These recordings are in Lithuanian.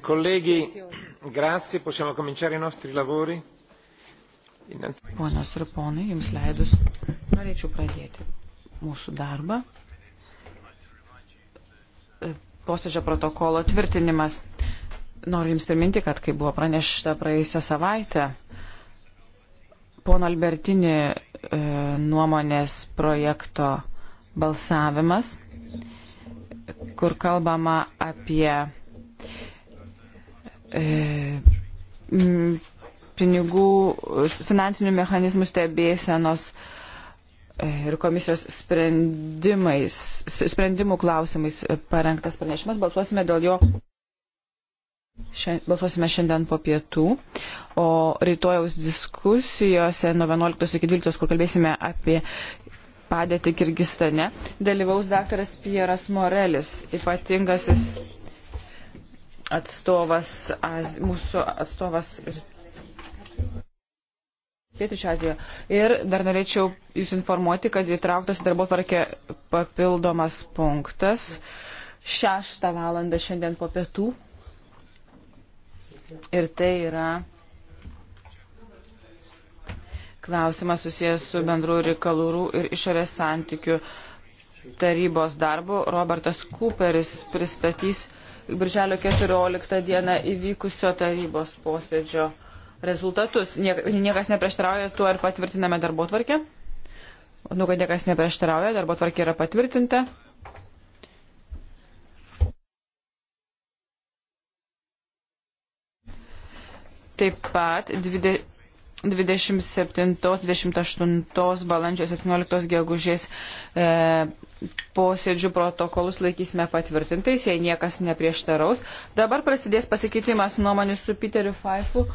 Colleghi, grazie, possiamo cominciare i nostri lavori. Ponas ir ponai, jums leidus, norėčiau pradėti mūsų darbą. E, posėdžio protokolo tvirtinimas. Noriu Jums priminti, kad kai buvo pranešta praėjusią savaitę, pono Albertini e, nuomonės projekto balsavimas, kur kalbama apie E, pinigų, finansinių mechanizmų stebėsenos e, ir komisijos sprendimais, sprendimų klausimais parengtas pranešimas. Balsuosime dėl jo. Balsuosime šiandien po pietų, o rytojaus diskusijose nuo 11 iki 12, kur kalbėsime apie padėtį Kirgistane, dalyvaus daktaras Pieras Morelis, ypatingasis atstovas, az, mūsų atstovas ir Pietričio Azijoje. Ir dar norėčiau Jūs informuoti, kad įtrauktas darbo tvarkė papildomas punktas. Šeštą valandą šiandien po pietų. Ir tai yra klausimas susijęs su bendrų reikalų ir išorės santykių tarybos darbu. Robertas Cooperis pristatys birželio 14 dieną įvykusio tarybos posėdžio rezultatus. Niekas neprieštarauja tuo ir patvirtiname darbo tvarkę. Nu, kad niekas neprieštarauja, darbo tvarkė yra patvirtinta. Taip pat 20. 27-28 balandžio 17 gegužės e, posėdžių protokolus laikysime patvirtintais, jei niekas neprieštaraus. Dabar prasidės pasikeitimas nuomonės su Piteriu Faifu,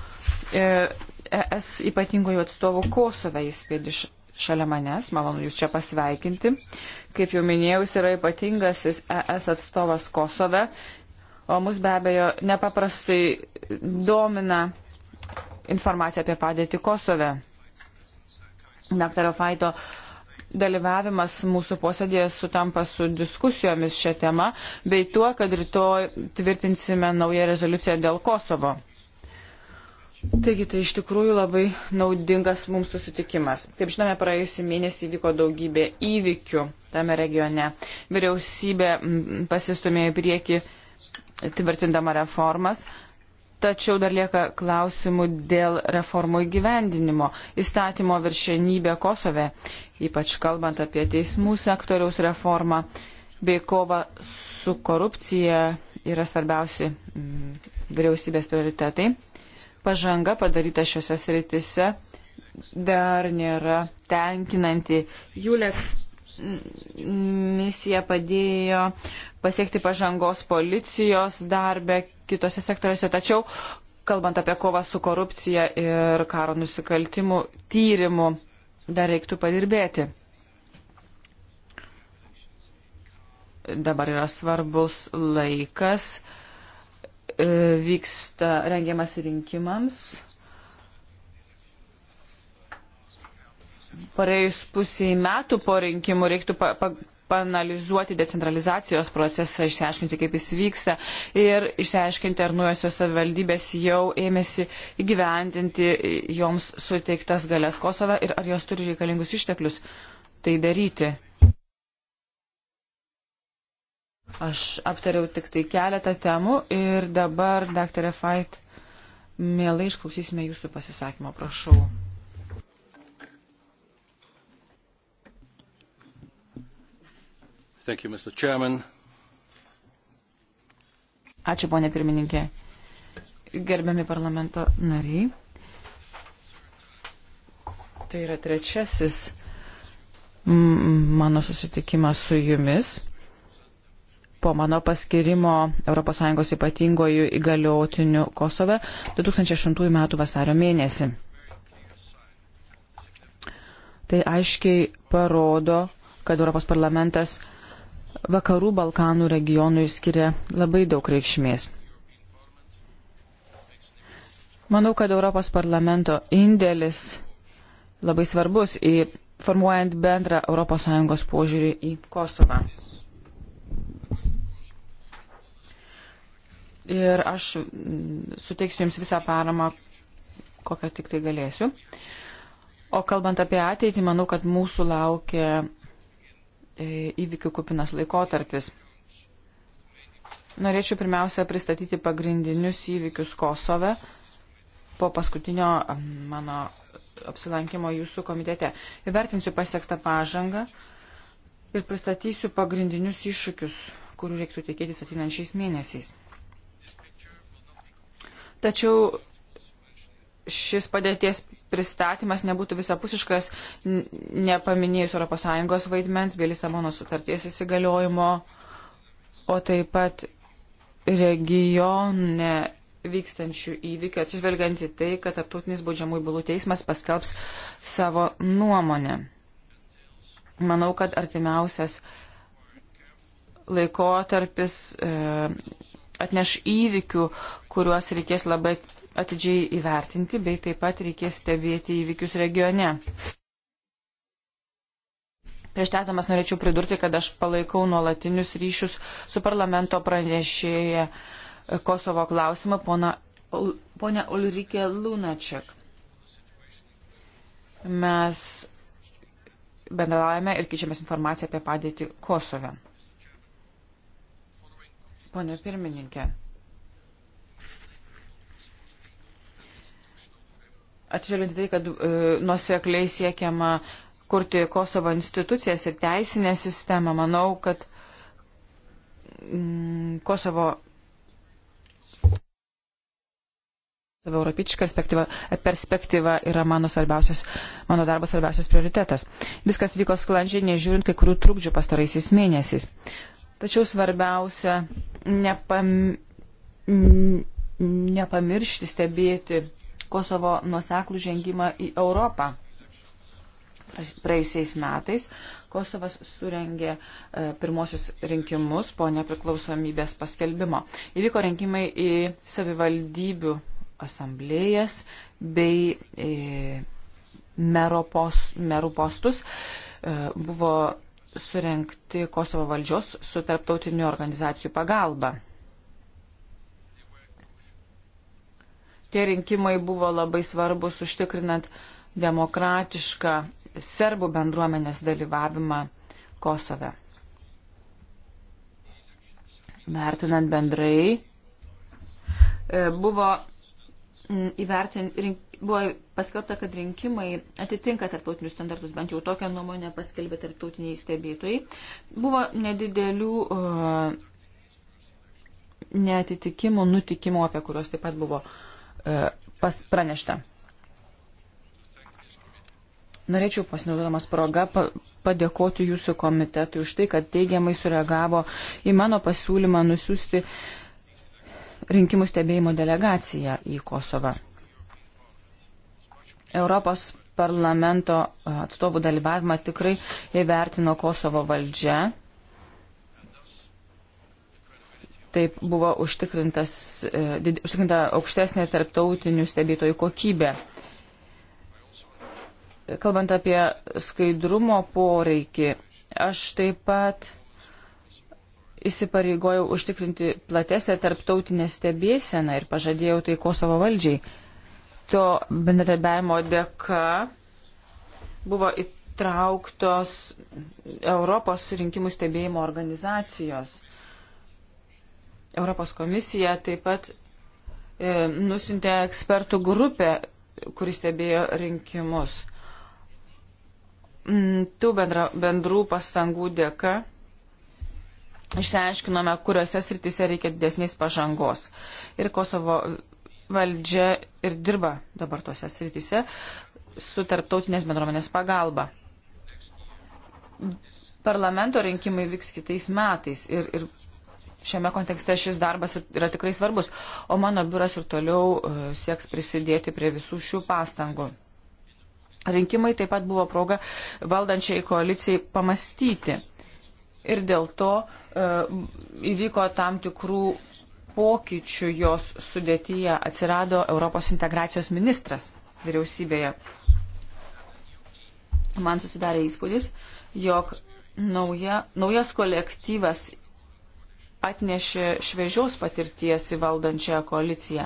e, ES ypatingojo atstovų Kosove įspėdi šalia manęs, malonu jūs čia pasveikinti. Kaip jau minėjau, jis yra ypatingasis ES atstovas Kosove, o mus be abejo nepaprastai domina informaciją apie padėtį Kosove. Dr. Faito dalyvavimas mūsų posėdėje sutampa su diskusijomis šią temą, bei tuo, kad rytoj tvirtinsime naują rezoliuciją dėl Kosovo. Taigi tai iš tikrųjų labai naudingas mums susitikimas. Kaip žinome, praėjusį mėnesį vyko daugybė įvykių tame regione. Vyriausybė pasistumėjo į priekį tvirtindama reformas, Tačiau dar lieka klausimų dėl reformų įgyvendinimo, įstatymo viršenybė Kosove, ypač kalbant apie teismų sektoriaus reformą bei kova su korupcija yra svarbiausi mm, vyriausybės prioritetai. Pažanga padaryta šiuose sritise dar nėra tenkinanti. Juleks mm, misija padėjo pasiekti pažangos policijos darbe kitose sektoriuose. Tačiau, kalbant apie kovą su korupcija ir karo nusikaltimų tyrimų, dar reiktų padirbėti. Dabar yra svarbus laikas, e, vyksta rengiamas rinkimams. Pareis pusiai metų po rinkimų reiktų pa, pa, panalizuoti decentralizacijos procesą, išsiaiškinti, kaip jis vyksta ir išsiaiškinti, ar nuojosios savivaldybės jau ėmėsi įgyvendinti joms suteiktas galės Kosove ir ar jos turi reikalingus išteklius tai daryti. Aš aptariau tik tai keletą temų ir dabar, dr. Fait, mielai išklausysime jūsų pasisakymą, prašau. Thank you, Mr. Chairman. Ačiū, ponė pirmininkė. Gerbiami parlamento nariai. Tai yra trečiasis mano susitikimas su jumis po mano paskirimo ES ypatingojų įgaliotinių Kosove 2008 m. vasario mėnesį. Tai aiškiai parodo, kad Europos parlamentas Vakarų Balkanų regionui skiria labai daug reikšmės. Manau, kad Europos parlamento indėlis labai svarbus į formuojant bendrą ES požiūrį į Kosovą. Ir aš suteiksiu Jums visą paramą, kokią tik tai galėsiu. O kalbant apie ateitį, manau, kad mūsų laukia E, įvykių kupinas laikotarpis. Norėčiau pirmiausia pristatyti pagrindinius įvykius Kosove po paskutinio e, mano apsilankimo jūsų komitete. Įvertinsiu pasiektą pažangą ir pristatysiu pagrindinius iššūkius, kurių reiktų tikėtis ateinančiais mėnesiais. Tačiau šis padėties pristatymas nebūtų visapusiškas, nepaminėjus ES vaidmens bei Lisabonos sutarties įsigaliojimo, o taip pat regione vykstančių įvykių, atsižvelgiant į tai, kad Tartutinis baudžiamųjų bylų teismas paskelbs savo nuomonę. Manau, kad artimiausias laikotarpis e, atneš įvykių, kuriuos reikės labai atidžiai įvertinti, bei taip pat reikės stebėti įvykius regione. Prieš tęsamas norėčiau pridurti, kad aš palaikau nuolatinius ryšius su parlamento pranešėje Kosovo klausimą pona, ponia Ulrike Lunaček. Mes bendralavome ir keičiamės informaciją apie padėtį Kosove. Pone pirmininkė, atsižvelgiant į tai, kad e, nusekliai siekiama kurti Kosovo institucijas ir teisinę sistemą, manau, kad mm, Kosovo Europietiška perspektyva, perspektyva yra mano, mano darbo svarbiausias prioritetas. Viskas vyko sklandžiai, nežiūrint kai kurių trukdžių pastaraisiais mėnesiais. Tačiau svarbiausia nepam, nepamiršti stebėti Kosovo nuseklų žengimą į Europą. Praėjusiais metais Kosovas surengė e, pirmosius rinkimus po nepriklausomybės paskelbimo. Įvyko rinkimai į savivaldybių asamblėjas bei e, mero post, merų postus. E, buvo surenkti Kosovo valdžios su tarptautiniu organizacijų pagalba. Tie rinkimai buvo labai svarbus užtikrinant demokratišką serbų bendruomenės dalyvavimą Kosove. Vertinant bendrai, e, buvo, įvertin, rink, buvo paskelbta, kad rinkimai atitinka tarptautinius standartus, bent jau tokią nuomonę paskelbė tarptautiniai stebėtojai. Buvo nedidelių uh, e, netitikimų, nutikimų, apie kuriuos taip pat buvo uh, E, pranešta. Norėčiau pasinaudodamas progą pa, padėkoti jūsų komitetui už tai, kad teigiamai sureagavo į mano pasiūlymą nusiųsti rinkimų stebėjimo delegaciją į Kosovą. Europos parlamento e, atstovų dalyvavimą tikrai įvertino Kosovo valdžia Taip buvo e, užtikrinta aukštesnė tarptautinių stebėtojų kokybė. Kalbant apie skaidrumo poreikį, aš taip pat įsipareigojau užtikrinti platesnę tarptautinę stebėseną ir pažadėjau tai Kosovo valdžiai. To bendradarbiavimo dėka buvo įtrauktos Europos rinkimų stebėjimo organizacijos. Europos komisija taip pat e, nusintė ekspertų grupę, kuris stebėjo rinkimus. Mm, tų bendra, bendrų pastangų dėka išsiaiškinome, kuriuose srityse reikia didesnės pažangos. Ir Kosovo valdžia ir dirba dabar tuose srityse su tarptautinės bendruomenės pagalba. Parlamento rinkimai vyks kitais metais ir, ir šiame kontekste šis darbas yra tikrai svarbus, o mano biuras ir toliau e, sieks prisidėti prie visų šių pastangų. Rinkimai taip pat buvo proga valdančiai koalicijai pamastyti. Ir dėl to e, įvyko tam tikrų pokyčių jos sudėtyje. Atsirado Europos integracijos ministras vyriausybėje. Man susidarė įspūdis, jog nauja, naujas kolektyvas atnešė šviežiaus patirties į valdančią koaliciją.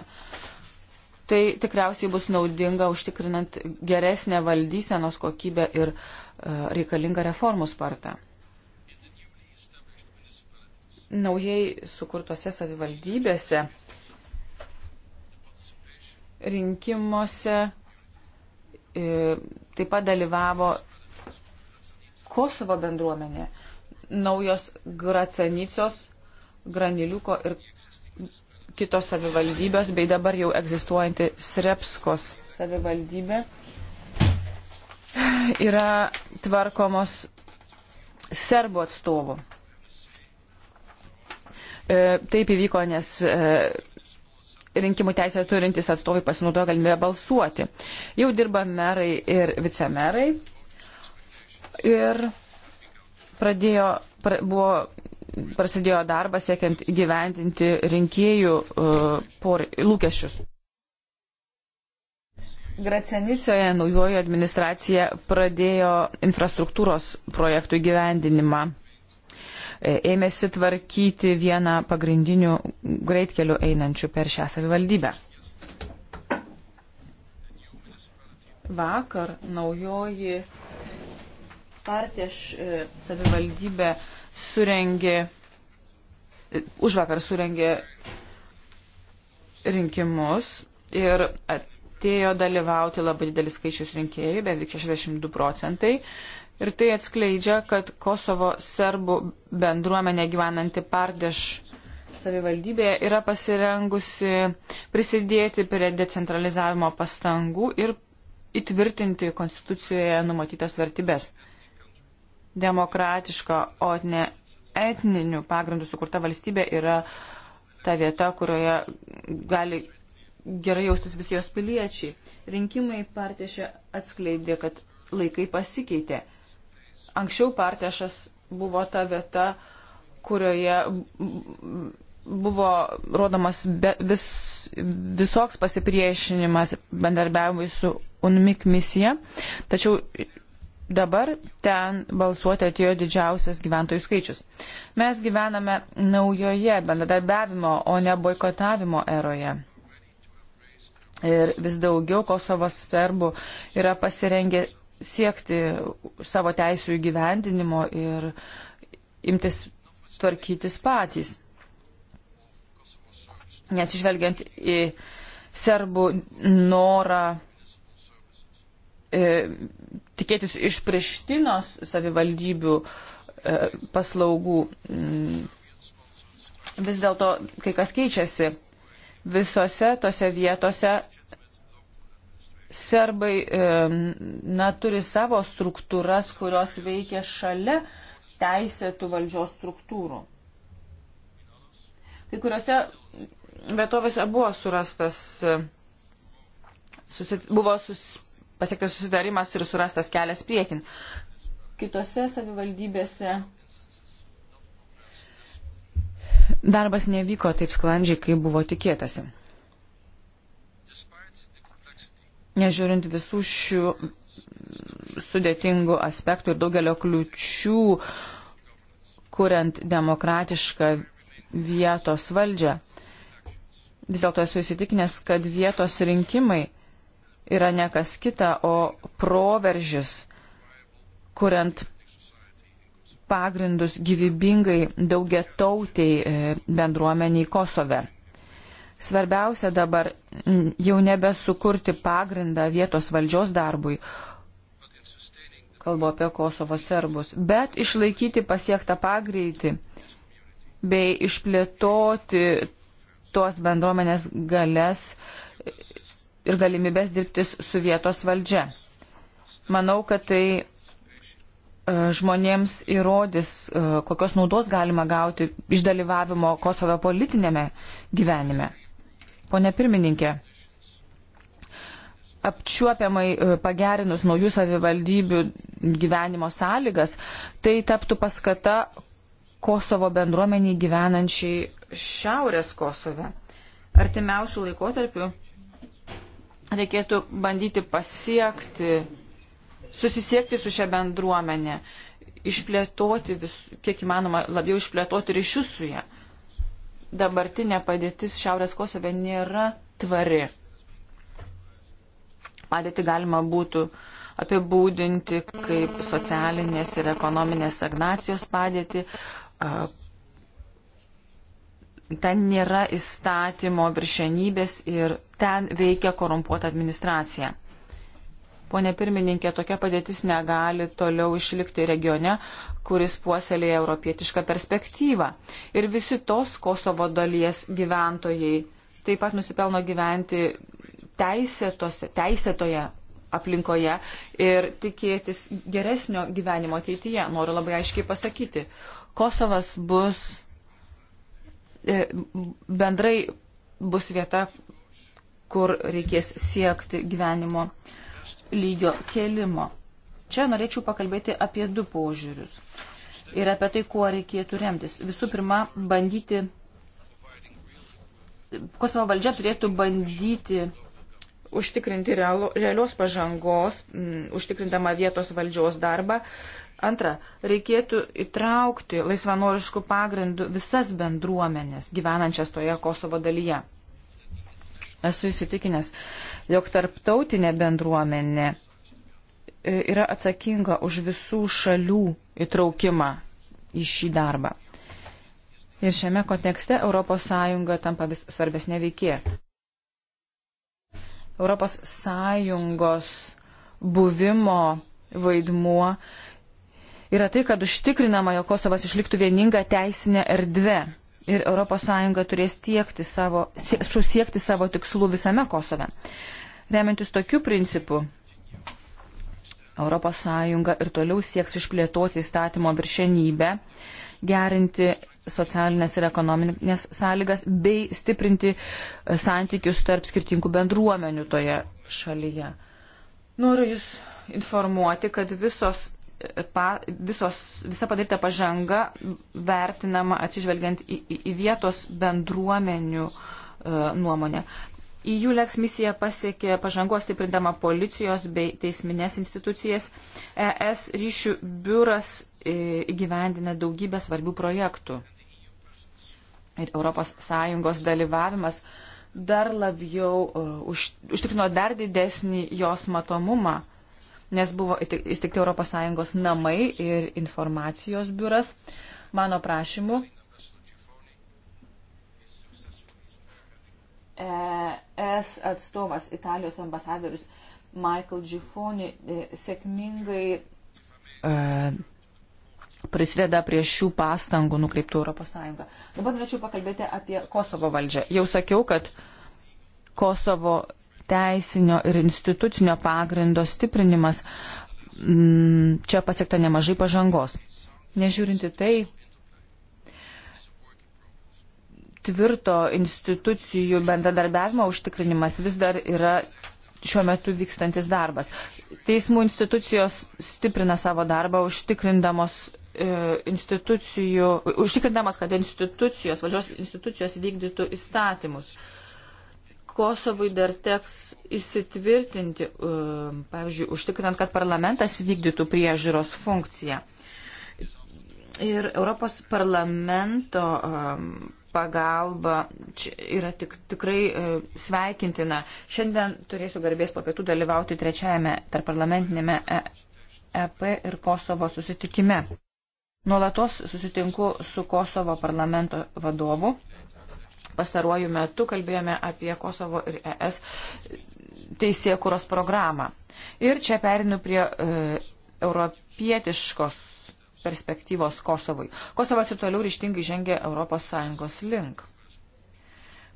Tai tikriausiai bus naudinga užtikrinant geresnę valdysenos kokybę ir e, reikalingą reformų spartą. Naujai sukurtose savivaldybėse rinkimuose e, taip pat dalyvavo Kosovo bendruomenė. Naujos Gracenicos Graniliuko ir kitos savivaldybės, bei dabar jau egzistuojanti Srepskos savivaldybė, yra tvarkomos serbų atstovų. E, taip įvyko, nes e, rinkimų teisę turintys atstovai pasinaudojo galimybę balsuoti. Jau dirba merai ir vicemerai ir pradėjo, pra, buvo prasidėjo darbas siekiant gyventinti rinkėjų e, por, lūkesčius. Gracenicijoje naujoji administracija pradėjo infrastruktūros projektų įgyvendinimą. E, ėmėsi tvarkyti vieną pagrindinių greitkelių einančių per šią savivaldybę. Vakar naujoji partija e, savivaldybė surengė, už vakar surengė rinkimus ir atėjo dalyvauti labai didelis skaičius rinkėjų, beveik 62 procentai. Ir tai atskleidžia, kad Kosovo serbų bendruomenė gyvenanti Pardeš savivaldybėje yra pasirengusi prisidėti prie decentralizavimo pastangų ir įtvirtinti konstitucijoje numatytas vertybės demokratiška, o ne etninių pagrindų sukurta valstybė yra ta vieta, kurioje gali gerai jaustis visi jos piliečiai. Rinkimai partešė atskleidė, kad laikai pasikeitė. Anksčiau partešas buvo ta vieta, kurioje buvo rodomas be, vis, visoks pasipriešinimas bendarbiavimui su UNMIK misija. Tačiau dabar ten balsuoti atėjo didžiausias gyventojų skaičius. Mes gyvename naujoje bendradarbiavimo, o ne boikotavimo eroje. Ir vis daugiau Kosovo serbų yra pasirengę siekti savo teisų įgyvendinimo ir imtis tvarkytis patys. Nes išvelgiant į serbų norą E, tikėtis iš prieštinos savivaldybių e, paslaugų. Mm, vis dėlto kai kas keičiasi. Visose tose vietose serbai e, na, turi savo struktūras, kurios veikia šalia teisėtų valdžios struktūrų. Kai kuriuose vietovėse buvo surastas, susit, buvo sus, pasiektas susidarimas ir surastas kelias priekin. Kitose savivaldybėse darbas nevyko taip sklandžiai, kaip buvo tikėtasi. Nežiūrint visų šių sudėtingų aspektų ir daugelio kliučių, kuriant demokratišką vietos valdžią. Vis dėlto esu įsitikinęs, kad vietos rinkimai yra nekas kita, o proveržis, kuriant pagrindus gyvybingai daugia tautiai e, bendruomeniai Kosove. Svarbiausia dabar jau nebesukurti pagrindą vietos valdžios darbui, kalbu apie Kosovo serbus, bet išlaikyti pasiektą pagreitį bei išplėtoti tuos bendruomenės galės ir galimybės dirbtis su vietos valdžia. Manau, kad tai e, žmonėms įrodys, e, kokios naudos galima gauti iš dalyvavimo Kosovo politinėme gyvenime. Pone pirmininkė, apčiuopiamai e, pagerinus naujų savivaldybių gyvenimo sąlygas, tai taptų paskata Kosovo bendruomeniai gyvenančiai Šiaurės Kosove. Artimiausių laikotarpių reikėtų bandyti pasiekti, susisiekti su šia bendruomenė, išplėtoti, vis, kiek įmanoma, labiau išplėtoti ryšius su ją. Dabartinė padėtis Šiaurės Kosove nėra tvari. Padėti galima būtų apibūdinti kaip socialinės ir ekonominės stagnacijos padėti, ten nėra įstatymo viršenybės ir ten veikia korumpuota administracija. Pone pirmininkė, tokia padėtis negali toliau išlikti regione, kuris puoselėja europietišką perspektyvą. Ir visi tos Kosovo dalies gyventojai taip pat nusipelno gyventi teisėtose, teisėtoje aplinkoje ir tikėtis geresnio gyvenimo ateityje. Noriu labai aiškiai pasakyti, Kosovas bus E, bendrai bus vieta, kur reikės siekti gyvenimo lygio kelimo. Čia norėčiau pakalbėti apie du požiūrius ir apie tai, kuo reikėtų remtis. Visų pirma, bandyti, Kosovo valdžia turėtų bandyti užtikrinti realo, realios pažangos, m, užtikrindama vietos valdžios darbą, Antra, reikėtų įtraukti laisvanoriškų pagrindų visas bendruomenės gyvenančias toje Kosovo dalyje. Esu įsitikinęs, jog tarptautinė bendruomenė e, yra atsakinga už visų šalių įtraukimą į šį darbą. Ir šiame kontekste ES tampa vis svarbesnė veikė. ES buvimo vaidmuo yra tai, kad užtikrinama, jog Kosovas išliktų vieninga teisinė erdvė ir ES turės tiekti savo, siekti savo tikslų visame Kosove. Remiantis tokiu principu, ES ir toliau sieks išplėtoti įstatymo viršenybę, gerinti socialinės ir ekonominės sąlygas bei stiprinti e, santykius tarp skirtingų bendruomenių toje šalyje. Noriu Jūs informuoti, kad visos pa, visos, visa padaryta pažanga vertinama atsižvelgiant į, į, į vietos bendruomenių e, nuomonę. Į jų leks misiją pasiekė pažangos stiprindama policijos bei teisminės institucijas. ES ryšių biuras e, įgyvendina daugybę svarbių projektų. Ir ES dalyvavimas dar labiau uh, už, užtikrino dar didesnį jos matomumą. Uh, nes buvo įsteigti ES namai ir informacijos biuras. Mano prašymu. ES atstovas Italijos ambasadorius Michael Giffoni e, sėkmingai e, prisideda prie šių pastangų nukreiptų ES. Dabar norėčiau pakalbėti apie Kosovo valdžią. Jau sakiau, kad Kosovo teisinio ir institucinio pagrindo stiprinimas, mm, čia pasiekta nemažai pažangos. Nežiūrinti tai, tvirto institucijų bendradarbiavimo užtikrinimas vis dar yra šiuo metu vykstantis darbas. Teismų institucijos stiprina savo darbą užtikrindamos e, institucijų, užtikrindamas, kad institucijos, valdžios institucijos vykdytų įstatymus. Kosovui dar teks įsitvirtinti, e, pavyzdžiui, užtikrinant, kad parlamentas vykdytų priežiūros funkciją. Ir Europos parlamento e, pagalba yra tik, tikrai e, sveikintina. Šiandien turėsiu garbės po pietų dalyvauti trečiajame tarparlamentinėme EP ir Kosovo susitikime. Nuolatos susitinku su Kosovo parlamento vadovu pastaruoju metu kalbėjome apie Kosovo ir ES teisėkuros programą. Ir čia perinu prie e, europietiškos perspektyvos Kosovui. Kosovas ir toliau ryštingai žengia ES link.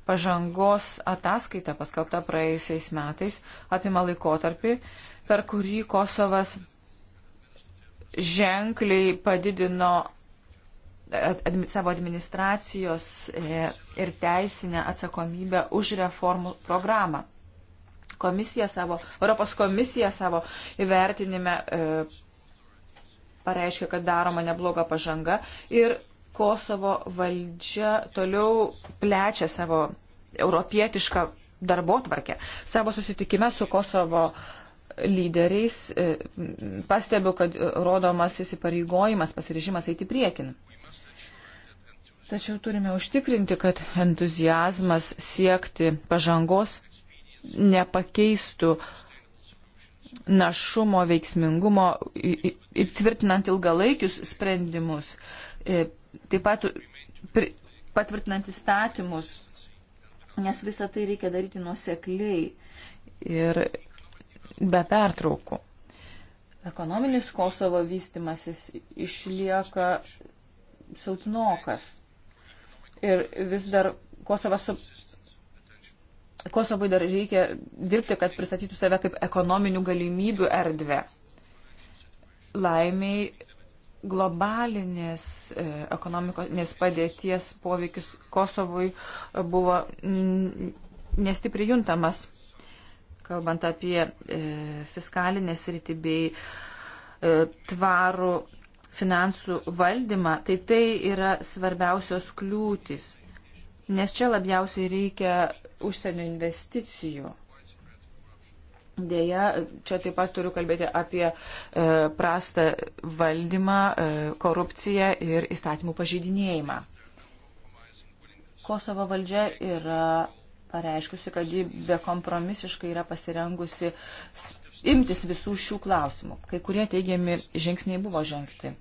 Pažangos ataskaita paskelbta praėjusiais metais apima laikotarpį, per kurį Kosovas ženkliai padidino admi, savo administracijos e, ir teisinę atsakomybę už reformų programą. Komisija savo, Europos komisija savo įvertinime e, pareiškia, kad daroma nebloga pažanga ir Kosovo valdžia toliau plečia savo europietišką darbo tvarkę. Savo susitikime su Kosovo lyderiais e, pastebiu, kad rodomas įsipareigojimas, pasirižimas eiti priekin. Tačiau turime užtikrinti, kad entuzijazmas siekti pažangos nepakeistų našumo, veiksmingumo, įtvirtinant ilgalaikius sprendimus, e, taip pat patvirtinant įstatymus, nes visą tai reikia daryti nuosekliai ir be pertraukų. Ekonominis Kosovo vystimasis išlieka silpnokas ir vis dar Kosovas su. Kosovui dar reikia dirbti, kad pristatytų save kaip ekonominių galimybių erdvę. Laimiai globalinės e, ekonomikos padėties poveikis Kosovui buvo nestipri juntamas, kalbant apie e, fiskalinę sritį bei e, tvarų finansų valdymą, tai tai yra svarbiausios kliūtis, nes čia labiausiai reikia užsienio investicijų. Deja, čia taip pat turiu kalbėti apie e, prastą valdymą, e, korupciją ir įstatymų pažydinėjimą. Kosovo valdžia yra pareiškusi, kad ji bekompromisiškai yra pasirengusi imtis visų šių klausimų. Kai kurie teigiami žingsniai buvo žengti.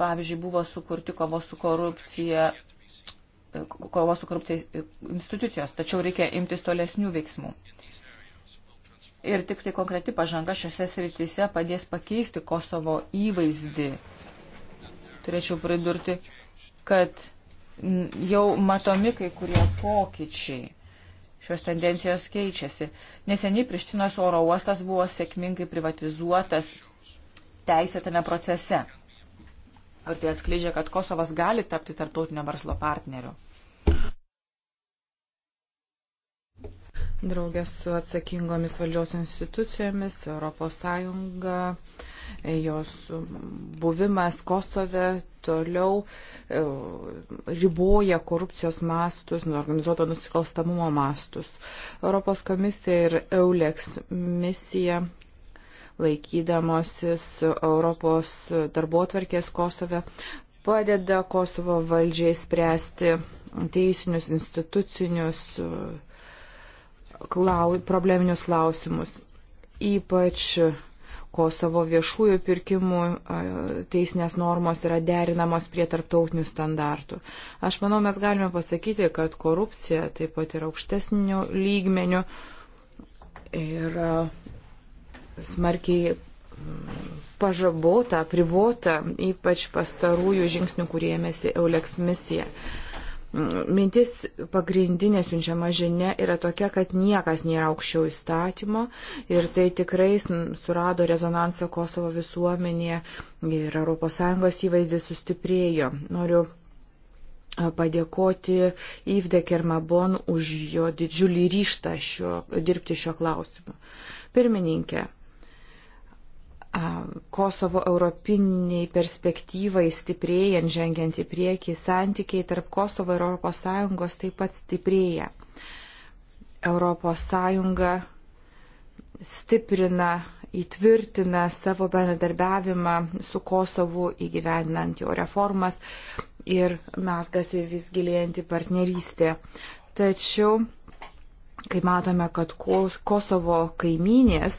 Pavyzdžiui, buvo sukurti kovos su korupcija kovos su korupcija institucijos, tačiau reikia imtis tolesnių veiksmų. Ir tik tai konkreti pažanga šiuose srityse padės pakeisti Kosovo įvaizdį. Turėčiau pridurti, kad jau matomi kai kurie pokyčiai šios tendencijos keičiasi. Neseniai Prištinos oro uostas buvo sėkmingai privatizuotas teisėtame procese. Ir tai atskleidžia, kad Kosovas gali tapti tarptautinio verslo partneriu. draugės su atsakingomis valdžios institucijomis, ES, jos buvimas Kosove toliau e, riboja korupcijos mastus, organizuoto nusikalstamumo mastus. Europos komisija ir EULEX misija laikydamosis Europos darbotvarkės Kosove padeda Kosovo valdžiai spręsti teisinius, institucinius klau, probleminius klausimus, ypač Kosovo viešųjų pirkimų teisinės normos yra derinamos prie tarptautinių standartų. Aš manau, mes galime pasakyti, kad korupcija taip pat yra aukštesnių lygmenių ir smarkiai mm, pažabota, privota, ypač pastarųjų žingsnių, kurie ėmėsi Eulex misija. Mintis pagrindinė siunčiama žinia yra tokia, kad niekas nėra aukščiau įstatymo ir tai tikrai surado rezonansą Kosovo visuomenėje ir ES įvaizdis sustiprėjo. Noriu padėkoti Yvde Kermabon už jo didžiulį ryštą šio, dirbti šio klausimu. Pirmininkė, Kosovo europiniai perspektyvai stiprėjant, žengiant į priekį, santykiai tarp Kosovo ir ES taip pat stiprėja. ES stiprina, įtvirtina savo bendradarbiavimą su Kosovu įgyvendinant jo reformas ir mesgasi vis gilėjantį partnerystę. Tačiau, kai matome, kad Kosovo kaimynės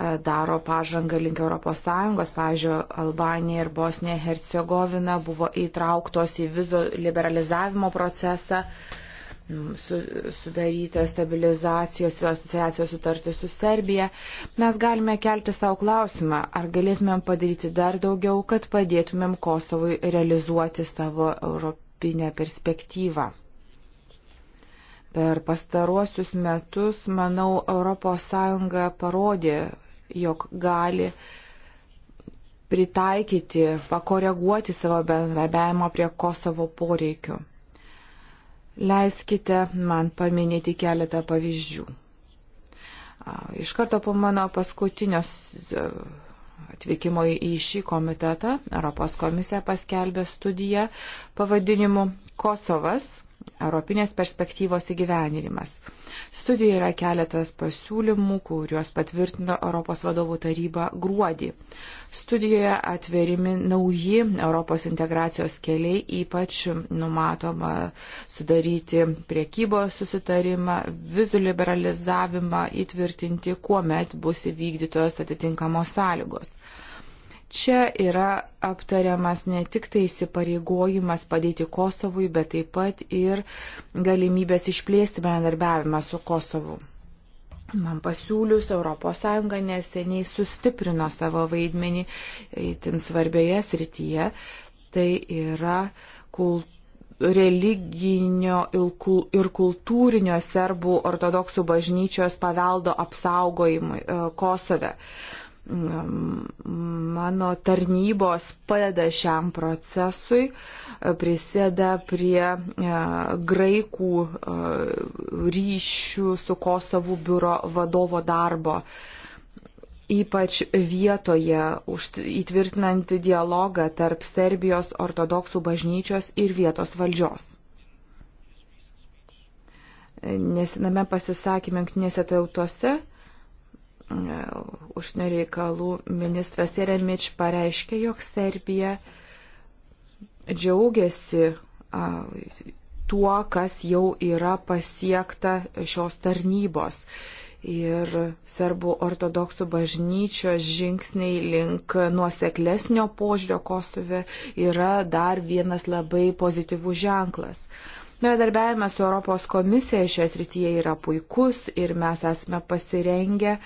E, daro pažangą link ES. Pavyzdžiui, Albanija ir Bosnija Hercegovina buvo įtrauktos į vizų liberalizavimo procesą, su, sudaryta stabilizacijos ir asociacijos sutartis su Serbija. Mes galime kelti savo klausimą, ar galėtumėm padaryti dar daugiau, kad padėtumėm Kosovui realizuoti savo europinę perspektyvą. Per pastaruosius metus, manau, ES parodė jog gali pritaikyti, pakoreguoti savo bendrabiavimo prie Kosovo poreikių. Leiskite man paminėti keletą pavyzdžių. Iš karto po mano paskutinio atvykimo į šį komitetą Europos komisija paskelbė studiją pavadinimu Kosovas Europinės perspektyvos įgyveninimas. Studijoje yra keletas pasiūlymų, kuriuos patvirtino Europos vadovų taryba gruodį. Studijoje atverimi nauji Europos integracijos keliai, ypač numatoma sudaryti priekybos susitarimą, vizų liberalizavimą įtvirtinti, kuomet bus įvykdytos atitinkamos sąlygos. Čia yra aptariamas ne tik tai įsipareigojimas padėti Kosovui, bet taip pat ir galimybės išplėsti bendarbiavimą su Kosovu. Man pasiūlius ES neseniai sustiprino savo vaidmenį įtin svarbioje srityje. Tai yra kultūra religinio ir kultūrinio serbų ortodoksų bažnyčios paveldo apsaugojimui e, Kosove mano tarnybos padeda šiam procesui, prisėda prie e, graikų e, ryšių su Kosovų biuro vadovo darbo ypač vietoje įtvirtinant dialogą tarp Serbijos ortodoksų bažnyčios ir vietos valdžios. Nesiname pasisakymė jungtinėse tautose užsienio reikalų ministras Jeremič pareiškė, jog Serbija džiaugiasi tuo, kas jau yra pasiekta šios tarnybos. Ir serbų ortodoksų bažnyčios žingsniai link nuoseklesnio požiūrio Kosove yra dar vienas labai pozityvus ženklas. Bendradarbiavimas su Europos komisija šioje srityje yra puikus ir mes esame pasirengę uh,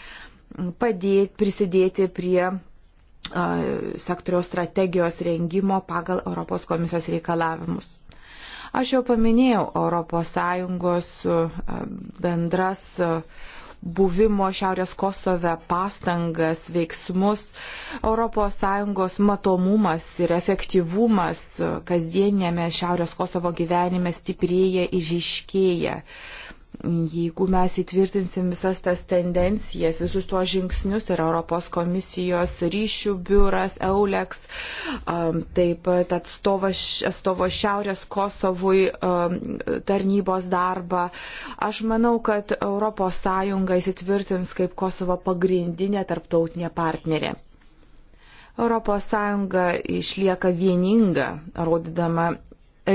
padėti, prisidėti prie sektoriaus strategijos rengimo pagal Europos komisijos reikalavimus. Aš jau paminėjau ES bendras buvimo Šiaurės Kosove pastangas, veiksmus, ES matomumas ir efektyvumas kasdienėme Šiaurės Kosovo gyvenime stiprėja ir išiškėja. Uh, jeigu mes įtvirtinsim visas tas tendencijas, visus tuos žingsnius, tai yra Europos komisijos ryšių biuras, EULEX, taip pat atstovas, atstovo Šiaurės Kosovui tarnybos darbą. Aš manau, kad ES įsitvirtins kaip Kosovo pagrindinė tarptautinė partnerė. ES išlieka vieninga, rodydama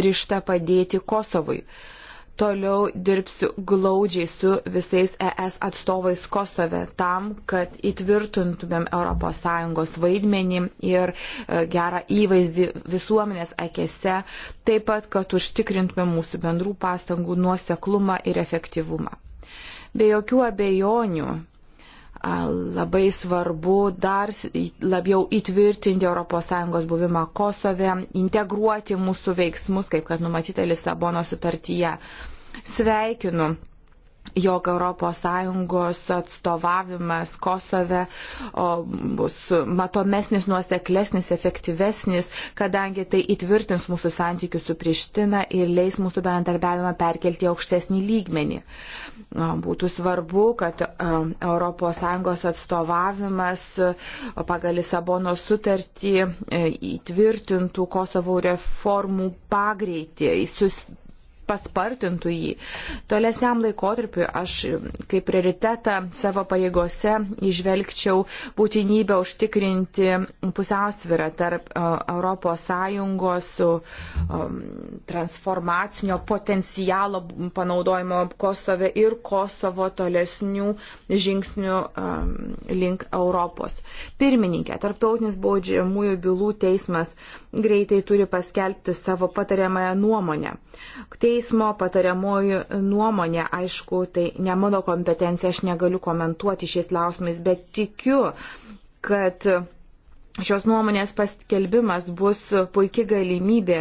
ryštą padėti Kosovui toliau dirbsiu glaudžiai su visais ES atstovais Kosove tam, kad įtvirtintumėm ES vaidmenį ir e, gerą įvaizdį visuomenės akėse, taip pat, kad užtikrintumėm mūsų bendrų pastangų nuoseklumą ir efektyvumą. Be jokių abejonių labai svarbu dar labiau įtvirtinti ES buvimą Kosove, integruoti mūsų veiksmus, kaip kad numatyta Lisabono sutartyje. Sveikinu jog ES atstovavimas Kosove bus matomesnis, nuoseklesnis, efektyvesnis, kadangi tai įtvirtins mūsų santykius su Priština ir leis mūsų bendarbiavimą perkelti į aukštesnį lygmenį. Būtų svarbu, kad ES atstovavimas pagal Lisabono sutartį e, įtvirtintų Kosovo reformų pagreitį, paspartintų jį. Tolesniam laikotarpiu aš kaip prioritetą savo pareigose išvelgčiau būtinybę užtikrinti pusiausvyrą tarp ES e, transformacinio potencialo panaudojimo Kosove ir Kosovo tolesnių žingsnių e, link Europos. Pirmininkė, tarptautinis baudžiamųjų bylų teismas greitai turi paskelbti savo patariamąją nuomonę. Teismo patariamoji nuomonė, aišku, tai ne mano kompetencija, aš negaliu komentuoti šiais klausimais, bet tikiu, kad Šios nuomonės paskelbimas bus puikia galimybė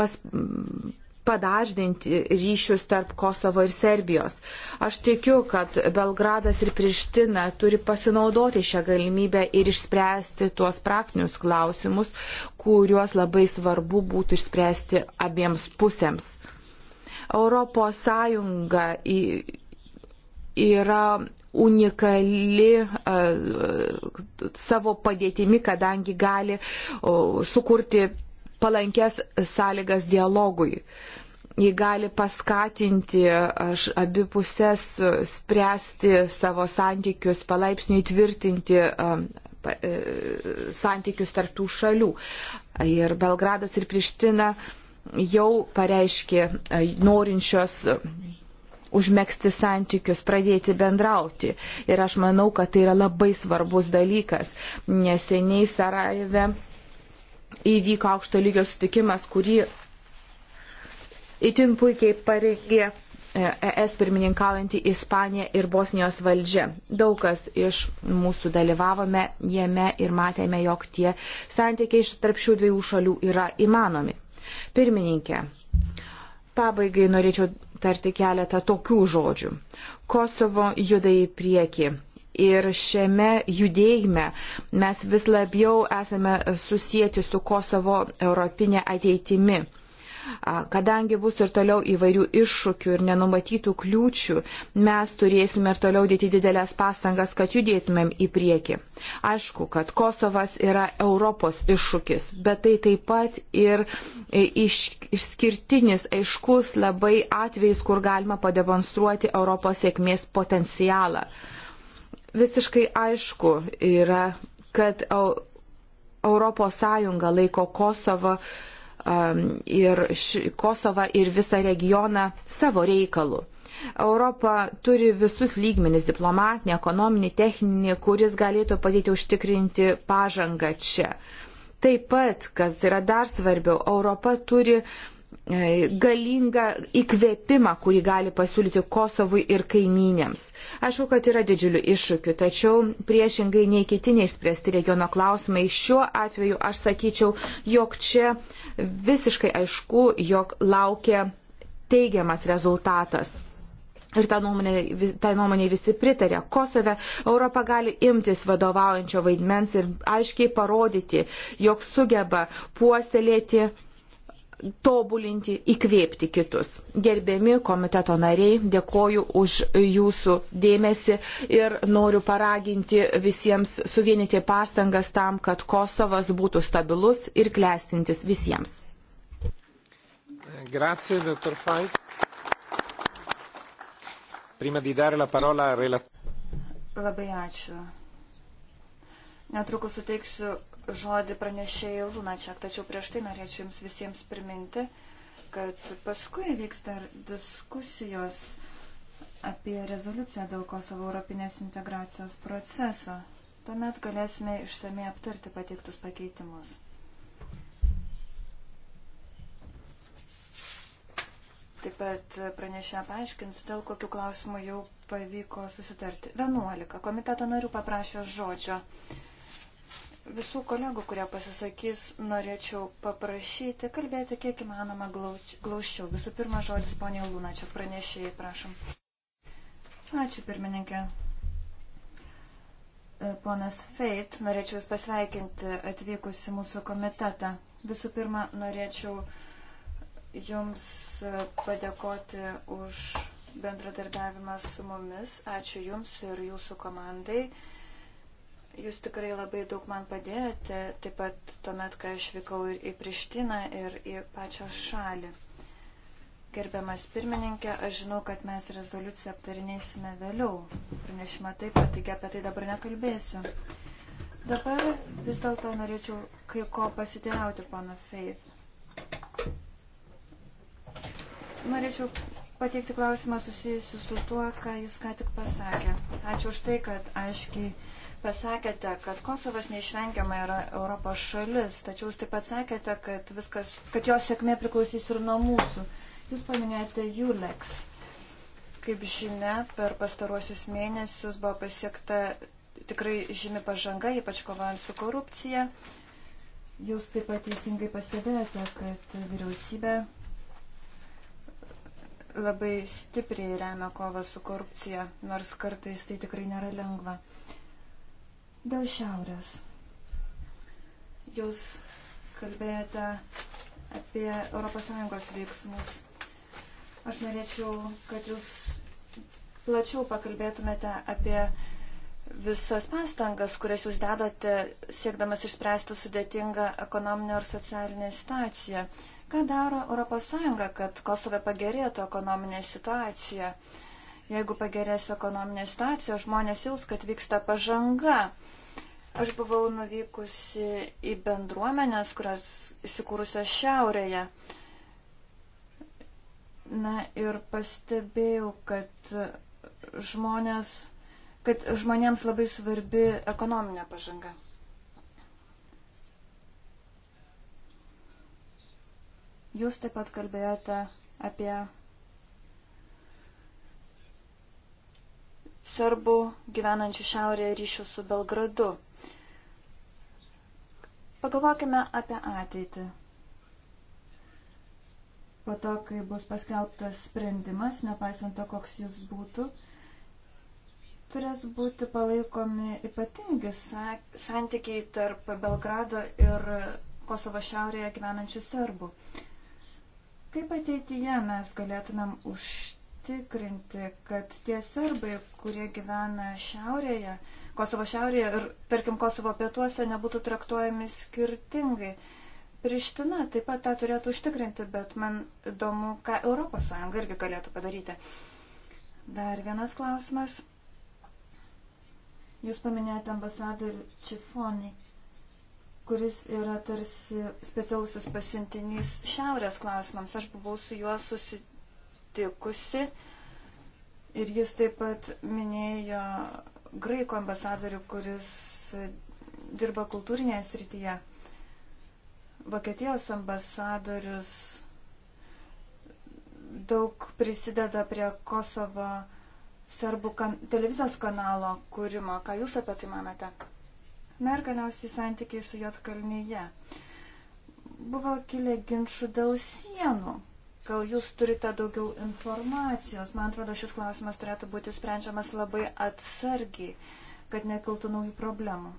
pas, padažninti ryšius tarp Kosovo ir Serbijos. Aš tikiu, kad Belgradas ir Priština turi pasinaudoti šią galimybę ir išspręsti tuos praktinius klausimus, kuriuos labai svarbu būtų išspręsti abiems pusėms. Europos Sąjunga yra unikali savo padėtimi, kadangi gali sukurti palankes sąlygas dialogui. Uh, jį gali paskatinti aš, abipusės spręsti savo santykius, palaipsniui tvirtinti um, e, santykius tarptų šalių. Ir Belgradas ir Priština jau pareiškė e, norinčios um, užmėgsti santykius, pradėti bendrauti. Ir aš manau, kad tai yra labai svarbus dalykas. Neseniai Sarajeve įvyko aukšto lygio sutikimas, kurį itin puikiai parengė ES e pirmininkaujantį Ispaniją ir Bosnijos valdžią. Daug kas iš mūsų dalyvavome jame ir matėme, jog tie santykiai tarp šių dviejų šalių yra įmanomi. Pirmininkė, pabaigai norėčiau tarti keletą tokių žodžių. Kosovo juda į priekį. Ir šiame judėjime mes vis labiau esame susijęti su Kosovo europinė ateitimi. Kadangi bus ir toliau įvairių iššūkių ir nenumatytų kliūčių, mes turėsime ir toliau dėti didelės pastangas, kad judėtumėm į priekį. Aišku, kad Kosovas yra Europos iššūkis, bet tai taip pat ir iš, išskirtinis, aiškus, labai atvejs, kur galima pademonstruoti Europos sėkmės potencialą. Visiškai aišku yra, kad Europos Sąjunga laiko Kosovo uh, Um, ir Kosovą ir visą regioną savo reikalu. Europa turi visus lygmenis - diplomatinį, ekonominį, techninį, kuris galėtų padėti užtikrinti pažangą čia. Taip pat, kas yra dar svarbiau, Europa turi uh, E, galingą įkvėpimą, kurį gali pasiūlyti Kosovui ir kaiminėms. Aišku, kad yra didžiulių iššūkių, tačiau priešingai nei kiti neišspręsti regiono klausimai, šiuo atveju aš sakyčiau, jog čia visiškai aišku, jog laukia teigiamas rezultatas. Ir tą nuomonę, tą tai nuomonę visi pritarė. Kosove Europa gali imtis vadovaujančio vaidmens ir aiškiai parodyti, jog sugeba puoselėti tobulinti, įkvėpti kitus. Gerbiami komiteto nariai, dėkoju už jūsų dėmesį ir noriu paraginti visiems suvienyti pastangas tam, kad Kosovas būtų stabilus ir klestintis visiems. Grazie, dottor Feit. Prima di dare la parola al relatore. Labai ačiū. Netrukus suteiksiu žodį pranešėjai Lunačiak, tačiau prieš tai norėčiau Jums visiems priminti, kad paskui vyks dar diskusijos apie rezoliuciją dėl Kosovo Europinės integracijos proceso. Tuomet galėsime išsamei aptarti pateiktus pakeitimus. Taip pat pranešė paaiškins, dėl kokių klausimų jau pavyko susitarti. 11. Komiteto narių paprašė žodžio visų kolegų, kurie pasisakys, norėčiau paprašyti kalbėti kiek įmanoma glaučiau. Visų pirma, žodis ponė Lūna, čia pranešėjai, prašom. Ačiū, pirmininkė. E, ponas Feit, norėčiau Jūs pasveikinti atvykus į mūsų komitetą. Visų pirma, norėčiau Jums padėkoti už bendradarbiavimą su mumis. Ačiū Jums ir Jūsų komandai. Jūs tikrai labai daug man padėjote, taip pat tuomet, kai aš vykau ir į Prištiną, ir į pačią šalį. Gerbiamas pirmininkė, aš žinau, kad mes rezoliuciją aptarinėsime vėliau. Pranešimą taip pat, taigi apie tai dabar nekalbėsiu. Dabar vis dėlto norėčiau kai ko pasiteirauti, pana Faith. Norėčiau pateikti klausimą susijusiu su tuo, ką jis ką tik pasakė. Ačiū už tai, kad aiškiai pasakėte, kad Kosovas neišvengiamai yra Europos šalis, tačiau jūs taip pat sakėte, kad, viskas, kad jos sėkmė priklausys ir nuo mūsų. Jūs paminėjote Juleks. Kaip žinia, per pastaruosius mėnesius buvo pasiekta tikrai žymi pažanga, ypač kovojant su korupcija. Jūs taip pat teisingai pastebėjote, kad vyriausybė labai stipriai remia kovą su korupcija, nors kartais tai tikrai nėra lengva. Dėl šiaurės. Jūs kalbėjote apie ES veiksmus. Aš norėčiau, kad jūs plačiau pakalbėtumėte apie visas pastangas, kurias jūs dedate siekdamas išspręsti sudėtingą ekonominę ir socialinę situaciją. Ką daro ES, kad Kosove pagerėtų ekonominė situacija? Uh, Jeigu pagerės ekonominė situacija, žmonės jaus, kad vyksta pažanga. Aš buvau nuvykusi į bendruomenės, kurios įsikūrusios šiaurėje. Na ir pastebėjau, kad žmonės, kad žmonėms labai svarbi ekonominė pažanga. Jūs taip pat kalbėjote apie serbų gyvenančių šiaurėje ryšių su Belgradu. Pagalvokime apie ateitį. Po to, kai bus paskelbtas sprendimas, nepaisant to, koks jis būtų, turės būti palaikomi ypatingi santykiai tarp Belgrado ir Kosovo šiaurėje gyvenančių serbų. Kaip ateityje mes galėtumėm užtikrinti? užtikrinti, kad tie serbai, kurie gyvena šiaurėje, Kosovo šiaurėje ir, tarkim, Kosovo pietuose nebūtų traktuojami skirtingai. Priština taip pat tą turėtų užtikrinti, bet man įdomu, ką ES irgi galėtų padaryti. Dar vienas klausimas. Jūs paminėjote ambasadorių Čifonį, kuris yra tarsi specialusis pasiuntinys šiaurės klausimams. Aš buvau su juo susitikęs susitikusi ir jis taip pat minėjo graikų ambasadorių, kuris dirba kultūrinėje srityje. Vokietijos ambasadorius daug prisideda prie Kosovo serbų kan televizijos kanalo kūrimo. Ką Jūs apie tai manate? Na ir galiausiai santykiai su Jotkalnyje. Buvo kilę ginčių dėl sienų. Gal jūs turite daugiau informacijos? Man atrodo, šis klausimas turėtų būti sprendžiamas labai atsargiai, kad nekiltų naujų problemų.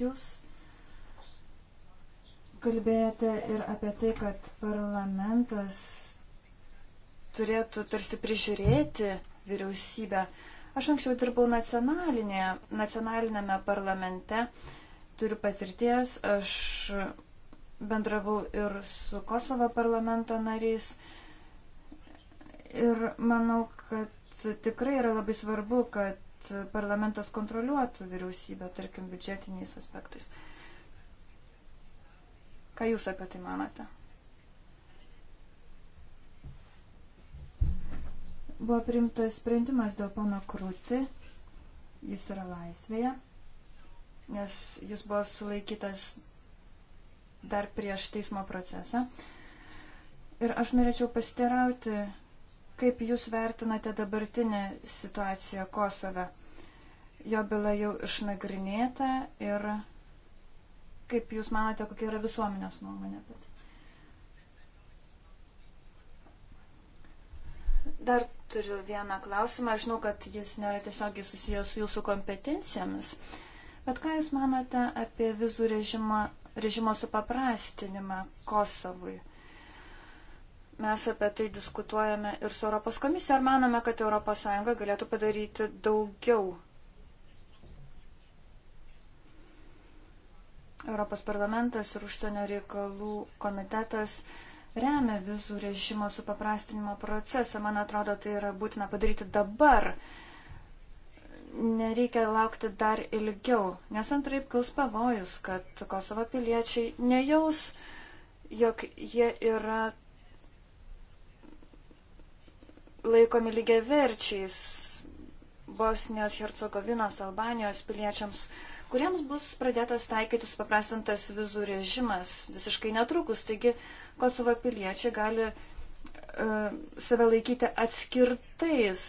Jūs kalbėjote ir apie tai, kad parlamentas turėtų tarsi prižiūrėti vyriausybę. Aš anksčiau dirbau nacionalinėje, nacionalinėme parlamente, turiu patirties, aš bendravau ir su Kosovo parlamento nariais. Ir manau, kad tikrai yra labai svarbu, kad parlamentas kontroliuotų vyriausybę, tarkim, biudžetiniais aspektais. Ką Jūs apie tai manote? Buvo priimtas sprendimas dėl pono Krūti. Jis yra laisvėje, nes jis buvo sulaikytas dar prieš teismo procesą. Ir aš norėčiau pasiteirauti, kaip Jūs vertinate dabartinę situaciją Kosove. Jo byla jau išnagrinėta ir kaip Jūs manote, kokia yra visuomenės nuomonė. Tai? Dar turiu vieną klausimą. Aš žinau, kad jis nėra tiesiogiai susijęs su Jūsų kompetencijomis. Bet ką Jūs manote apie vizų režimą režimo supaprastinimą Kosovui. Mes apie tai diskutuojame ir su Europos komisija, ar manome, kad ES galėtų padaryti daugiau. Europos parlamentas ir užsienio reikalų komitetas remia vizų režimo supaprastinimo procesą. Man atrodo, tai yra būtina padaryti dabar. Uh, nereikia laukti dar ilgiau, nes antraip kils pavojus, kad Kosovo piliečiai nejaus, jog jie yra laikomi lygiai verčiais Bosnijos, Hercegovinos, Albanijos piliečiams, kuriems bus pradėtas taikyti supaprastintas vizų režimas visiškai netrukus. Taigi Kosovo piliečiai gali uh, save laikyti atskirtais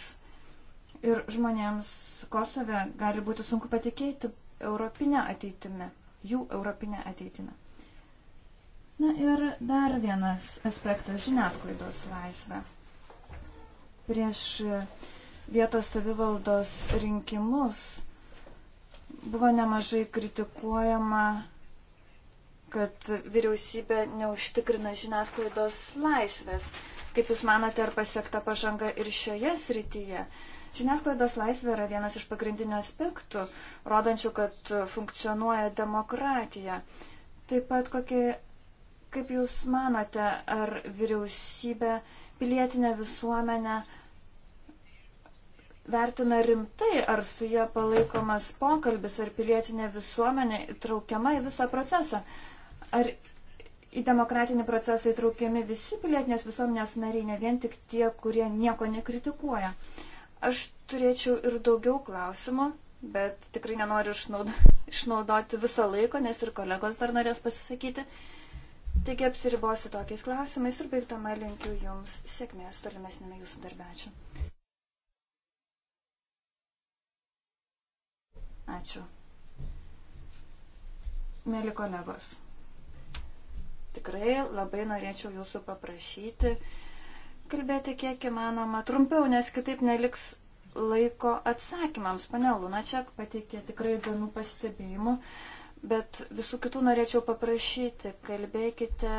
ir žmonėms Kosove gali būti sunku patikėti europinę ateitimi, jų europinę ateitimi. Na ir dar vienas aspektas - žiniasklaidos laisvė. Prieš vietos savivaldos rinkimus buvo nemažai kritikuojama, kad vyriausybė neužtikrina žiniasklaidos laisvės. Kaip Jūs manote, ar pasiekta pažanga ir šioje srityje? Uh, Žiniasklaidos laisvė yra vienas iš pagrindinių aspektų, rodančių, kad funkcionuoja demokratija. Taip pat kokie, kaip Jūs manote, ar vyriausybė, pilietinė visuomenė vertina rimtai, ar su jie palaikomas pokalbis, ar pilietinė visuomenė įtraukiama į visą procesą. Ar į demokratinį procesą įtraukiami visi pilietinės visuomenės nariai, ne vien tik tie, kurie nieko nekritikuoja. Uh, Aš turėčiau ir daugiau klausimų, bet tikrai nenoriu išnaudoti viso laiko, nes ir kolegos dar norės pasisakyti. Taigi apsiribosiu tokiais klausimais ir baigdama linkiu Jums sėkmės tolimesnėme Jūsų darbečiu. Ačiū. Mėly kolegos, tikrai labai norėčiau Jūsų paprašyti kalbėti kiek įmanoma trumpiau, nes kitaip neliks laiko atsakymams. Pane Lunačiak pateikė tikrai įdomių pastebėjimų, bet visų kitų norėčiau paprašyti, kalbėkite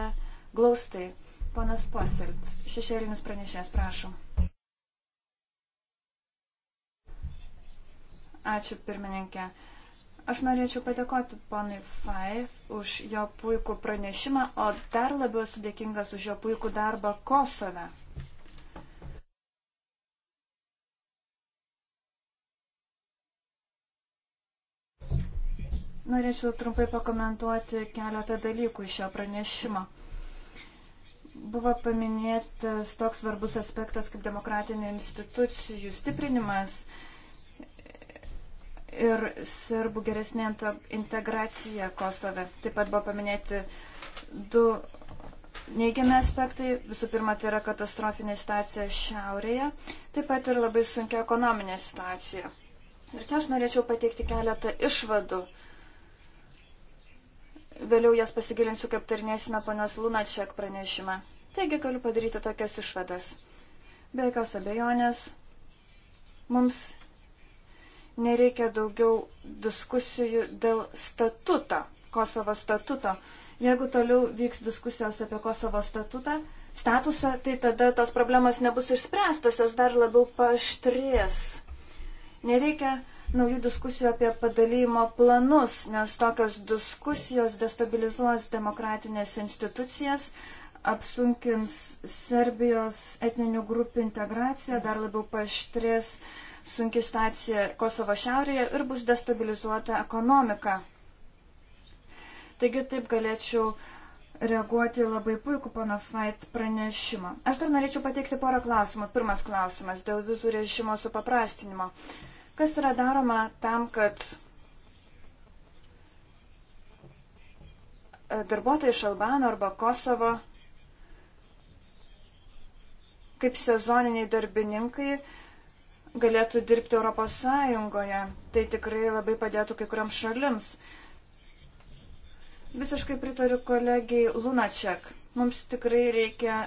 glaustai. Ponas Poselts, šešėlinis pranešėjas, prašom. Ačiū pirmininkė. Aš norėčiau padėkoti ponui Faith už jo puikų pranešimą, o dar labiau sudėkingas už jo puikų darbą Kosove. Norėčiau trumpai pakomentuoti keletą dalykų iš šio pranešimo. Buvo paminėtas toks svarbus aspektas kaip demokratinių institucijų stiprinimas ir serbų geresnė integracija Kosove. Taip pat buvo paminėti du neigiami aspektai. Visų pirma, tai yra katastrofinė situacija šiaurėje, taip pat ir labai sunkia ekonominė situacija. Ir čia aš norėčiau pateikti keletą išvadų Vėliau jas pasigilinsiu, kaip tarnėsime ponios Lunačiak pranešimą. Taigi galiu padaryti tokias išvadas. Be jokios abejonės, mums nereikia daugiau diskusijų dėl statuto, Kosovo statuto. Jeigu toliau vyks diskusijos apie Kosovo statutą, statusą, tai tada tos problemos nebus išspręstos, jos dar labiau paštrės. Nereikia uh, naujų diskusijų apie padalymo planus, nes tokios diskusijos destabilizuos demokratinės institucijas, apsunkins Serbijos etninių grupių integraciją, dar labiau paštrės sunki situacija Kosovo šiaurėje ir bus destabilizuota ekonomika. Taigi taip galėčiau reaguoti labai puikų pono Fait pranešimą. Aš dar norėčiau pateikti porą klausimų. Pirmas klausimas dėl vizų režimo supaprastinimo. Uh, Kas yra daroma tam, kad e, darbuotojai iš Albano arba Kosovo kaip sezoniniai darbininkai galėtų dirbti Europos Sąjungoje. Tai tikrai labai padėtų kai kuriam šalims. Visiškai pritariu kolegijai Lunaček. Mums tikrai reikia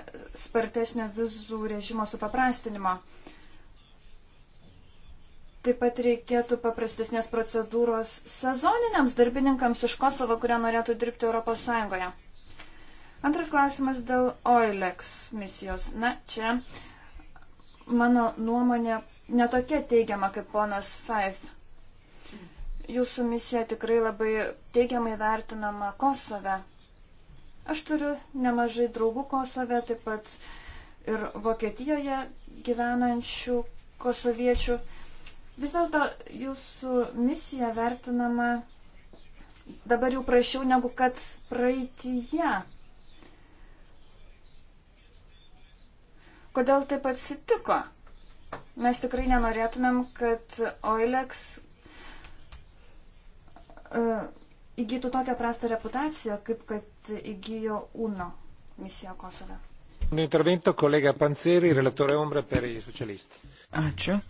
spartesnio vizų režimo supaprastinimo. Uh, Taip pat reikėtų paprastesnės procedūros sezoniniams darbininkams iš Kosovo, kurie norėtų dirbti ES. Antras klausimas dėl OILEX misijos. Na, čia mano nuomonė netokia teigiama kaip ponas Faith. Jūsų misija tikrai labai teigiamai vertinama Kosove. Aš turiu nemažai draugų Kosove, taip pat ir Vokietijoje gyvenančių kosoviečių. Vis dėlto jūsų misija vertinama dabar jau prašiau negu kad praeitįje. Kodėl taip atsitiko? Mes tikrai nenorėtumėm, kad Oilex uh, įgytų tokią prastą reputaciją, kaip kad įgyjo UNO misija Kosove. Ačiū.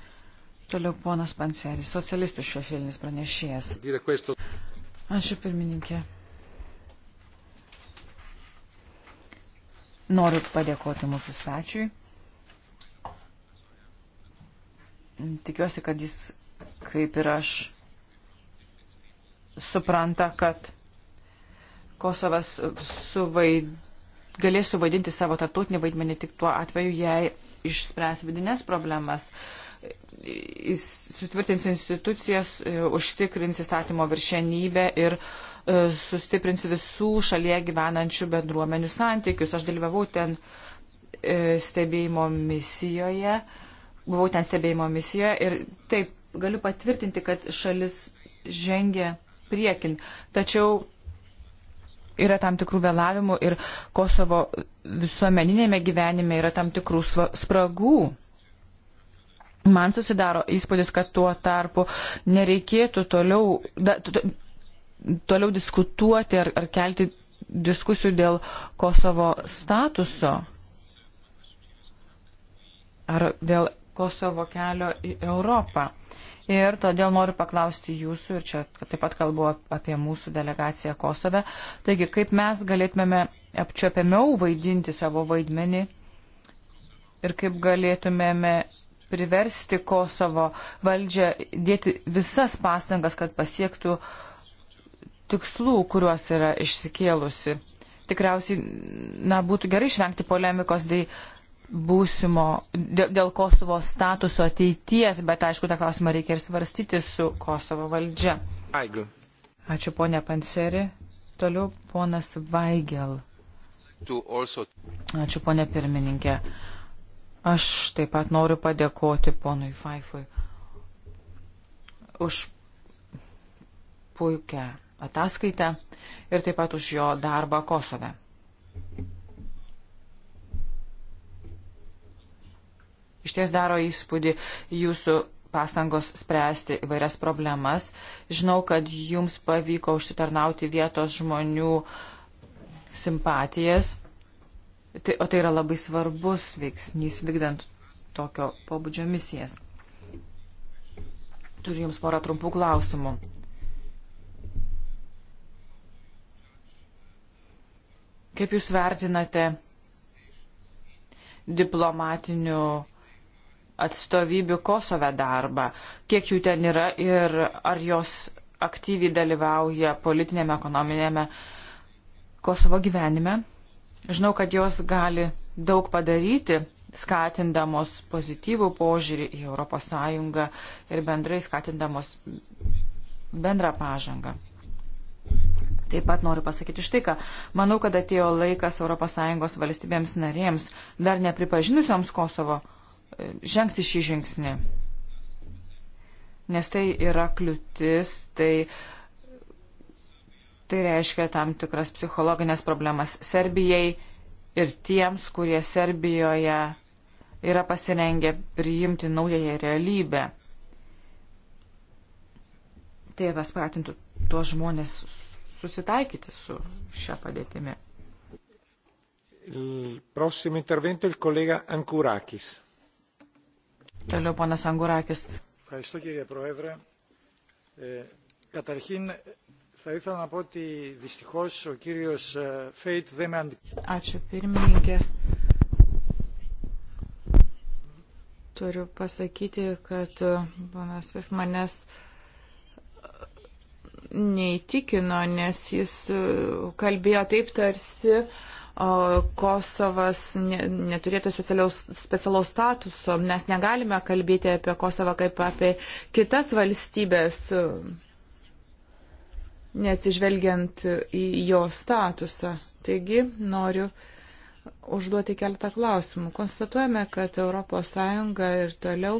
Toliau ponas Panseris, socialistų šešėlinis pranešėjas. Ačiū pirmininkė. Noriu padėkoti mūsų svečiui. Tikiuosi, kad jis, kaip ir aš, supranta, kad Kosovas suvaid... galės suvaidinti savo tarptautinį vaidmenį tik tuo atveju, jei išspręs vidinės problemas. Uh, sustvirtins institucijas, e, užtikrins įstatymo viršenybę ir e, sustiprins visų šalyje gyvenančių bendruomenių santykius. Aš dalyvavau ten e, stebėjimo misijoje, buvau ten stebėjimo misijoje ir taip galiu patvirtinti, kad šalis žengia priekin. Tačiau yra tam tikrų vėlavimų ir Kosovo visuomeninėme gyvenime yra tam tikrų spragų. Man susidaro įspūdis, kad tuo tarpu nereikėtų toliau, da, to, toliau diskutuoti ar, ar kelti diskusijų dėl Kosovo statuso ar dėl Kosovo kelio į Europą. Ir todėl noriu paklausti jūsų, ir čia taip pat kalbu apie mūsų delegaciją Kosove, taigi kaip mes galėtumėme apčiopiamiau vaidinti savo vaidmenį ir kaip galėtumėme priversti Kosovo valdžią dėti visas pastangas, kad pasiektų tikslų, kuriuos yra išsikėlusi. Tikriausiai, na, būtų gerai išvengti polemikos dėl būsimo, dėl, dėl Kosovo statuso ateities, bet aišku, tą klausimą reikia ir svarstyti su Kosovo valdžia. Aigl. Ačiū, ponė Panseri. Toliau ponas Vaigel. Ačiū, ponė pirmininkė. Aš taip pat noriu padėkoti ponui Faifui už puikią ataskaitą ir taip pat už jo darbą Kosove. Iš ties daro įspūdį jūsų pastangos spręsti įvairias problemas. Žinau, kad jums pavyko užsitarnauti vietos žmonių simpatijas Tai, o tai yra labai svarbus veiksnys vykdant tokio pobūdžio misijas. Turiu Jums porą trumpų klausimų. Kaip Jūs vertinate diplomatinių atstovybių Kosove darbą? Kiek jų ten yra ir ar jos aktyviai dalyvauja politinėme, ekonominėme Kosovo gyvenime? Žinau, kad jos gali daug padaryti, skatindamos pozityvų požiūrį į ES ir bendrai skatindamos bendrą pažangą. Taip pat noriu pasakyti štai ką. Manau, kad atėjo laikas ES valstybėms narėms, dar nepripažinusioms Kosovo, žengti šį žingsnį. Nes tai yra kliūtis, tai uh, Tai reiškia tam tikras psichologinės problemas Serbijai ir tiems, kurie Serbijoje yra pasirengę priimti naująją realybę. Tai paskatintų tuos žmonės susitaikyti su šią padėtimi. Prossimo intervento il collega Ankurakis. Toliau ponas Angurakis. Ευχαριστώ κύριε Πρόεδρε. Ε, καταρχήν Θα ήθελα να πω ότι δυστυχώς ο κύριος Φέιτ δεν με αντικαταστά. Turiu pasakyti, kad e, panas Fef manęs e, neįtikino, nes jis e, kalbėjo taip tarsi uh, Kosovas ne, neturėtų specialiaus, specialaus statuso. Mes negalime kalbėti apie Kosovą kaip apie kitas valstybės neatsižvelgiant į jo statusą. Taigi noriu užduoti keletą klausimų. Konstatuojame, kad ES ir toliau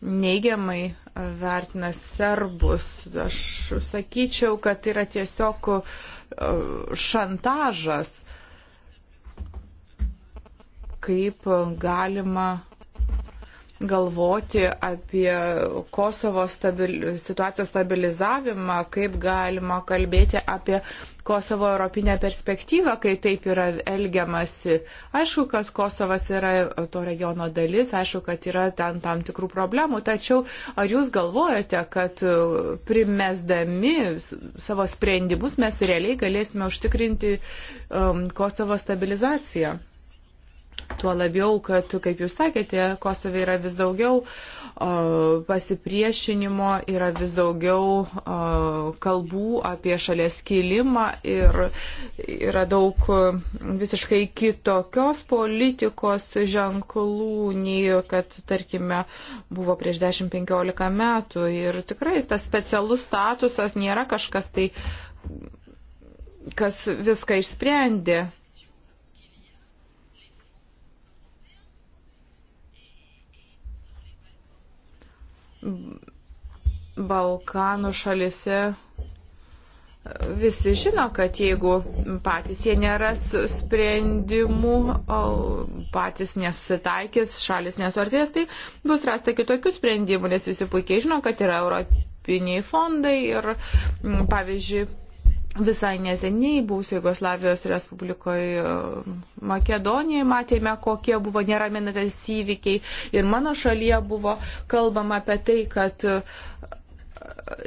neigiamai vertina serbus. Aš sakyčiau, kad yra tiesiog uh, šantažas, kaip galima galvoti apie Kosovo stabil, situacijos stabilizavimą, kaip galima kalbėti apie Kosovo europinę perspektyvą, kai taip yra elgiamasi. Aišku, kad Kosovas yra to regiono dalis, aišku, kad yra ten tam tikrų problemų, tačiau ar jūs galvojate, kad primesdami savo sprendimus mes realiai galėsime užtikrinti um, Kosovo stabilizaciją? Tuo labiau, kad, kaip jūs sakėte, Kosove yra vis daugiau o, pasipriešinimo, yra vis daugiau o, kalbų apie šalies kilimą ir yra daug visiškai kitokios politikos ženklų, nei kad, tarkime, buvo prieš 10-15 metų. Ir tikrai tas specialus statusas nėra kažkas tai, kas viską išsprendė Balkanų šalise visi žino, kad jeigu patys jie neras sprendimų, patys nesusitaikys, šalis nesuartės, tai bus rasta kitokių sprendimų, nes visi puikiai žino, kad yra europiniai fondai ir, pavyzdžiui, Visai neseniai buvusio Jugoslavijos Respublikoje um, Makedonijoje matėme, kokie buvo neraminantis įvykiai ir mano šalyje buvo kalbama apie tai, kad uh,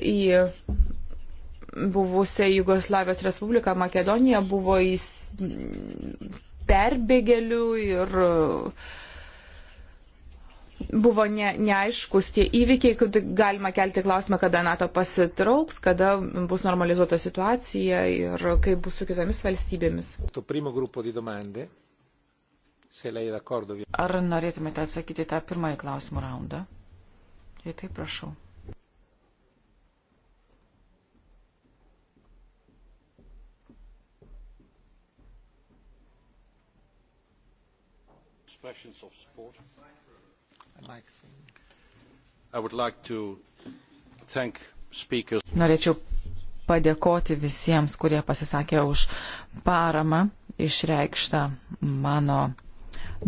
į buvusią Jugoslavijos Respubliką Makedoniją buvo įs... perbėgėlių ir uh, buvo ne, neaiškus tie įvykiai, kad galima kelti klausimą, kada NATO pasitrauks, kada bus normalizuota situacija ir kaip bus su kitomis valstybėmis. Ar norėtumėte atsakyti tą pirmąjį klausimų raundą? Jei taip, prašau. expressions of support. Like like Norėčiau padėkoti visiems, kurie pasisakė už paramą išreikštą mano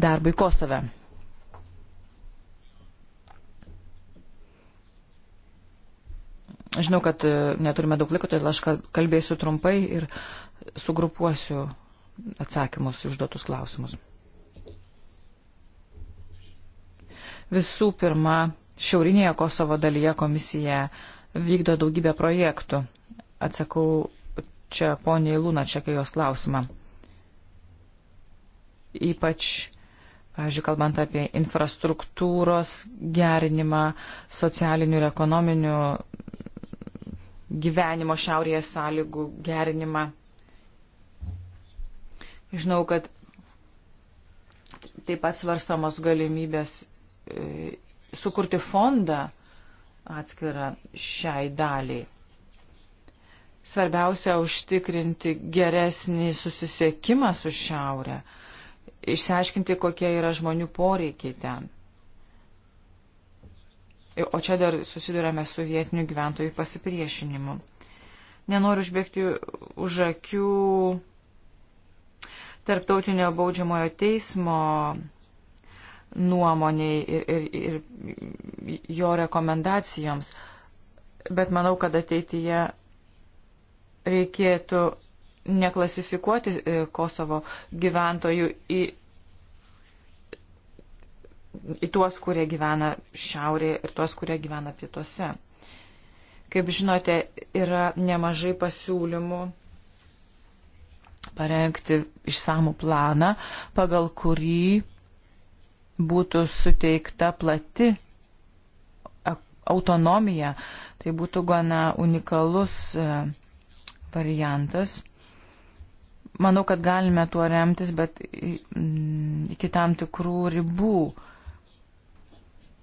darbui Kosove. Žinau, kad e, neturime daug laiko, todėl aš kalbėsiu trumpai ir sugrupuosiu atsakymus užduotus klausimus. Visų pirma, šiaurinėje Kosovo dalyje komisija vykdo daugybę projektų. Atsakau čia poniai Lūna, čia kai jos klausimą. Ypač, pavyzdžiui, kalbant apie infrastruktūros gerinimą, socialinių ir ekonominių gyvenimo šiaurėje sąlygų gerinimą. Žinau, kad taip pat svarstamos galimybės sukurti fondą atskirą šiai daliai. Svarbiausia užtikrinti geresnį susisiekimą su šiaurė, išsiaiškinti, kokie yra žmonių poreikiai ten. O čia dar susidurėme su vietinių gyventojų pasipriešinimu. Nenoriu užbėgti už akių tarptautinio baudžiamojo teismo nuomoniai ir, ir, ir jo rekomendacijoms. Bet manau, kad ateityje reikėtų neklasifikuoti e, Kosovo gyventojų į, į tuos, kurie gyvena šiaurėje ir tuos, kurie gyvena pietuose. Kaip žinote, yra nemažai pasiūlymų parengti išsamų planą, pagal kurį būtų suteikta plati autonomija. Tai būtų gana unikalus e, variantas. Manau, kad galime tuo remtis, bet iki tam tikrų ribų.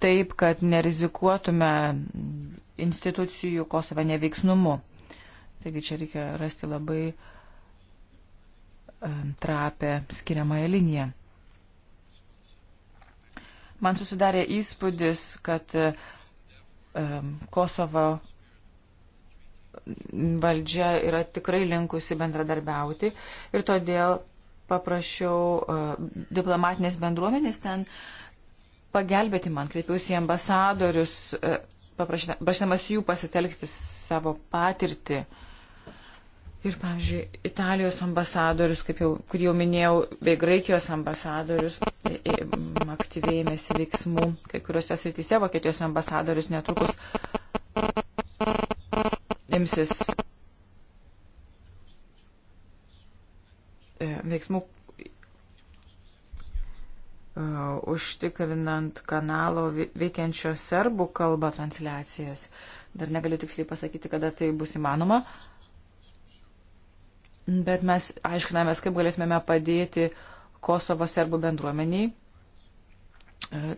Taip, kad nerizikuotume institucijų Kosove neveiksnumu. Taigi čia reikia rasti labai e, trapę skiriamąją liniją. Man susidarė įspūdis, kad Kosovo valdžia yra tikrai linkusi bendradarbiauti ir todėl paprašiau e, diplomatinės bendruomenės ten pagelbėti man, kreipiausi į ambasadorius, e, paprašydamas jų pasitelkti savo patirtį. Ir, pavyzdžiui, Italijos ambasadorius, kaip jau, kur jau minėjau, bei Graikijos ambasadorius aktyviai ėmėsi veiksmų kai kuriuose srityse, Vokietijos ambasadorius netrukus imsis e, veiksmų e, užtikrinant kanalo veikiančio serbų kalbą transliacijas. Dar negaliu tiksliai pasakyti, kada tai bus įmanoma. Uh, Bet mes aiškinamės, kaip galėtumėme padėti Kosovo serbų bendruomeniai, e,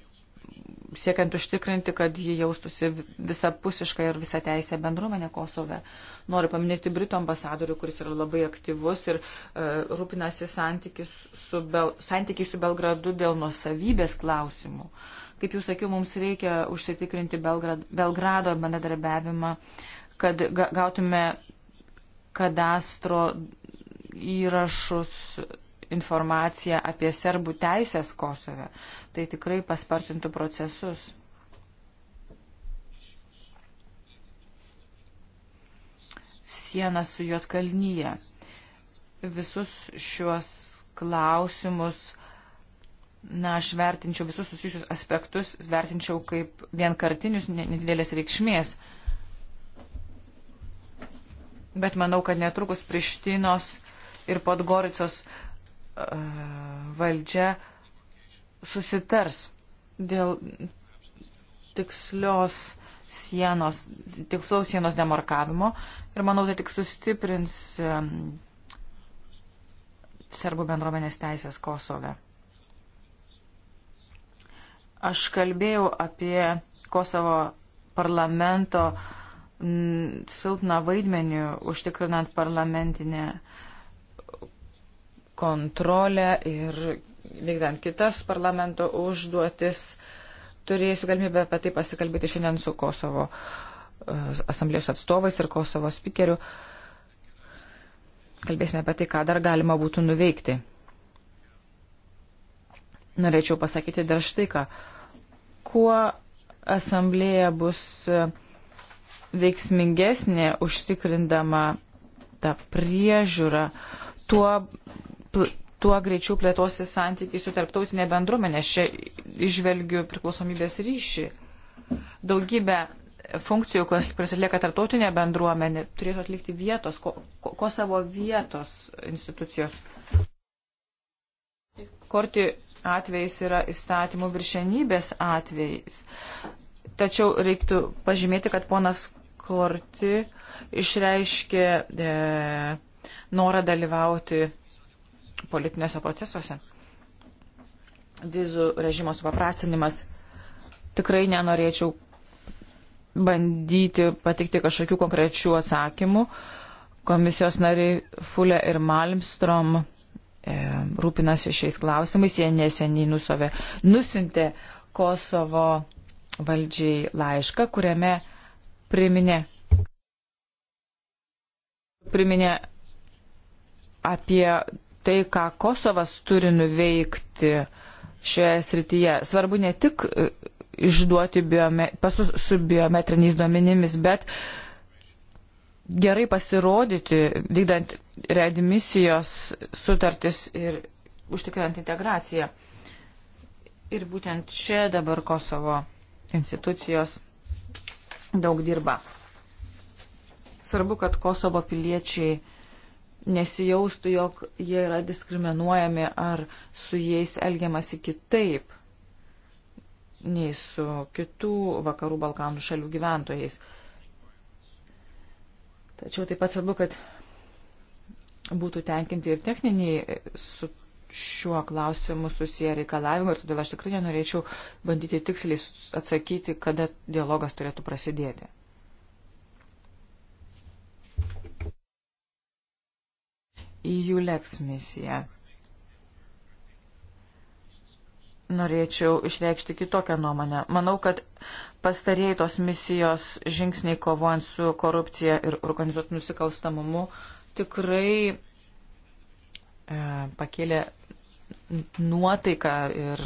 siekiant užtikrinti, kad jie jaustusi visapusišką ir visą teisę bendruomenę Kosove. Noriu paminėti Britų ambasadorių, kuris yra labai aktyvus ir e, rūpinasi santykiai su, Bel, santykiai su Belgradu dėl nuosavybės klausimų. Kaip jau sakiau, mums reikia užsitikrinti Belgrad, Belgrado bendradarbiavimą, kad gautume kadastro įrašus informaciją apie serbų teisės Kosove. Tai tikrai paspartintų procesus. Siena su Jotkalnyje. Visus šiuos klausimus, na, aš vertinčiau visus susijusius aspektus, vertinčiau kaip vienkartinius nedidelės reikšmės. Uh, bet manau, kad netrukus Prištinos ir Podgoricos e, valdžia susitars dėl tikslios sienos, tikslaus sienos demarkavimo ir manau, tai tik sustiprins e, serbų bendruomenės teisės Kosove. Aš kalbėjau apie Kosovo parlamento uh, Mm, silpną vaidmenį užtikrinant parlamentinę kontrolę ir vykdant kitas parlamento užduotis. Turėsiu galimybę apie tai pasikalbėti šiandien su Kosovo e, asamblės atstovais ir Kosovo spikeriu. Kalbėsime apie tai, ką dar galima būtų nuveikti. Norėčiau pasakyti dar štai ką. Kuo asamblėje bus uh, veiksmingesnė užtikrindama tą priežiūrą, tuo, tuo greičiau plėtosi santykiai su tarptautinė bendruomenė. Aš čia išvelgiu priklausomybės ryšį. Daugybę funkcijų, kurias atlieka tarptautinė bendruomenė, turėtų atlikti vietos, ko, ko, ko savo vietos institucijos. Korti atvejais yra įstatymų viršenybės atvejais. Tačiau reiktų pažymėti, kad ponas Korti išreiškė e, norą dalyvauti politinėse procesuose. Vizų režimo supaprastinimas. Tikrai nenorėčiau bandyti patikti kažkokių konkrečių atsakymų. Komisijos nariai Fulė ir Malmstrom e, rūpinasi šiais klausimais. Jie neseniai nusovė, nusintė Kosovo valdžiai laišką, kuriame priminė, priminė apie tai, ką Kosovas turi nuveikti šioje srityje. Svarbu ne tik e, išduoti biome, pasus su biometriniais duomenimis, bet gerai pasirodyti, vykdant readmisijos sutartis ir užtikrinant integraciją. Ir būtent čia dabar Kosovo institucijos daug dirba. Svarbu, kad Kosovo piliečiai nesijaustų, jog jie yra diskriminuojami ar su jais elgiamasi kitaip nei su kitų vakarų Balkanų šalių gyventojais. Tačiau taip pat svarbu, kad būtų tenkinti ir techniniai su šiuo klausimu susiję reikalavimai ir todėl aš tikrai nenorėčiau bandyti tiksliai atsakyti, kada dialogas turėtų prasidėti. Į Juleks misiją. Norėčiau išreikšti kitokią nuomonę. Manau, kad pastarėjai tos misijos žingsniai kovojant su korupcija ir organizuotų nusikalstamumu tikrai e, pakėlė nuotaiką ir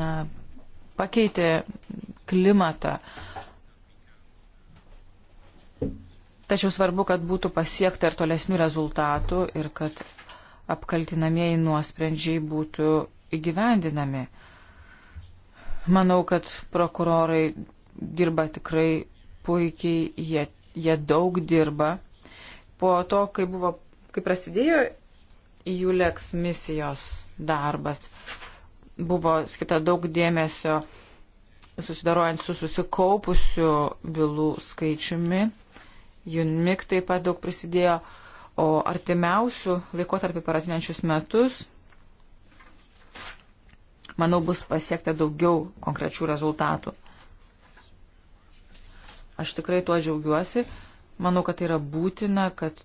na, pakeitė klimatą. Tačiau svarbu, kad būtų pasiekta ir tolesnių rezultatų ir kad apkaltinamieji nuosprendžiai būtų įgyvendinami. Manau, kad prokurorai dirba tikrai puikiai, jie, jie daug dirba. Po to, kai, buvo, kai prasidėjo Juleks misijos darbas. Buvo skita daug dėmesio susidarojant su susikaupusiu bylų skaičiumi. Junmik taip pat daug prisidėjo, o artimiausių laikotarpį per atinančius metus, manau, bus pasiekta daugiau konkrečių rezultatų. Aš tikrai tuo džiaugiuosi. Manau, kad tai yra būtina, kad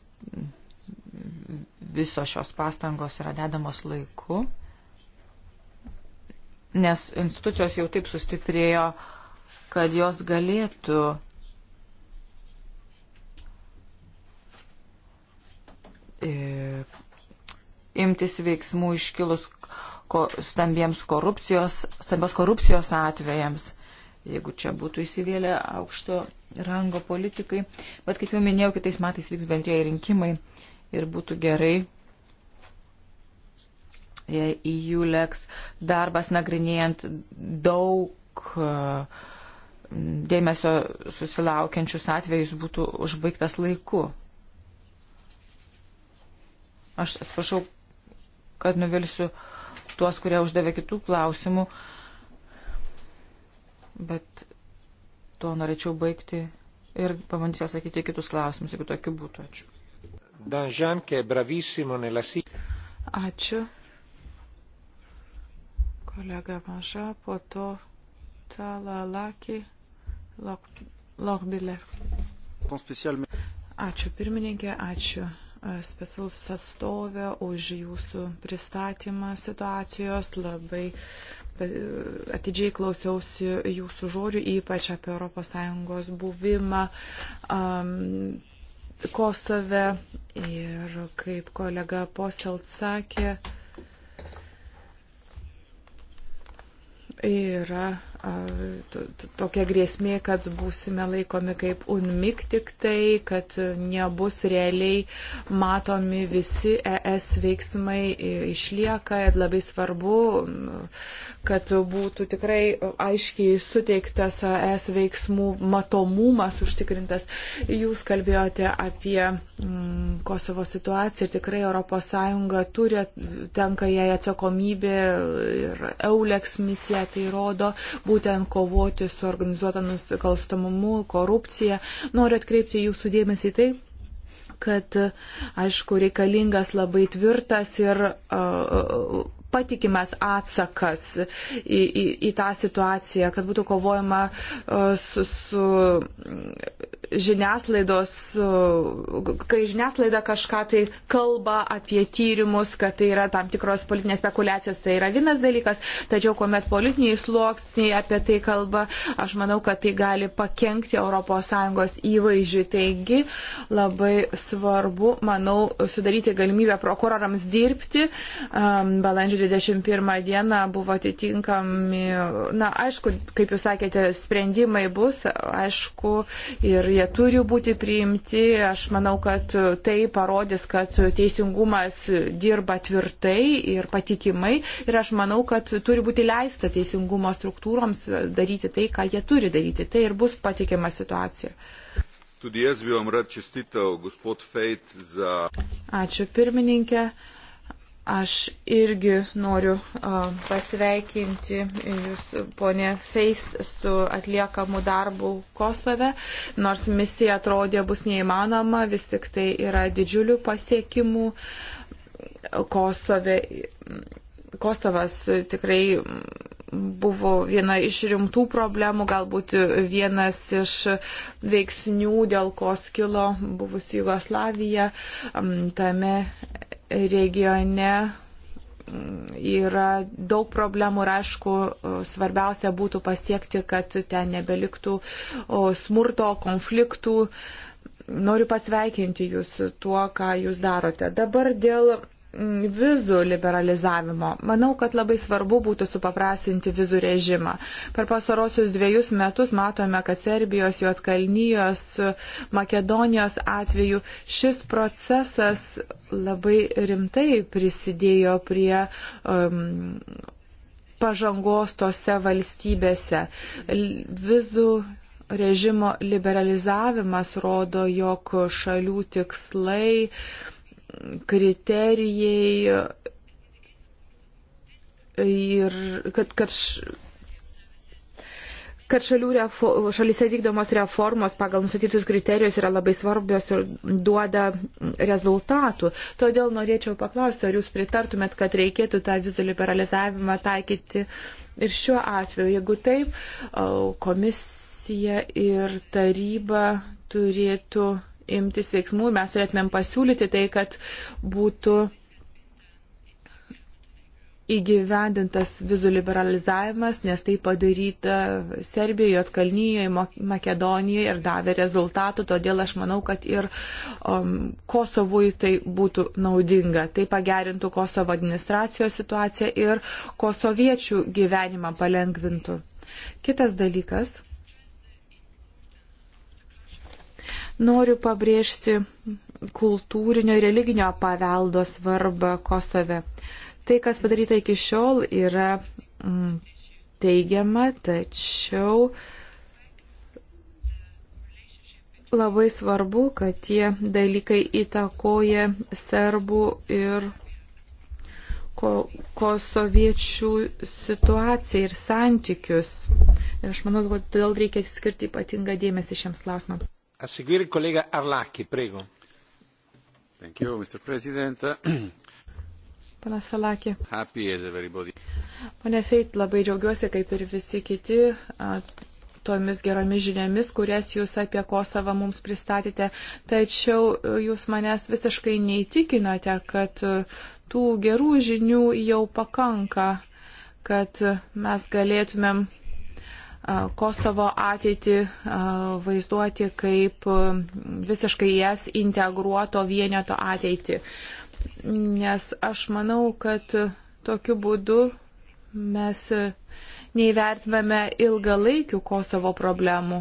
visos šios pastangos yra dedamos laiku, nes institucijos jau taip sustiprėjo, kad jos galėtų e, imtis veiksmų iškilus stambiems korupcijos, stambios korupcijos atvejams, jeigu čia būtų įsivėlę aukšto rango politikai. Bet kaip jau minėjau, kitais metais vyks bendrėjai rinkimai. Uh, ir būtų gerai, jei į jų leks darbas nagrinėjant daug e, dėmesio susilaukiančius atvejus būtų užbaigtas laiku. Aš atsiprašau, kad nuvilsiu tuos, kurie uždavė kitų klausimų, bet tuo norėčiau baigti ir pabandysiu atsakyti kitus klausimus, jeigu tokių būtų. Ačiū. Danjean, che è bravissimo nella Ačiū. Kolega Maža, po to Talalaki Lokbilė. Ačiū pirmininkė, ačiū e, specialus atstovė už jūsų pristatymą situacijos. Labai e, atidžiai klausiausi jūsų žodžių, ypač apie ES buvimą. Um, Kosove ir kaip kolega Poselt sakė, yra tokia grėsmė, kad būsime laikomi kaip unmik tik tai, kad nebus realiai matomi visi ES veiksmai išlieka ir labai svarbu, kad būtų tikrai aiškiai suteiktas ES veiksmų matomumas užtikrintas. Jūs kalbėjote apie mm, Kosovo situaciją ir tikrai ES turi, tenka jai atsakomybė ir EULEX misija tai rodo. Būtų būtent kovoti su organizuotą nusikalstamumu, korupcija. Noriu atkreipti jūsų dėmesį į tai, kad, aišku, reikalingas labai tvirtas ir uh, patikimas atsakas į, į, į tą situaciją, kad būtų kovojama uh, su, su žiniasklaidos, kai žiniasklaida kažką tai kalba apie tyrimus, kad tai yra tam tikros politinės spekulacijos, tai yra vienas dalykas, tačiau kuomet politiniai sluoksniai apie tai kalba, aš manau, kad tai gali pakengti ES įvaizdžiui. Taigi labai svarbu, manau, sudaryti galimybę prokurorams dirbti. Balandžio 21 dieną buvo atitinkami, na, aišku, kaip jūs sakėte, sprendimai bus, aišku, ir jie jie turi būti priimti. Aš manau, kad tai parodys, kad teisingumas dirba tvirtai ir patikimai. Ir aš manau, kad turi būti leista teisingumo struktūroms daryti tai, ką jie turi daryti. Tai ir bus patikima situacija. Tudi jaz bi vam rad čestitev, gospod Fejt, za. Ačiū pirmininkė. Aš irgi noriu pasveikinti Jūs, ponė Feis, su atliekamu darbu Kosove. Nors misija atrodė bus neįmanoma, vis tik tai yra didžiulių pasiekimų. Kosove, Kosovas tikrai buvo viena iš rimtų problemų, galbūt vienas iš veiksnių, dėl ko skilo buvusi Jugoslavija. Tame regione yra daug problemų ir aišku, svarbiausia būtų pasiekti, kad ten nebeliktų smurto, konfliktų. Noriu pasveikinti jūs tuo, ką jūs darote. Dabar dėl Mm, vizų liberalizavimo. Manau, kad labai svarbu būtų supaprastinti vizų režimą. Per pasarosius dviejus metus matome, kad Serbijos, Juotkalnyjos, Makedonijos atveju šis procesas labai rimtai prisidėjo prie um, pažangos tose valstybėse. Vizų režimo liberalizavimas rodo, jog šalių tikslai um, kriterijai ir kad, kad, kad šalių refo, šalyse vykdomos reformos pagal nustatytus kriterijus yra labai svarbios ir duoda rezultatų. Todėl norėčiau paklausti, ar jūs pritartumėt, kad reikėtų tą vizų liberalizavimą taikyti ir šiuo atveju. Jeigu taip, komisija ir taryba turėtų imtis veiksmų, mes turėtumėm pasiūlyti tai, kad būtų įgyvendintas vizų liberalizavimas, nes tai padaryta Serbijoje, Jotkalnyje, Makedonijoje ir davė rezultatų, todėl aš manau, kad ir um, Kosovui tai būtų naudinga. Tai pagerintų Kosovo administracijos situaciją ir kosoviečių gyvenimą palengvintų. Kitas dalykas Noriu pabrėžti kultūrinio ir religinio paveldo svarbą Kosove. Tai, kas padaryta iki šiol, yra mm, teigiama, tačiau labai svarbu, kad tie dalykai įtakoja serbų ir ko, kosoviečių situaciją ir santykius. Ir aš manau, kodėl reikia skirti ypatingą dėmesį šiems klausimams. A seguire il collega Arlacchi, prego. Thank you, Mr. President. Panas Salakė. Happy as everybody. Pane Feit, labai džiaugiuosi, kaip ir visi kiti, tomis geromis žiniomis, kurias jūs apie Kosovą mums pristatėte. Tačiau e, jūs manęs visiškai neįtikinote, kad e, tų gerų žinių jau pakanka, kad e, mes galėtumėm Kosovo ateitį vaizduoti kaip visiškai jas integruoto vieneto ateitį. Nes aš manau, kad tokiu būdu mes neįvertiname ilgalaikių Kosovo problemų.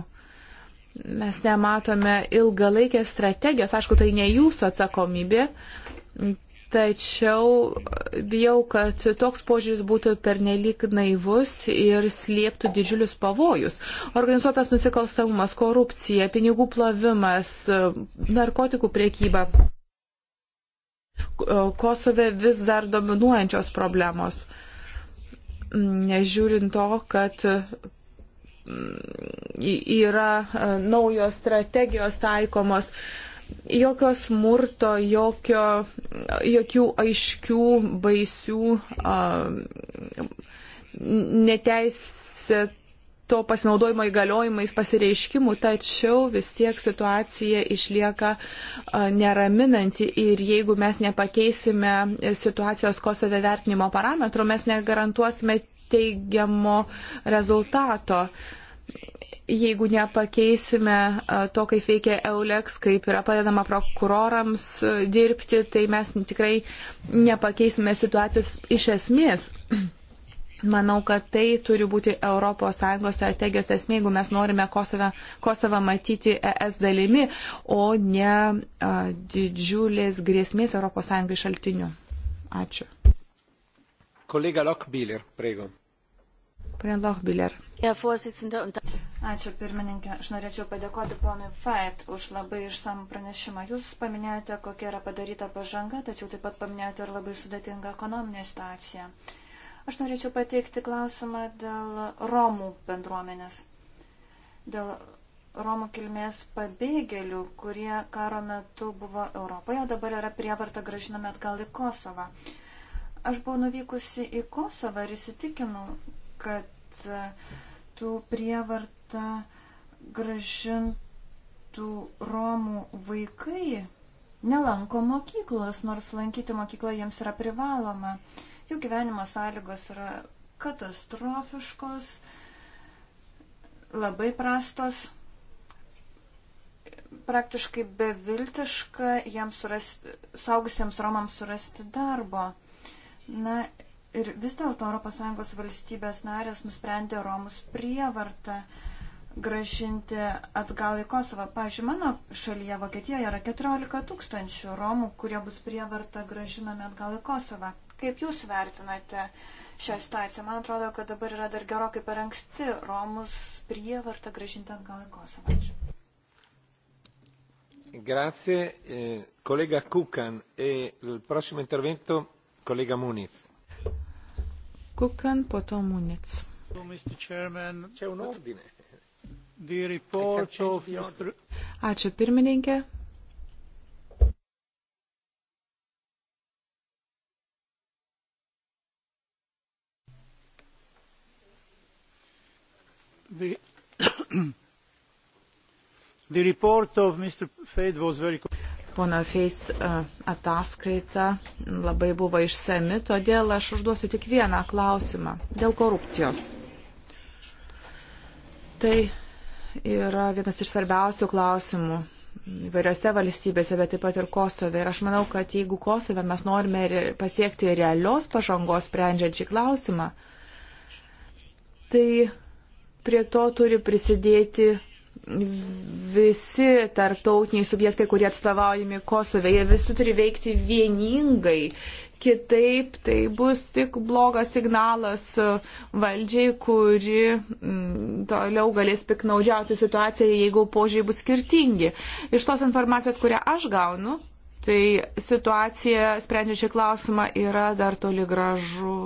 Mes nematome ilgalaikės strategijos, aišku, tai ne jūsų atsakomybė, Tačiau bijau, kad toks požiūris būtų pernelyg naivus ir slėptų didžiulius pavojus. Organizuotas nusikalstamumas, korupcija, pinigų plovimas, narkotikų priekyba. Kosove vis dar dominuojančios problemos. Nežiūrint to, kad yra naujos strategijos taikomos jokio smurto, jokio, jokių aiškių, baisių, a, neteisė to pasinaudojimo įgaliojimais pasireiškimų, tačiau vis tiek situacija išlieka neraminanti ir jeigu mes nepakeisime situacijos Kosove vertinimo parametrų, mes negarantuosime teigiamo rezultato. Uh, jeigu nepakeisime to, kaip veikia EULEX, kaip yra padedama prokurorams dirbti, tai mes tikrai nepakeisime situacijos iš esmės. Manau, kad tai turi būti ES strategijos esmė, jeigu mes norime Kosovą, Kosovą matyti ES dalimi, o ne a, didžiulės grėsmės ES šaltiniu. Ačiū. Kolega Lokbiler, prego. Pane Lochbiller. Ačiū pirmininkė. Aš norėčiau padėkoti ponui Fait už labai išsamų pranešimą. Jūs paminėjote, kokia yra padaryta pažanga, tačiau taip pat paminėjote ir labai sudėtingą ekonominę situaciją. Aš norėčiau pateikti klausimą dėl Romų bendruomenės. Dėl Romų kilmės pabėgėlių, kurie karo metu buvo Europoje, o dabar yra prievarta gražinami atgal į Kosovą. Aš buvau nuvykusi į Kosovą ir įsitikinau, kad e, tų prievartą gražintų Romų vaikai nelanko mokyklos, nors lankyti mokyklą jiems yra privaloma. Jų gyvenimo sąlygos yra katastrofiškos, labai prastos, praktiškai beviltiška jiems surasti, saugusiems Romams surasti darbo. Na Ir vis dėlto ES valstybės narės nusprendė Romus prievartą gražinti atgal į Kosovą. Pavyzdžiui, mano šalyje, Vokietijoje, yra 14 tūkstančių Romų, kurie bus prievarta gražinami atgal į Kosovą. Kaip Jūs vertinate šią situaciją? Man atrodo, kad dabar yra dar gerokai per anksti Romus prievarta gražinti atgal į Kosovą. Ačiū. Grazie, eh, collega Kukan. E il prossimo intervento, collega Muniz. Kukan, po to Munic. Ačiū pirmininkė. The, the report of Mr. Fed was very pono Feis ataskaita labai buvo išsami, todėl aš užduosiu tik vieną klausimą dėl korupcijos. Tai yra vienas iš svarbiausių klausimų įvairiose valstybėse, bet taip pat ir Kosove. Ir aš manau, kad jeigu Kosove mes norime pasiekti realios pažangos sprendžiant šį klausimą, tai prie to turi prisidėti visi tarptautiniai subjektai, kurie atstovaujami Kosove, jie visi turi veikti vieningai. Kitaip tai bus tik blogas signalas e, valdžiai, kuri m, mm, toliau galės piknaudžiauti situaciją, jeigu požiūriai bus skirtingi. Iš tos informacijos, kurią aš gaunu, tai situacija, sprendžiant šį klausimą, yra dar toli gražu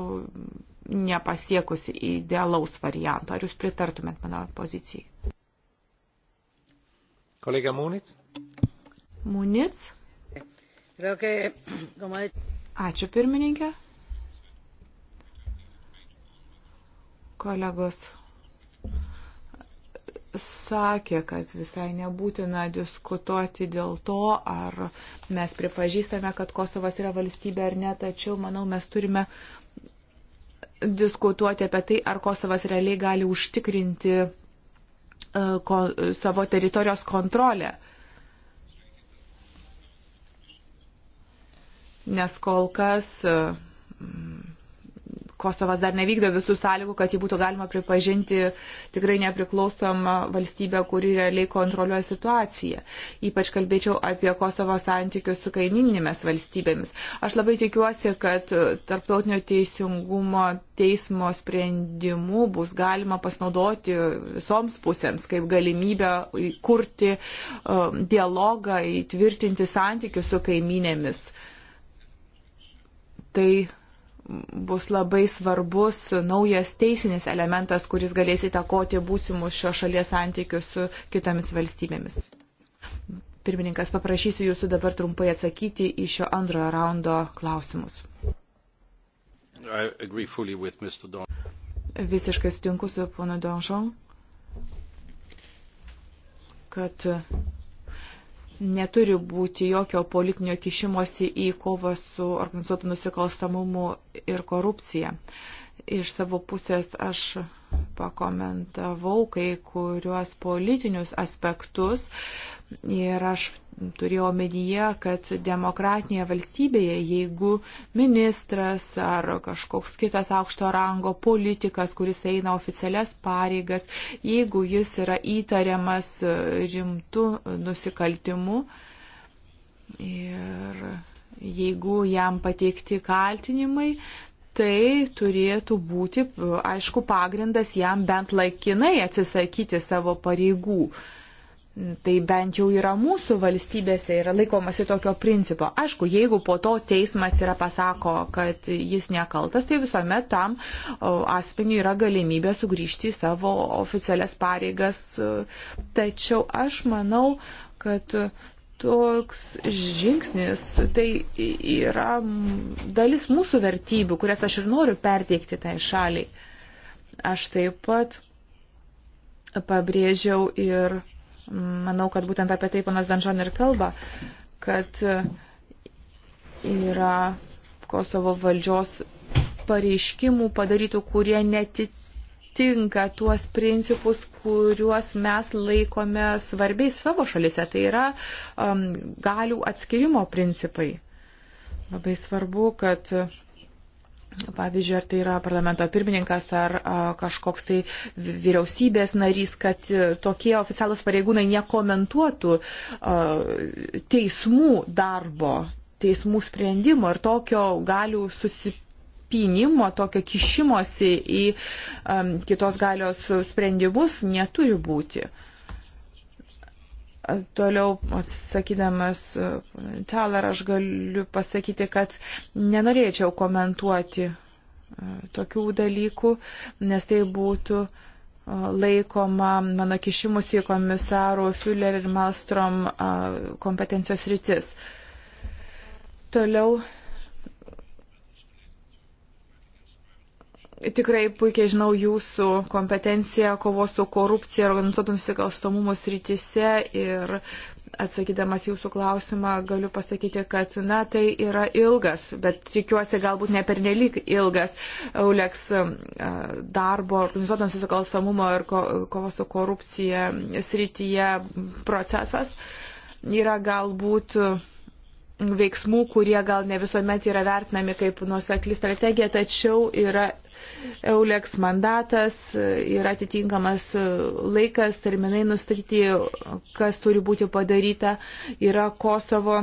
nepasiekusi idealaus varianto. Ar jūs pritartumėt mano pozicijai? Kolega Munic. Munic. Ačiū pirmininkė. Kolegos sakė, kad visai nebūtina diskutuoti dėl to, ar mes pripažįstame, kad Kosovas yra valstybė ar ne, tačiau manau mes turime diskutuoti apie tai, ar Kosovas realiai gali užtikrinti E, ko, savo teritorijos kontrolę. Nes kol kas. Uh, Kosovas dar nevykdo visų sąlygų, kad jį būtų galima pripažinti tikrai nepriklausomą valstybę, kuri realiai kontroliuoja situaciją. Ypač kalbėčiau apie Kosovo santykius su kaimininėmis valstybėmis. Aš labai tikiuosi, kad tarptautinio teisingumo teismo sprendimu bus galima pasinaudoti visoms pusėms kaip galimybę kurti um, dialogą, įtvirtinti santykius su kaiminėmis. Tai bus labai svarbus naujas teisinis elementas, kuris galės įtakoti būsimus šio šalies santykius su kitomis valstybėmis. Pirmininkas, paprašysiu jūsų dabar trumpai atsakyti į šio antrojo raundo klausimus. Visiškai sutinku su ponu Donžon, kad neturi būti jokio politinio kišimosi į kovą su organizuotu nusikalstamumu ir korupcija. Iš savo pusės aš pakomentavau kai kuriuos politinius aspektus ir aš turėjau medyje, kad demokratinėje valstybėje, jeigu ministras ar kažkoks kitas aukšto rango politikas, kuris eina oficialias pareigas, jeigu jis yra įtariamas rimtų nusikaltimų ir jeigu jam pateikti kaltinimai, tai turėtų būti, aišku, pagrindas jam bent laikinai atsisakyti savo pareigų. Tai bent jau yra mūsų valstybėse, yra laikomasi tokio principo. Aišku, jeigu po to teismas yra pasako, kad jis nekaltas, tai visuomet tam asmeniu yra galimybė sugrįžti į savo oficialias pareigas. Tačiau aš manau, kad toks žingsnis, tai yra dalis mūsų vertybių, kurias aš ir noriu perteikti tai šaliai. Aš taip pat pabrėžiau ir manau, kad būtent apie tai panas Danžon ir kalba, kad yra Kosovo valdžios pareiškimų padarytų, kurie netit atitinka tuos principus, kuriuos mes laikome svarbiais savo šalise. Tai yra um, galių atskirimo principai. Labai svarbu, kad Pavyzdžiui, ar tai yra parlamento pirmininkas ar a, kažkoks tai vyriausybės narys, kad a, e, tokie oficialūs pareigūnai nekomentuotų a, teismų darbo, teismų sprendimo ir tokio galių susipirkti pinimo, tokio kišimosi į um, kitos galios sprendimus neturi būti. Toliau atsakydamas uh, Talar, aš galiu pasakyti, kad nenorėčiau komentuoti uh, tokių dalykų, nes tai būtų uh, laikoma mano kišimus į komisarų Füller ir Malstrom kompetencijos rytis. Toliau Tikrai puikiai žinau jūsų kompetenciją kovos su korupcija ir organizuotų nusikalstamumų srityse ir atsakydamas jūsų klausimą galiu pasakyti, kad na tai yra ilgas, bet tikiuosi galbūt ne pernelyg ilgas Euleks darbo organizuotų nusikalstamumo ir kovos su korupcija srityje procesas yra galbūt veiksmų, kurie gal ne visuomet yra vertinami kaip nuosekli strategija, tačiau yra EULEX mandatas ir atitinkamas laikas, terminai nustatyti, kas turi būti padaryta, yra Kosovo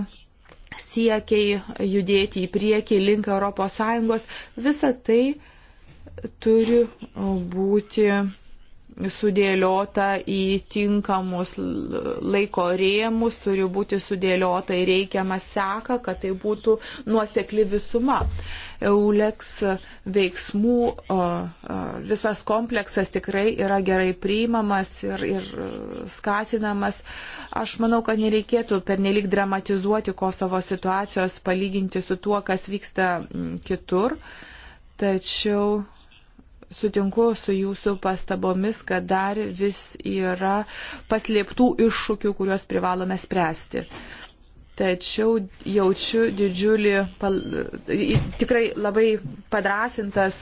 siekiai judėti į priekį link ES. Visa tai turi būti sudėliota į tinkamus laiko rėmus, turi būti sudėliota į reikiamą seką, kad tai būtų nuosekli visuma. EULEX veiksmų visas kompleksas tikrai yra gerai priimamas ir, ir skatinamas. Aš manau, kad nereikėtų pernelik dramatizuoti Kosovo situacijos, palyginti su tuo, kas vyksta kitur. Tačiau sutinku su jūsų pastabomis, kad dar vis yra paslėptų iššūkių, kuriuos privalome spręsti. Tačiau jaučiu didžiulį, pal, tikrai labai padrasintas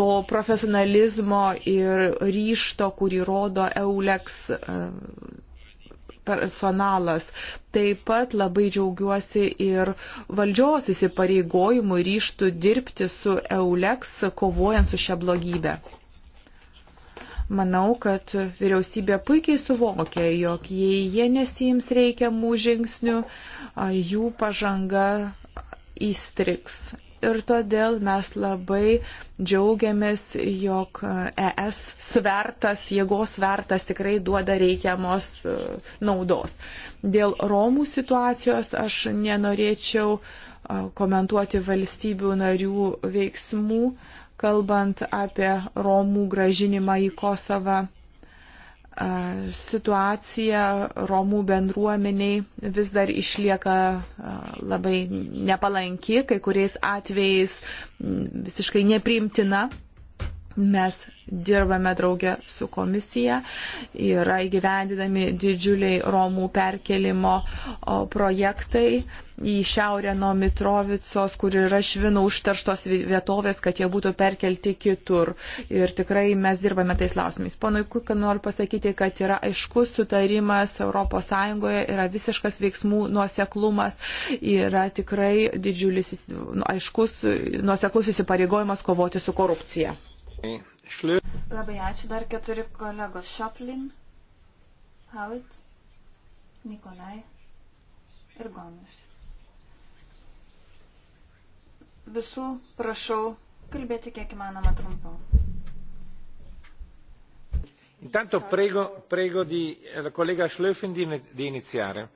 to profesionalizmo ir ryšto, kurį rodo EULEX personalas. Taip pat labai džiaugiuosi ir valdžios įsipareigojimu ryštų dirbti su EULEX, kovojant su šia blogybė. Manau, kad vyriausybė puikiai suvokia, jog jei jie nesijims reikiamų žingsnių, jų pažanga įstriks ir todėl mes labai džiaugiamės, jog ES e svertas, jėgos svertas tikrai duoda reikiamos e, naudos. Dėl Romų situacijos aš nenorėčiau e, komentuoti valstybių narių veiksmų, kalbant apie Romų gražinimą į Kosovą situacija Romų bendruomeniai vis dar išlieka labai nepalanki, kai kuriais atvejais visiškai nepriimtina. Mes dirbame draugę su komisija, yra įgyvendinami didžiuliai Romų perkelimo projektai į šiaurę nuo Mitrovicos, kur yra švino užterštos vietovės, kad jie būtų perkelti kitur. Ir tikrai mes dirbame tais lausimais. Ponui Kuka noriu pasakyti, kad yra aiškus sutarimas ES, yra visiškas veiksmų nuoseklumas, yra tikrai didžiulis nu, aiškus nuoseklus įsipareigojimas kovoti su korupcija. Labai ačiū. Dar keturi kolegos Šoplin, Havit, Nikolai ir Gomiš. Visų prašau kalbėti kiek įmanoma trumpiau. Intanto prego, prego di, eh, la collega Schlöfen di, di iniziare.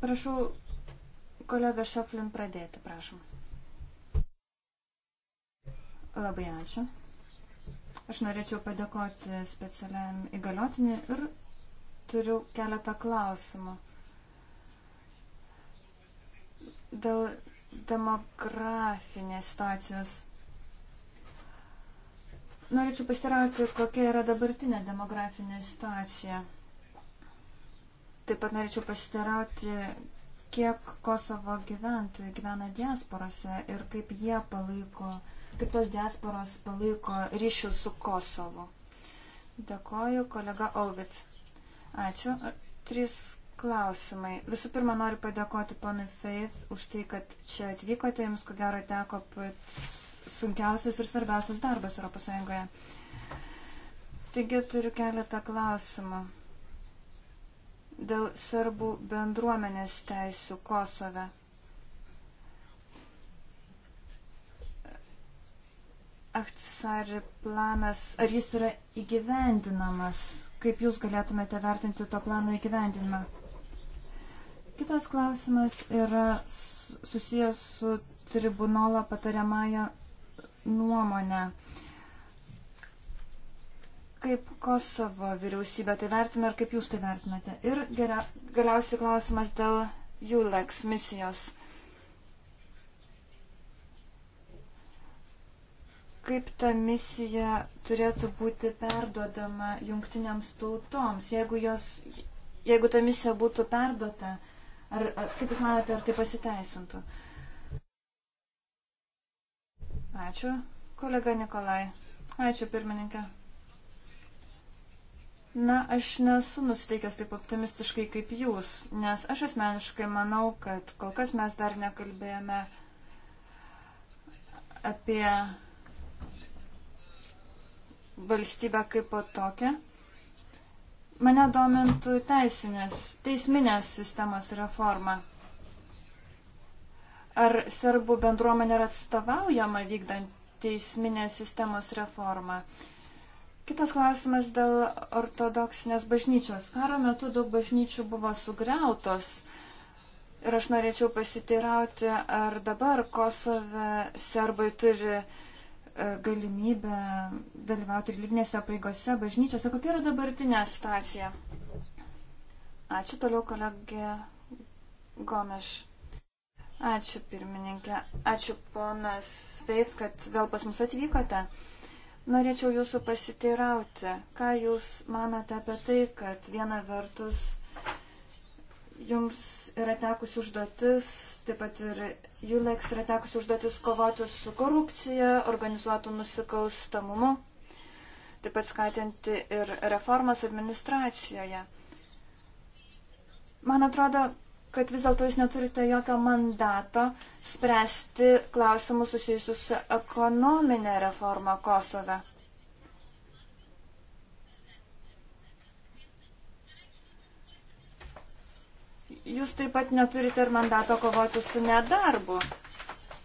Prašau, kolega Šoflin, pradėti, prašom. Labai ačiū. Aš norėčiau padėkoti specialiam įgaliotinį ir turiu keletą klausimų. Dėl demografinės situacijos. Norėčiau pasirauti, kokia yra dabartinė demografinė situacija. Taip pat norėčiau pasirauti, kiek Kosovo gyventojų gyvena diasporose ir kaip jie palaiko uh, kaip tos diasporos palaiko ryšius su Kosovu. Dėkoju, kolega Ovic. Ačiū. Trys klausimai. Visų pirma, noriu padėkoti ponui Faith už tai, kad čia atvykote. Jums, ko gero, teko pats sunkiausias ir svarbiausias darbas ES. Taigi turiu keletą klausimų dėl serbų bendruomenės teisų Kosove. Aktsari planas, ar jis yra įgyvendinamas? Kaip Jūs galėtumėte vertinti to plano įgyvendinimą? Kitas klausimas yra susijęs su tribunolo patariamąją nuomonę. Kaip Kosovo vyriausybė tai vertina ir kaip jūs tai vertinate? Ir geria, galiausiai klausimas dėl JULEX misijos. kaip ta misija turėtų būti perduodama jungtiniams tautoms, jeigu, jos, jeigu ta misija būtų perduota, ar, ar kaip Jūs manote, ar tai pasiteisintų? Ačiū, kolega Nikolai. Ačiū, pirmininkė. Na, aš nesu nusiteikęs taip optimistiškai kaip jūs, nes aš asmeniškai manau, kad kol kas mes dar nekalbėjome apie valstybę kaip po tokią. Mane domintų teisinės, teisminės sistemos reforma. Ar serbų bendruomenė yra atstovaujama vykdant teisminės sistemos reformą? Kitas klausimas dėl ortodoksinės bažnyčios. Karo metu daug bažnyčių buvo sugriautos. Ir aš norėčiau pasiteirauti, ar dabar Kosove serbai turi uh, E, galimybę dalyvauti religinėse pareigose bažnyčiose. Kokia yra dabartinė situacija? Ačiū toliau kolegė Gomeš. Ačiū pirmininkė. Ačiū ponas Feith, kad vėl pas mus atvykote. Norėčiau jūsų pasiteirauti, ką jūs manote apie tai, kad viena vertus jums yra tekusi užduotis, taip pat ir Julex yra tekusi užduotis kovoti su korupcija, organizuotų nusikalstamumu, taip pat skatinti ir reformas administracijoje. Man atrodo, kad vis dėlto jūs neturite jokio mandato spręsti klausimus susijusius su ekonominė reforma Kosove. jūs taip pat neturite ir mandato kovoti su nedarbu.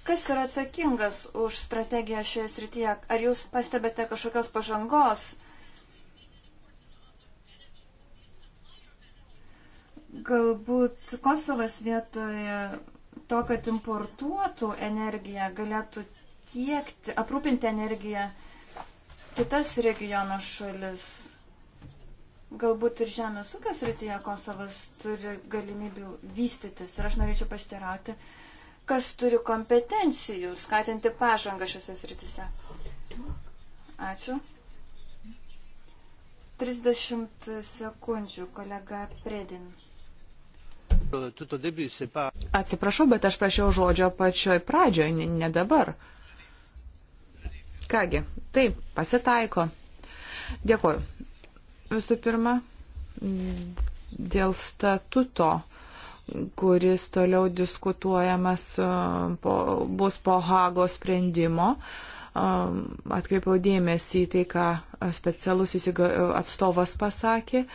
Kas yra atsakingas už strategiją šioje srityje? Ar jūs pastebėte kažkokios pažangos? Galbūt Kosovas vietoje to, kad importuotų energiją, galėtų tiekti, aprūpinti energiją kitas regiono šalis Galbūt ir žemės ūkio srityje Kosovas turi galimybių vystytis. Ir aš norėčiau pastirauti, kas turi kompetencijų skatinti pažangą šiuose srityse. Ačiū. 30 sekundžių, kolega Predin. Atsiprašau, bet aš prašiau žodžio pačioj pradžioj, ne dabar. Kągi, taip, pasitaiko. Dėkuoju. Visų pirma, dėl statuto kuris toliau diskutuojamas e, po, bus po Hago sprendimo. E, atkreipiau dėmesį į tai, ką specialus e, atstovas pasakė.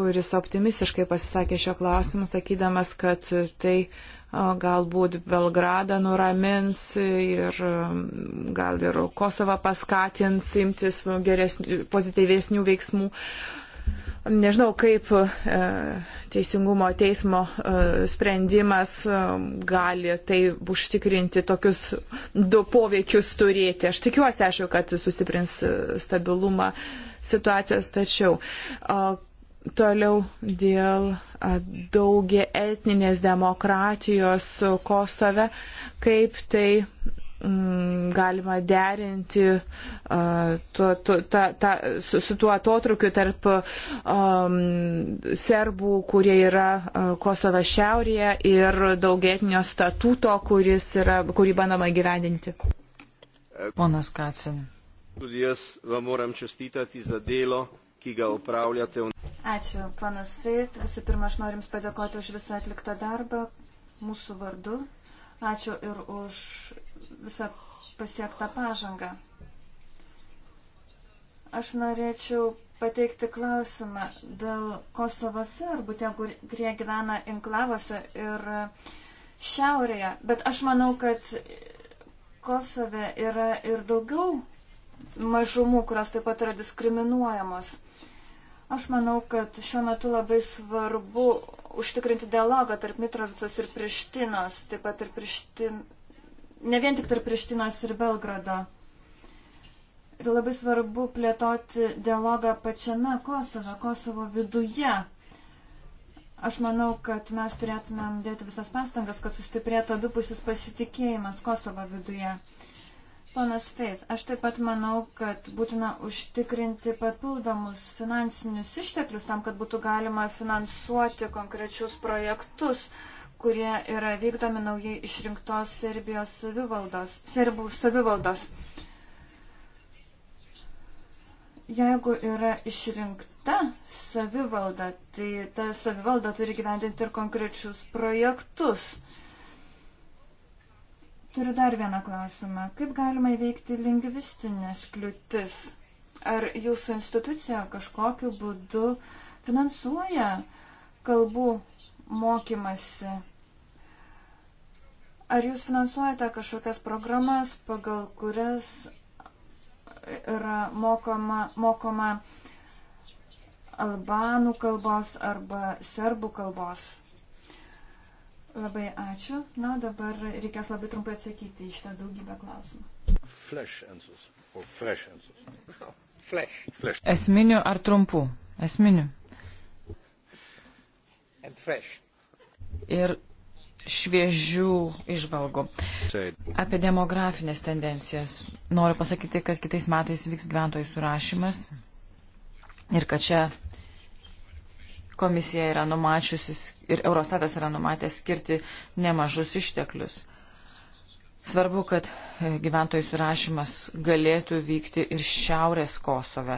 kuris optimistiškai pasisakė šio klausimu, sakydamas, kad tai uh, galbūt Belgradą nuramins ir um, gal ir Kosovą paskatins imtis geresnių, pozityvesnių veiksmų. Nežinau, kaip e, Teisingumo teismo e, sprendimas e, gali tai užtikrinti tokius du poveikius turėti. Aš tikiuosi, aišku, kad sustiprins stabilumą situacijos, tačiau Toliau dėl daugia etninės demokratijos Kosove, kaip tai mm, galima derinti uh, to, to, ta, ta, su, su tuo atotrukiu tarp um, serbų, kurie yra uh, Kosovo šiaurėje ir daugėtinio statuto, yra, kurį bandoma gyvendinti. Ponas Kacin. Tudi jaz vam moram čestitati za delo Ačiū, panas Fit. Visų pirma, aš noriu Jums padėkoti už visą atliktą darbą mūsų vardu. Ačiū ir už visą pasiektą pažangą. Aš norėčiau pateikti klausimą dėl Kosovo serbų, tie, kurie gyvena enklavose ir šiaurėje. Bet aš manau, kad Kosove yra ir daugiau mažumų, kurios taip pat yra diskriminuojamos. Aš manau, kad šiuo metu labai svarbu užtikrinti dialogą tarp Mitrovicos ir Prištinos, taip pat ir Prištin... ne vien tik tarp Prištinos ir Belgrado. Ir labai svarbu plėtoti dialogą pačiame Kosovo, Kosovo viduje. Aš manau, kad mes turėtumėm dėti visas pastangas, kad sustiprėtų abipusis pasitikėjimas Kosovo viduje. Uh, Panas Feith, aš taip pat manau, kad būtina užtikrinti papildomus finansinius išteklius tam, kad būtų galima finansuoti konkrečius projektus, kurie yra vykdomi naujai išrinktos Serbijos savivaldos, Serbų savivaldos. Jeigu yra išrinkta savivalda, tai ta savivalda turi gyvendinti ir konkrečius projektus. Uh, Turiu dar vieną klausimą. Kaip galima įveikti lingvistinės kliūtis? Ar jūsų institucija kažkokiu būdu finansuoja kalbų mokymasi? Ar jūs finansuojate kažkokias programas, pagal kurias yra mokoma, mokoma albanų kalbos arba serbų kalbos? Labai ačiū. Na, dabar reikės labai trumpai atsakyti iš tą daugybę klausimų. Flash answers. O fresh answers. Flash. Flash. Esminių ar trumpų? Esminių. And fresh. Ir šviežių išvalgų. Apie demografinės tendencijas. Noriu pasakyti, kad kitais metais vyks gyventojų surašymas ir kad čia komisija yra numačiusi ir Eurostatas yra numatęs skirti nemažus išteklius. Svarbu, kad e, gyventojų surašymas galėtų vykti ir šiaurės Kosove.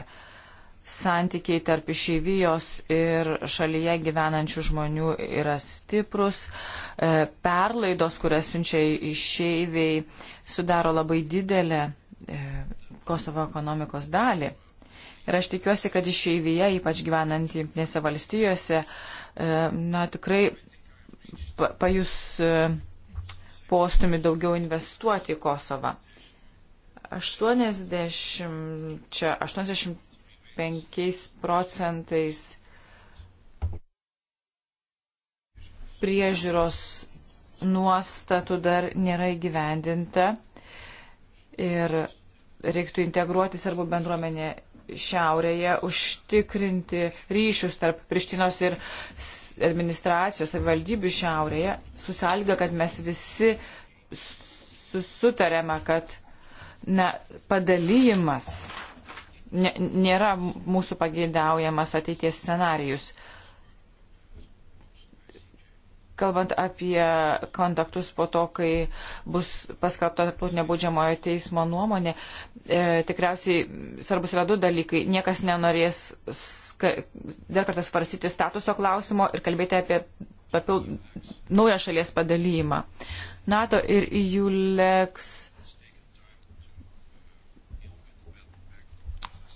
Santykiai tarp išeivijos ir šalyje gyvenančių žmonių yra stiprus. E, perlaidos, kurias siunčia išeiviai, sudaro labai didelę e, Kosovo ekonomikos dalį. Ir aš tikiuosi, kad išeivyje, ypač gyvenant jungtinėse valstijose, e, na, tikrai pajus e, postumi daugiau investuoti į Kosovą. 80, čia 85 procentais priežiūros nuostatų dar nėra įgyvendinta ir reiktų integruoti serbų bendruomenę šiaurėje užtikrinti ryšius tarp Prištinos ir administracijos ir valdybių šiaurėje, susalga, kad mes visi sutarėme, kad na, padalyjimas nėra mūsų pageidaujamas ateities scenarius kalbant apie kontaktus po to, kai bus paskelbta tarptautinio baudžiamojo teismo nuomonė, e, tikriausiai svarbus yra du dalykai. Niekas nenorės ska, dar kartą svarstyti statuso klausimo ir kalbėti apie papild, naują šalies padalymą. NATO ir EULEX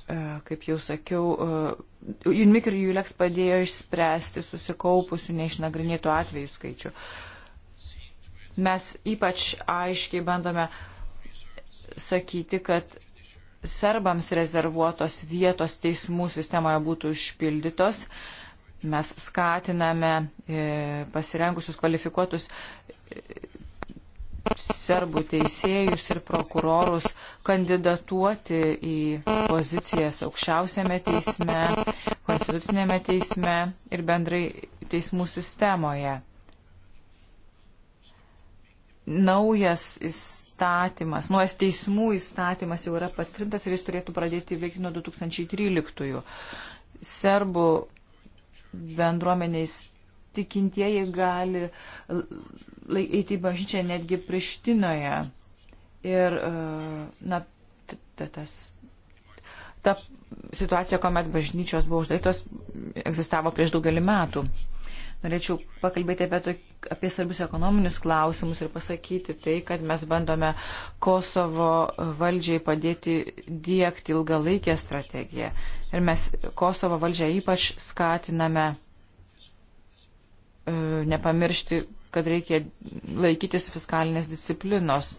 E, kaip jau sakiau, e, UNMIC ir ULEX padėjo išspręsti susikaupusių neišnagrinėtų atvejų skaičių. Mes ypač aiškiai bandome sakyti, kad serbams rezervuotos vietos teismų sistemoje būtų užpildytos. Mes skatiname e, pasirengusius kvalifikuotus serbų teisėjus ir prokurorus kandidatuoti į pozicijas aukščiausiame teisme, konstitucinėme teisme ir bendrai teismų sistemoje. Naujas įstatymas, naujas teismų įstatymas jau yra patvirtintas ir jis turėtų pradėti veikti nuo 2013. -ųjų. Serbų bendruomenės tikintieji gali eiti į bažnyčią netgi Prištinoje. Ir, e, na, tas, ta situacija, kuomet bažnyčios buvo uždarytos, egzistavo prieš daugelį metų. Norėčiau pakalbėti apie, to, apie svarbius ekonominius klausimus ir pasakyti tai, kad mes bandome Kosovo valdžiai padėti dėkti ilgalaikę strategiją. Ir mes Kosovo valdžią ypač skatiname E, nepamiršti, kad reikia laikytis fiskalinės disciplinos.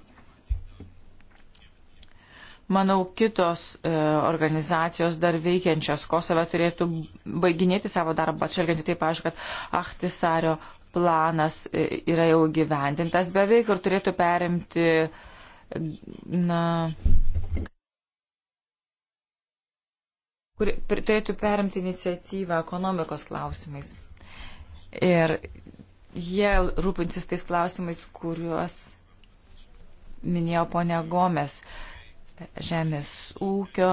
Manau, kitos e, organizacijos dar veikiančios Kosove turėtų baiginėti savo darbą, atšvelgiant į tai, pavyzdžiui, kad Ahtisario planas e, yra jau gyvendintas beveik ir turėtų perimti na, kur, turėtų perimti iniciatyvą ekonomikos klausimais. Ir jie rūpinsis tais klausimais, kuriuos minėjo ponia Gomes žemės ūkio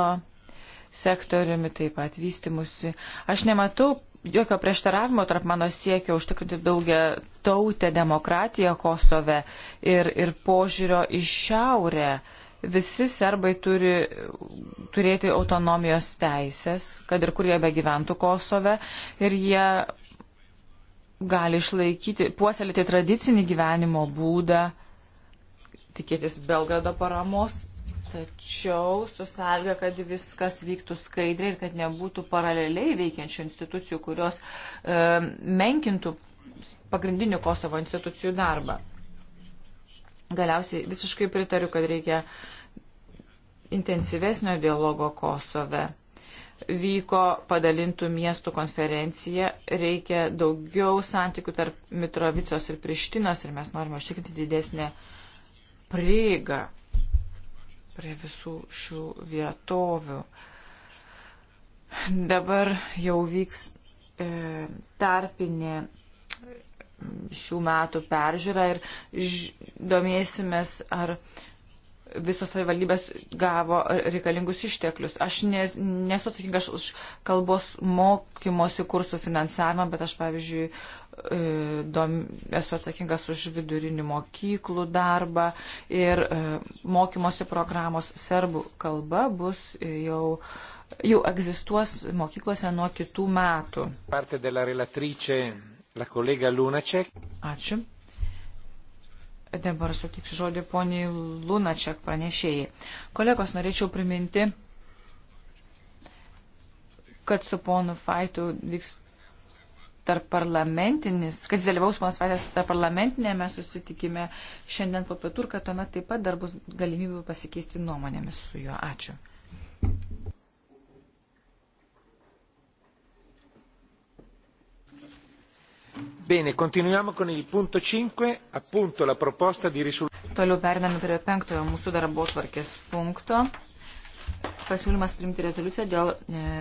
sektoriumi, taip pat vystimusi. Aš nematau jokio prieštaravimo tarp mano siekio užtikrinti daugia tautę demokratiją Kosove ir, ir požiūrio į šiaurę. Visi serbai turi turėti autonomijos teisės, kad ir kur jie begyventų Kosove, ir jie gali išlaikyti, puoselėti tradicinį gyvenimo būdą, tikėtis Belgrado paramos, tačiau susalgia, kad viskas vyktų skaidriai ir kad nebūtų paraleliai veikiančių institucijų, kurios e, menkintų pagrindinių Kosovo institucijų darbą. Galiausiai visiškai pritariu, kad reikia intensyvesnio dialogo Kosove vyko padalintų miestų konferencija, reikia daugiau santykių tarp Mitrovicos ir Prištinos ir mes norime užtikrinti didesnę prieigą prie visų šių vietovių. Dabar jau vyks e, tarpinė šių metų peržiūra ir ž, domėsimės, ar visos savivaldybės gavo reikalingus išteklius. Aš ne, nesu atsakingas už kalbos mokymosi kursų finansavimą, bet aš, pavyzdžiui, e, dom, esu atsakingas už vidurinių mokyklų darbą ir e, mokymosi programos serbų kalba bus jau, jau egzistuos mokyklose nuo kitų metų. Ačiū. Dabar sutiksiu žodį poniai Lunačiak pranešėjai. Kolegos, norėčiau priminti, kad su ponu Faitu vyks tarp parlamentinis, kad jis dalyvaus ponas Faitas tarp parlamentinėme susitikime šiandien po pietur, kad tuomet taip pat dar bus galimybių pasikeisti nuomonėmis su juo. Ačiū. Bene, continuiamo con il punto 5, appunto la proposta di risoluzione. Toliau periname prie penktojo mūsų darbo tvarkės punkto. Pasiūlymas priimti rezoliuciją dėl e,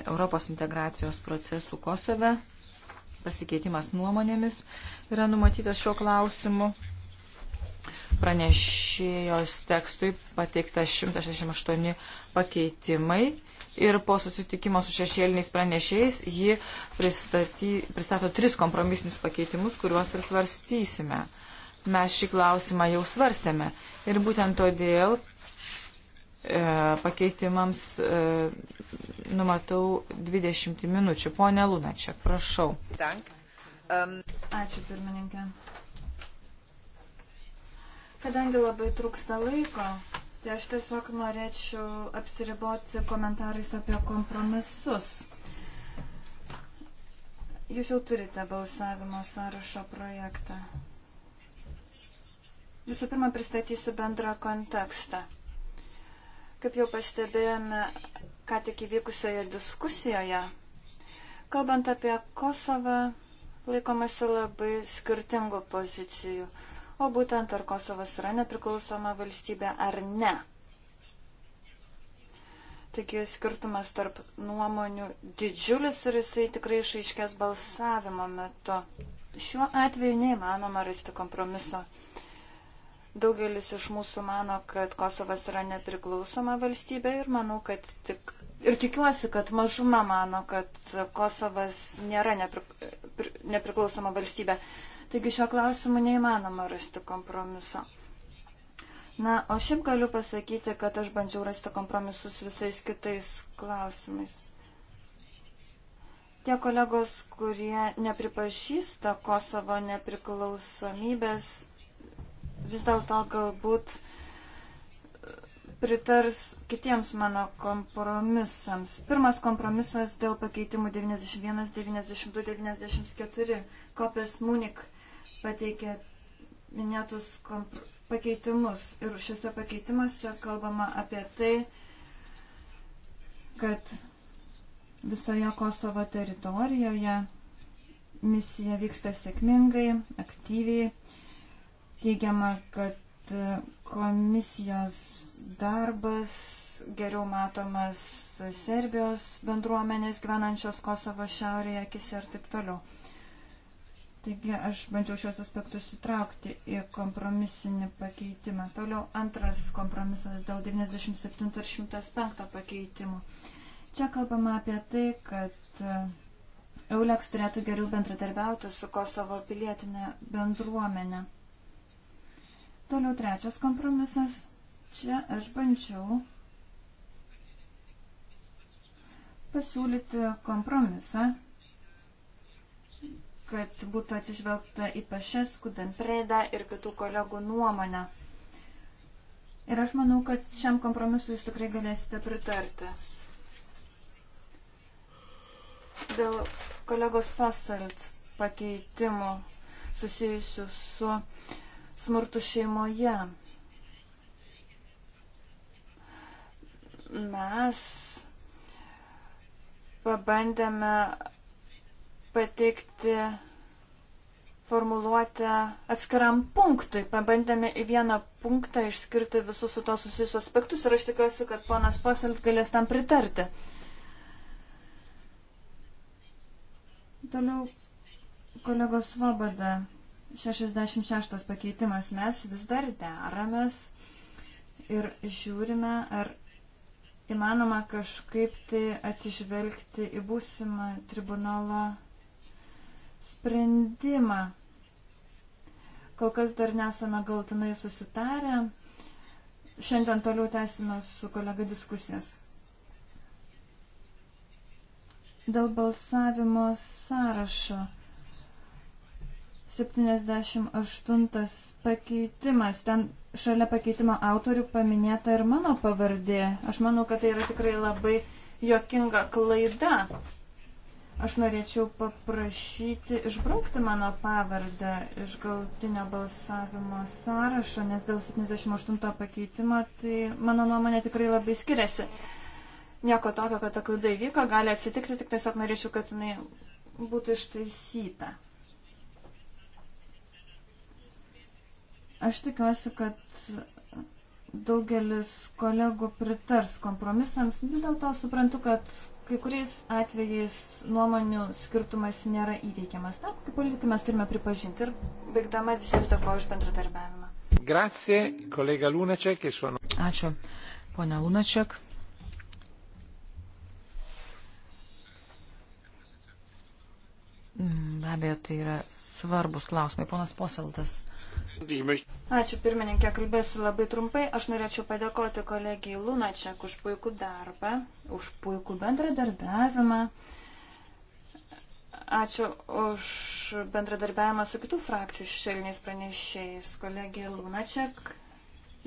Europos integracijos procesų Kosove. Pasikeitimas nuomonėmis yra numatytas šiuo klausimu. Pranešėjos tekstui pateikta 168 pakeitimai ir po susitikimo su šešėliniais pranešėjais ji pristaty, pristato tris kompromisinius pakeitimus, kuriuos ir svarstysime. Mes šį klausimą jau svarstėme ir būtent todėl e, pakeitimams e, numatau 20 minučių. Pone Lunačiak, prašau. Dank. Um... Ačiū pirmininkė. Kadangi labai trūksta laiko, Tai aš tiesiog norėčiau apsiriboti komentarais apie kompromisus. Jūs jau turite balsavimo sąrašo projektą. Visų pirma, pristatysiu bendrą kontekstą. Kaip jau pastebėjome, ką tik įvykusioje diskusijoje, kalbant apie Kosovą, laikomasi labai skirtingų pozicijų o būtent ar Kosovas yra nepriklausoma valstybė ar ne. Taigi skirtumas tarp nuomonių didžiulis ir jisai tikrai išaiškės balsavimo metu. Šiuo atveju neįmanoma rasti kompromiso. Daugelis iš mūsų mano, kad Kosovas yra nepriklausoma valstybė ir manau, kad tik. Ir tikiuosi, kad mažuma mano, kad Kosovas nėra nepri, pri, nepriklausoma valstybė. Taigi šio klausimu neįmanoma rasti kompromiso. Na, o šiaip galiu pasakyti, kad aš bandžiau rasti kompromisus visais kitais klausimais. Tie kolegos, kurie nepripažįsta Kosovo nepriklausomybės, vis dėlto galbūt pritars kitiems mano kompromisams. Pirmas kompromisas dėl pakeitimų 91, 92, 94. Kopės Munik pateikė minėtus pakeitimus. Ir šiuose pakeitimuose kalbama apie tai, kad visoje Kosovo teritorijoje misija vyksta sėkmingai, aktyviai. Teigiama, kad komisijos darbas geriau matomas Serbijos bendruomenės gyvenančios Kosovo šiaurėje akise ir taip toliau. Taigi aš bandžiau šios aspektus įtraukti į kompromisinį pakeitimą. Toliau antras kompromisas dėl 97 ir 105 pakeitimų. Čia kalbama apie tai, kad e, Euleks turėtų geriau bendradarbiauti su Kosovo pilietinė bendruomenė. Toliau trečias kompromisas. Čia aš bandžiau pasiūlyti kompromisą kad būtų atsižvelgta į Pašeskų, Danprėdą ir kitų kolegų nuomonę. Ir aš manau, kad šiam kompromisui jūs tikrai galėsite pritarti. Dėl kolegos pasalt pakeitimų susijusių su smurtu šeimoje. Mes pabandėme pateikti formuluotę atskiram punktui. Pabandėme į vieną punktą išskirti visus su to susijusius aspektus ir aš tikiuosi, kad ponas Posilt galės tam pritarti. Toliau kolegos Svoboda, 66 pakeitimas. Mes vis dar deramės ir žiūrime, ar įmanoma kažkaip tai atsižvelgti į būsimą tribunolą sprendimą. Kol kas dar nesame galtinai susitarę. Šiandien toliau tęsime su kolega diskusijas. Dėl balsavimo sąrašo 78 pakeitimas. Ten šalia pakeitimo autorių paminėta ir mano pavardė. Aš manau, kad tai yra tikrai labai jokinga klaida. Aš norėčiau paprašyti išbraukti mano pavardę iš gautinio balsavimo sąrašo, nes dėl 78 pakeitimo, tai mano nuomonė tikrai labai skiriasi. Nieko tokio, kad ta klaida įvyko, gali atsitikti, tik tiesiog norėčiau, kad jinai būtų ištaisyta. Aš tikiuosi, kad daugelis kolegų pritars kompromisams. Vis dėlto suprantu, kad kai kuriais atvejais nuomonių skirtumas nėra įveikiamas. Na, kaip politikai mes turime pripažinti ir baigdama visiems dėkoju už bendradarbiavimą. Grazie, kolega Lunaček, iš e mano. Ačiū, ponia Lunaček. Mm, be abejo, tai yra svarbus klausimai. Ponas Poseltas. Ačiū pirmininkė, kalbėsiu labai trumpai. Aš norėčiau padėkoti kolegijai Lunačiak už puikų darbą, už puikų bendradarbiavimą. Ačiū už bendradarbiavimą su kitų frakcijų šešėliniais pranešėjais. Kolegija Lunačiak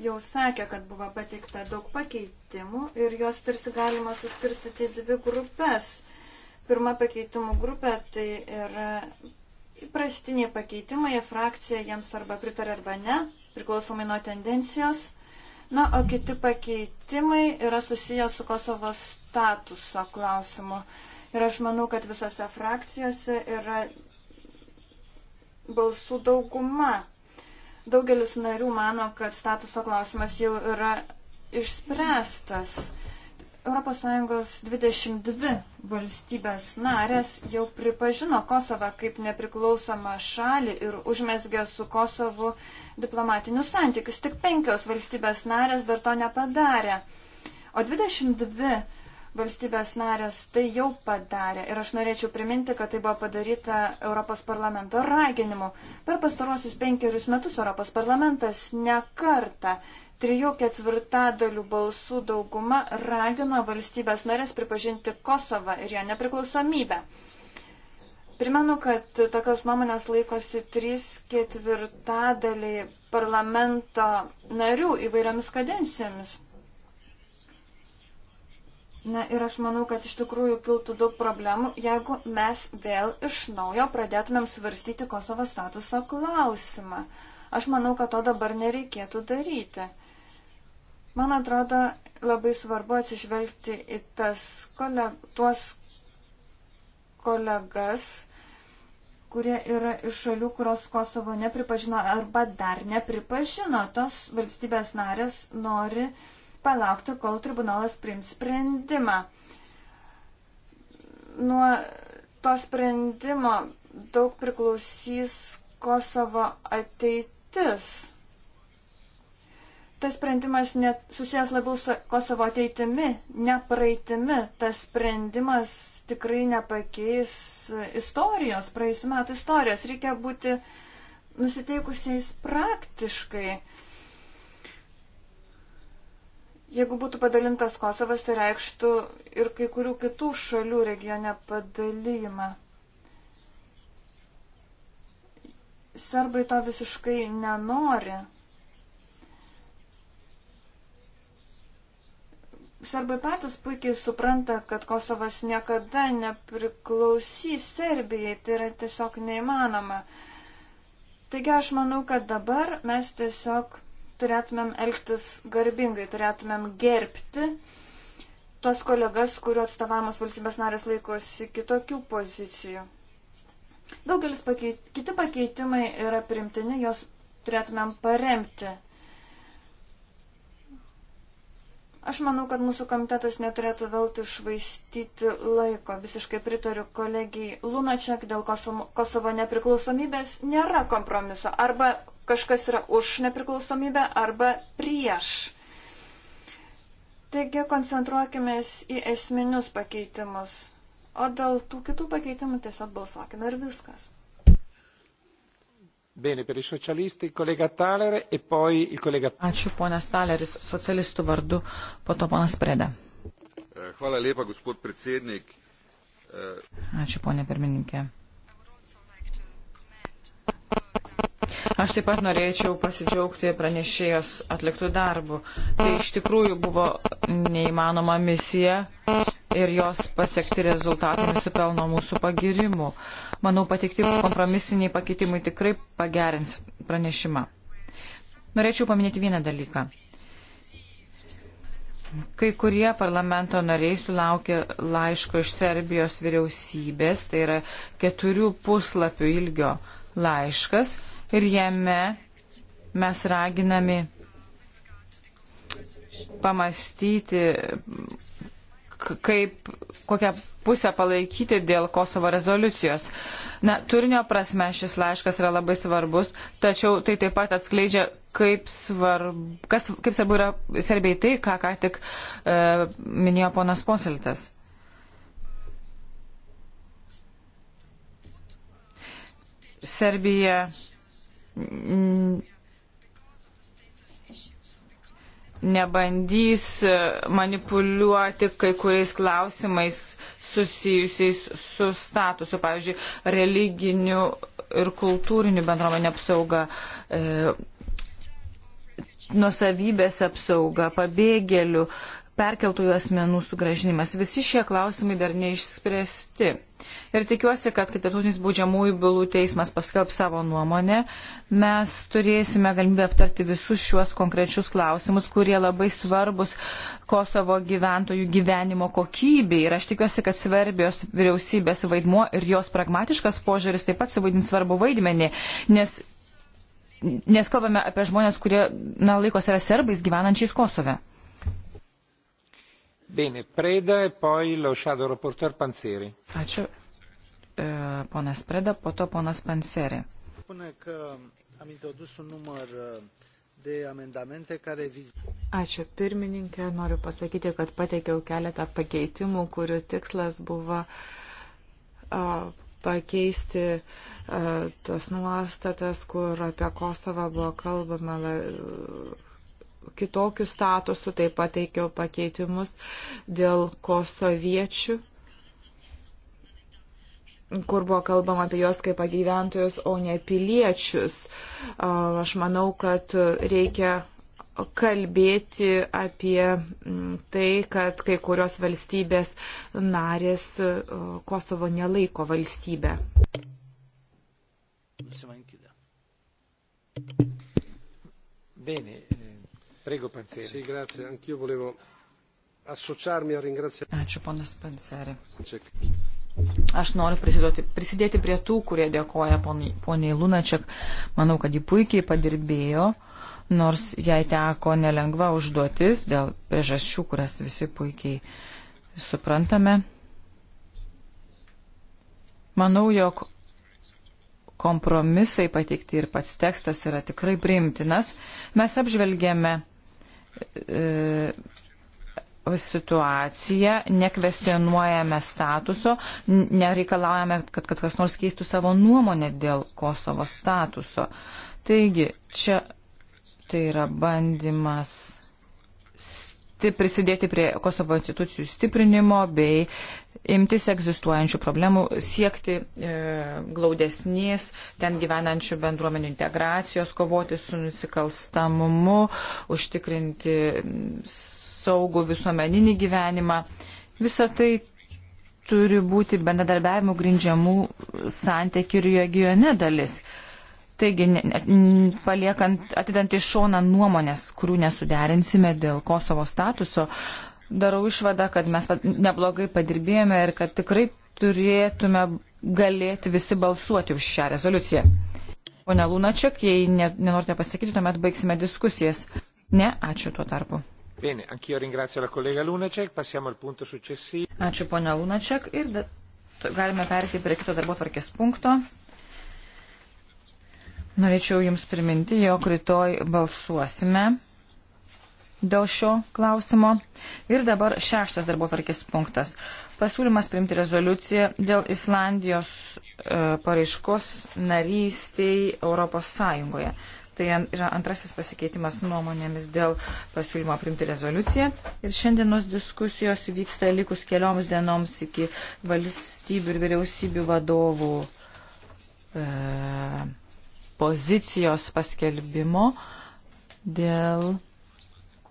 jau sakė, kad buvo pateikta daug pakeitimų ir jos tarsi galima suskirstyti į dvi grupės. Pirma pakeitimų grupė tai yra Įprastiniai pakeitimai, frakcija jiems arba pritarė arba ne, priklausomai nuo tendencijos. Na, o kiti pakeitimai yra susiję su Kosovo statuso klausimu. Ir aš manau, kad visose frakcijose yra balsų dauguma. Daugelis narių mano, kad statuso klausimas jau yra išspręstas. ES 22 valstybės narės jau pripažino Kosovą kaip nepriklausomą šalį ir užmesgė su Kosovu diplomatinius santykius. Tik penkios valstybės narės dar to nepadarė. O 22 valstybės narės tai jau padarė. Ir aš norėčiau priminti, kad tai buvo padaryta Europos parlamento raginimu. Per pastarosius penkerius metus Europos parlamentas nekarta Trijų ketvirtadalių balsų dauguma ragino valstybės narės pripažinti Kosovą ir jo nepriklausomybę. Primenu, kad tokios nuomonės laikosi trys ketvirtadaliai parlamento narių įvairiomis kadencijomis. Na ir aš manau, kad iš tikrųjų kiltų daug problemų, jeigu mes vėl iš naujo pradėtumėm svarstyti Kosovo statuso klausimą. Aš manau, kad to dabar nereikėtų daryti. Man atrodo, labai svarbu atsižvelgti į tas koleg tuos kolegas, kurie yra iš šalių, kurios Kosovo nepripažino arba dar nepripažino. Tos valstybės narės nori palaukti, kol tribunolas priims sprendimą. Nuo to sprendimo daug priklausys Kosovo ateitis tas sprendimas net susijęs labiau su Kosovo ateitimi, ne praeitimi. Tas sprendimas tikrai nepakeis istorijos, praėjusiu metu istorijos. Reikia būti nusiteikusiais praktiškai. Jeigu būtų padalintas Kosovas, tai reikštų ir kai kurių kitų šalių regione padalymą. Serbai to visiškai nenori. serbai patys puikiai supranta, kad Kosovas niekada nepriklausys Serbijai, tai yra tiesiog neįmanoma. Taigi aš manau, kad dabar mes tiesiog turėtumėm elgtis garbingai, turėtumėm gerbti tuos kolegas, kurių atstovavimas valstybės narės laikosi kitokių pozicijų. Daugelis pakeit... kiti pakeitimai yra primtini, jos turėtumėm paremti. Aš manau, kad mūsų komitetas neturėtų veltui švaistyti laiko. Visiškai pritariu kolegijai Lunačiak, dėl Kosovo nepriklausomybės nėra kompromiso. Arba kažkas yra už nepriklausomybę, arba prieš. Taigi koncentruokimės į esminius pakeitimus. O dėl tų kitų pakeitimų tiesiog balsuokime ir viskas. Bene, per i socialisti, kolega Thaler e poi il kolega... Ačiū, ponas Taleris, socialistų vardu, po to ponas Preda. Hvala lepa, gospod predsednik. Ačiū, ponė pirmininkė. Aš taip pat norėčiau pasidžiaugti pranešėjos atliktų darbų. Tai iš tikrųjų buvo neįmanoma misija ir jos pasiekti rezultatai nusipelno mūsų pagirimų. Manau, patikti kompromisiniai pakeitimai tikrai pagerins pranešimą. Norėčiau paminėti vieną dalyką. Kai kurie parlamento nariai sulaukė laiško iš Serbijos vyriausybės, tai yra keturių puslapių ilgio laiškas, ir jame mes raginami pamastyti, kaip, kokią pusę palaikyti dėl Kosovo rezoliucijos. Na, turinio prasme šis laiškas yra labai svarbus, tačiau tai taip pat atskleidžia, kaip, svarb, kas, kaip svarbu yra Serbijai tai, ką ką tik e, minėjo ponas Poseltas. Serbija Mm, nebandys e, manipuliuoti kai kuriais klausimais susijusiais su statusu, pavyzdžiui, religinių ir kultūrinių bendruomenė apsauga, e, nusavybės apsauga, pabėgėlių e, perkeltųjų asmenų sugražinimas. Visi šie klausimai dar neišspręsti. Ir tikiuosi, kad kai tarptautinis būdžiamųjų bylų teismas paskelb savo nuomonę, mes turėsime galimybę aptarti visus šiuos konkrečius klausimus, kurie labai svarbus Kosovo gyventojų gyvenimo kokybei. Ir aš tikiuosi, kad Sverbijos vyriausybės vaidmuo ir jos pragmatiškas požiūris taip pat suvaidins svarbu vaidmenį, nes, nes kalbame apie žmonės, kurie na, laiko save serbais gyvenančiais Kosove. Bene, Preda e poi lo shadow reporter Panzeri. Ačiū, e, eh, ponas Preda, po to ponas Panseri. Spune că am introdus un număr eh, de amendamente care vizează. Ačiū pirmininkė, noriu pasakyti, kad pateikiau keletą pakeitimų, kurių tikslas buvo uh, pakeisti uh, tos nuostatas, kur apie Kosovą buvo kalbama. Uh, kitokių statusų, taip pat teikiau pakeitimus dėl kosoviečių kur buvo kalbama apie juos kaip gyventojus, o ne piliečius. Aš manau, kad reikia kalbėti apie mm, tai, kad kai kurios valstybės narės Kosovo nelaiko valstybę. Bene, Prego, Panseri. Sì, grazie. Anch'io volevo associarmi al ringraziamento. Ačiū, ponas Panseri. Aš noriu prisidėti, prisidėti prie tų, kurie dėkoja poniai, poniai Lunačiak. Manau, kad ji puikiai padirbėjo, nors jai teko nelengva užduotis dėl priežasčių, kurias visi puikiai suprantame. Manau, jog kompromisai pateikti ir pats tekstas yra tikrai priimtinas. Mes apžvelgėme E, situaciją, nekvestionuojame statuso, nereikalaujame, kad, kad kas nors keistų savo nuomonę dėl Kosovo statuso. Taigi, čia tai yra bandymas prisidėti prie Kosovo institucijų stiprinimo bei imtis egzistuojančių problemų, siekti e, glaudesnės ten gyvenančių bendruomenių integracijos, kovoti su nusikalstamumu, užtikrinti saugų visuomeninį gyvenimą. Visa tai turi būti bendradarbiavimų grindžiamų santykių regione dalis. Taigi, paliekant, atidant į šoną nuomonės, kurių nesuderinsime dėl Kosovo statuso, darau išvadą, kad mes neblogai padirbėjome ir kad tikrai turėtume galėti visi balsuoti už šią rezoliuciją. Pone Lūnačiak, jei nenorite pasakyti, tuomet baigsime diskusijas. Ne, ačiū tuo tarpu. Bene, anch'io ringrazio la collega Lunacek, passiamo al punto successivo. Ačiū ponia Lunacek ir da, galime perėti prie kito darbo tvarkės punkto. Norėčiau Jums priminti, jog rytoj balsuosime dėl šio klausimo. Ir dabar šeštas darbo tvarkės punktas. Pasiūlymas priimti rezoliuciją dėl Islandijos e, pareiškos narystiai Europos Sąjungoje. Tai yra antrasis pasikeitimas nuomonėmis dėl pasiūlymo priimti rezoliuciją. Ir šiandienos diskusijos vyksta likus kelioms dienoms iki valstybių ir vyriausybių vadovų e, pozicijos paskelbimo dėl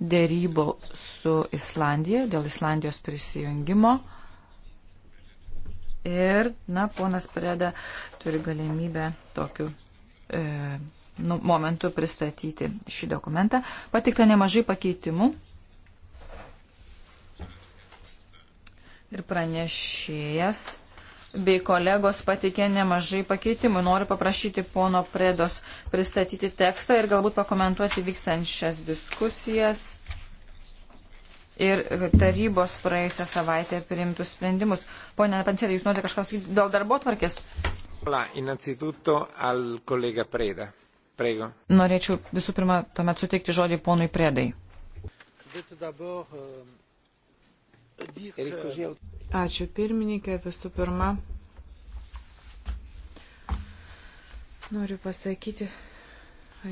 dėrybų su Islandija dėl Islandijos prisijungimo. Ir, na, ponas Preda turi galimybę tokiu e, nu, momentu pristatyti šį dokumentą. Patikta nemažai pakeitimų. Ir pranešėjas bei kolegos pateikė nemažai pakeitimų. Noriu paprašyti pono Predos pristatyti tekstą ir galbūt pakomentuoti vykstančias diskusijas ir tarybos praėjusią savaitę priimtus sprendimus. Pone Pancerį, jūs norite kažką sakyti dėl darbo tvarkės? Norėčiau visų pirma tuomet suteikti žodį ponui Predai. Ačiū pirmininkė. Visų pirma, noriu pasakyti,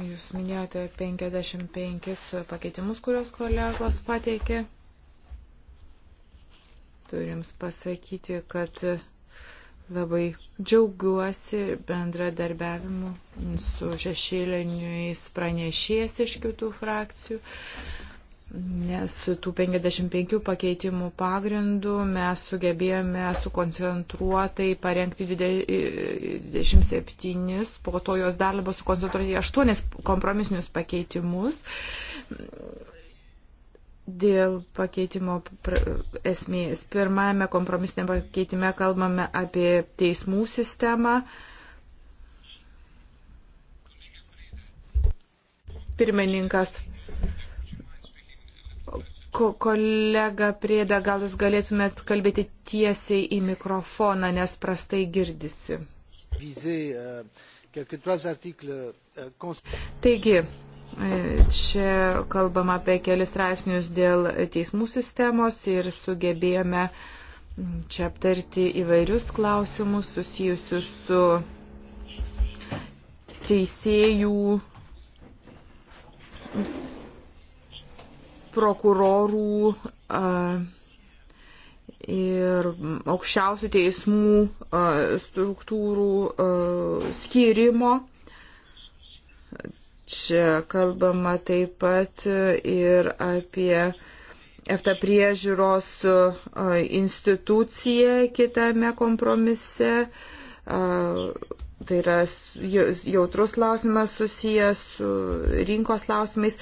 jūs minėjote 55 pakeitimus, kuriuos kolegos pateikė. Turim pasakyti, kad labai džiaugiuosi bendradarbiavimu su šešėliniais pranešėjais iš kitų frakcijų nes tų 55 pakeitimų pagrindų mes sugebėjome sukoncentruotai parengti 27, po to jos darbą sukoncentruoti 8 kompromisinius pakeitimus. Dėl pakeitimo esmės. Pirmajame kompromisinėme pakeitime kalbame apie teismų sistemą. Pirmininkas Ko, kolega Prieda, gal jūs galėtumėt kalbėti tiesiai į mikrofoną, nes prastai girdisi. E, e, Taigi, e, čia kalbam apie kelis straipsnius dėl teismų sistemos ir sugebėjome čia aptarti įvairius klausimus susijusius su teisėjų prokurorų ir aukščiausių teismų struktūrų skirimo. Čia kalbama taip pat ir apie EFTA priežiūros instituciją kitame kompromise Tai yra jautrus klausimas susijęs su rinkos klausimais.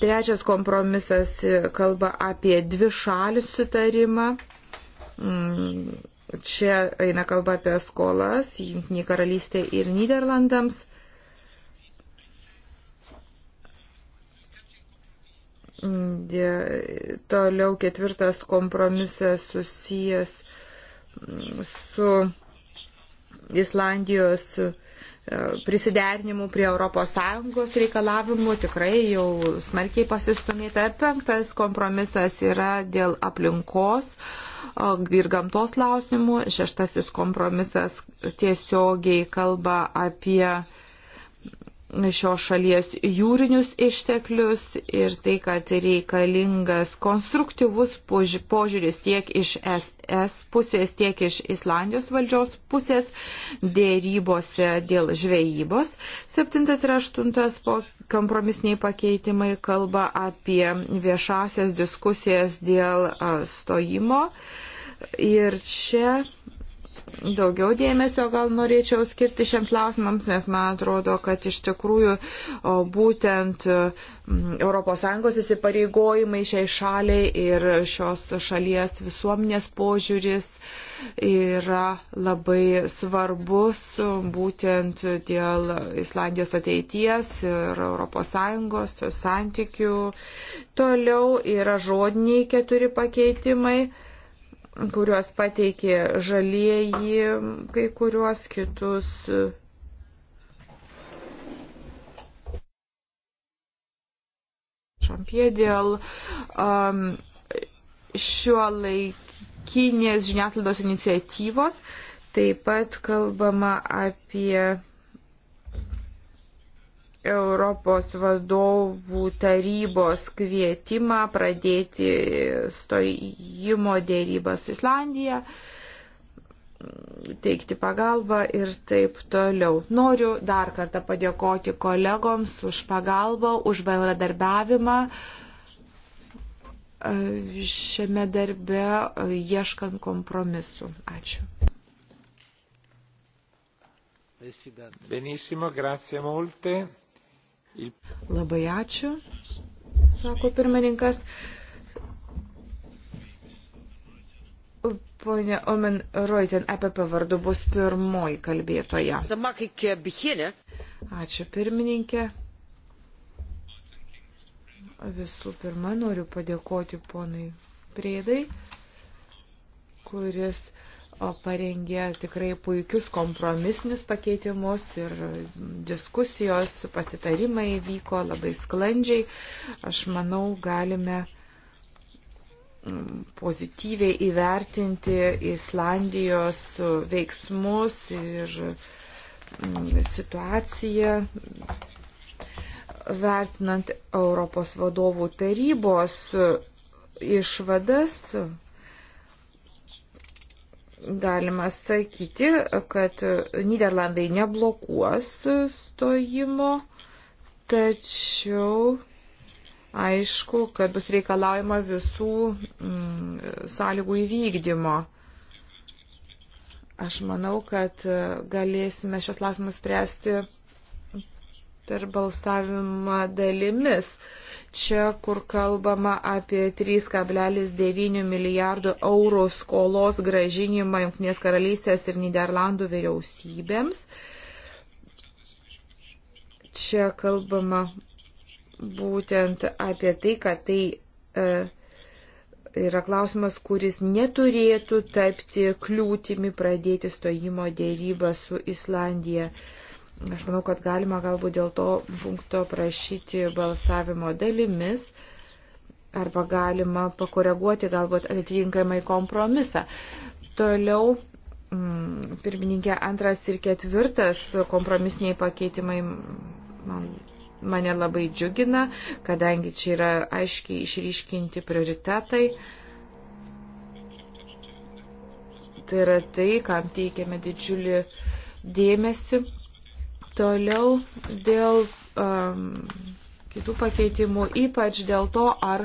Trečias kompromisas kalba apie dvi šalį sutarimą. Mm, čia eina kalba apie skolas, Junkinė karalystė ir Niderlandams. Toliau ketvirtas kompromisas susijęs mm, su Islandijos e, prisiderinimų prie ES reikalavimų tikrai jau smarkiai pasistumėta. Penktas kompromisas yra dėl aplinkos e, ir gamtos klausimų. Šeštasis kompromisas tiesiogiai kalba apie šios šalies jūrinius išteklius ir tai, kad reikalingas konstruktyvus požiūris tiek iš SS pusės, tiek iš Islandijos valdžios pusės dėrybose dėl žvejybos. Septintas ir aštuntas po kompromisiniai pakeitimai kalba apie viešasias diskusijas dėl stojimo. Ir čia daugiau dėmesio gal norėčiau skirti šiems klausimams, nes man atrodo, kad iš tikrųjų būtent ES įsipareigojimai šiai šaliai ir šios šalies visuomenės požiūris yra labai svarbus būtent dėl Islandijos ateities ir ES santykių. Toliau yra žodiniai keturi pakeitimai kuriuos pateikė žalieji, kai kuriuos kitus. Šampie dėl um, šio laikinės žiniasklaidos iniciatyvos. Taip pat kalbama apie Europos vadovų tarybos kvietimą pradėti stojimo dėrybą su Islandija, teikti pagalbą ir taip toliau. Noriu dar kartą padėkoti kolegoms už pagalbą, už bendradarbiavimą e, šiame darbe e, ieškant kompromisu. Ačiū. Benissimo, grazie molte. Labai ačiū, sako pirmininkas. Pone Omen Reuten, EPP vardu bus pirmoji kalbėtoja. Ačiū pirmininkė. Visų pirma, noriu padėkoti ponui Priedai, kuris uh, parengė tikrai puikius kompromisinius pakeitimus ir diskusijos, pasitarimai vyko labai sklandžiai. Aš manau, galime mm, pozityviai įvertinti Islandijos veiksmus ir mm, situaciją vertinant Europos vadovų tarybos išvadas galima sakyti, kad Niderlandai neblokuos stojimo, tačiau aišku, kad bus reikalaujama visų mm, sąlygų įvykdymo. Aš manau, kad galėsime šios lasmus spręsti per balsavimą dalimis. Čia, kur kalbama apie 3,9 milijardų eurų skolos gražinimą Junktinės karalystės ir Niderlandų vyriausybėms. Čia kalbama būtent apie tai, kad tai. E, yra klausimas, kuris neturėtų tapti kliūtimi pradėti stojimo dėrybą su Islandija. Uh, Aš manau, kad galima galbūt dėl to punkto prašyti balsavimo dalimis arba galima pakoreguoti galbūt atitinkamai kompromisą. Toliau mm, pirmininkė antras ir ketvirtas kompromisiniai pakeitimai man, mane labai džiugina, kadangi čia yra aiškiai išryškinti prioritetai. Tai yra tai, kam teikiame didžiulį dėmesį. Toliau dėl um, kitų pakeitimų, ypač dėl to, ar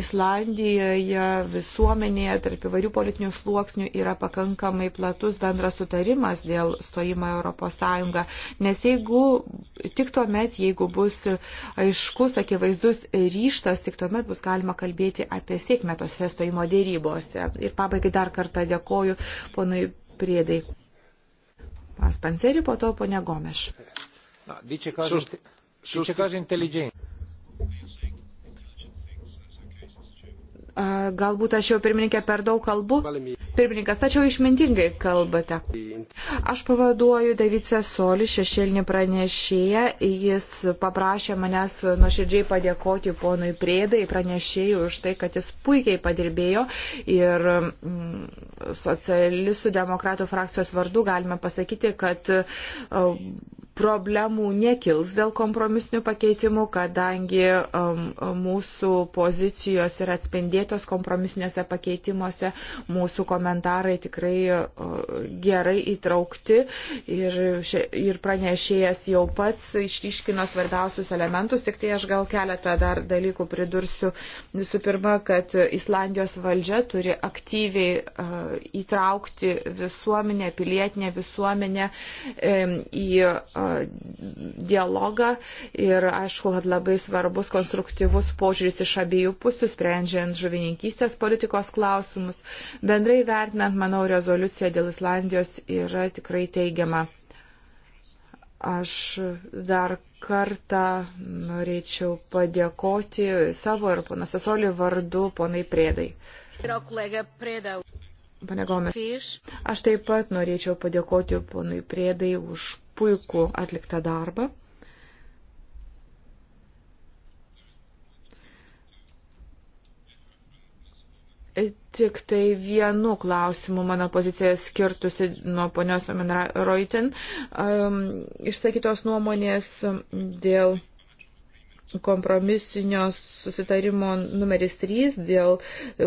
Islandijoje visuomenėje tarp įvairių politinių sluoksnių yra pakankamai platus bendras sutarimas dėl stojimo Europos Sąjungą. Nes jeigu tik tuomet, jeigu bus aiškus, akivaizdus ryštas, tik tuomet bus galima kalbėti apie sėkmę tose stojimo dėrybose. Ir pabaigai dar kartą dėkoju ponui Priedai. Panseri, po to ponia Gomeš. Dice cose intelligenti. Galbūt aš jau pirmininkė per daug kalbu. Pirmininkas, tačiau išmintingai kalbate. Aš pavaduoju Davice Soli, šešėlinį pranešėją. Jis paprašė manęs nuoširdžiai padėkoti ponui Priedai, pranešėjui už tai, kad jis puikiai padirbėjo. Ir mm, socialistų demokratų frakcijos vardu galime pasakyti, kad problemų nekils dėl kompromisinių pakeitimų, kadangi um, mūsų pozicijos yra atspindėtos kompromisiniuose pakeitimuose, mūsų komentarai tikrai uh, gerai įtraukti ir, ir pranešėjas jau pats išryškino svarbiausius elementus, tik tai aš gal keletą dar dalykų pridursiu. Visų pirma, kad Islandijos valdžia turi aktyviai uh, įtraukti visuomenę, pilietinę visuomenę um, į uh, dialogą ir aišku, kad labai svarbus konstruktyvus požiūris iš abiejų pusių, sprendžiant žuvininkystės politikos klausimus. Bendrai vertinant, manau, rezoliucija dėl Islandijos yra tikrai teigiama. Aš dar kartą norėčiau padėkoti savo ir ponas Sasoli vardu, ponai Prėdai. Pane Gomes, aš taip pat norėčiau padėkoti ponui Prėdai už puikų atliktą darbą. Tik tai vienu klausimu mano pozicija skirtusi nuo ponios Roitin um, išsakytos nuomonės dėl kompromisinio susitarimo numeris 3, dėl,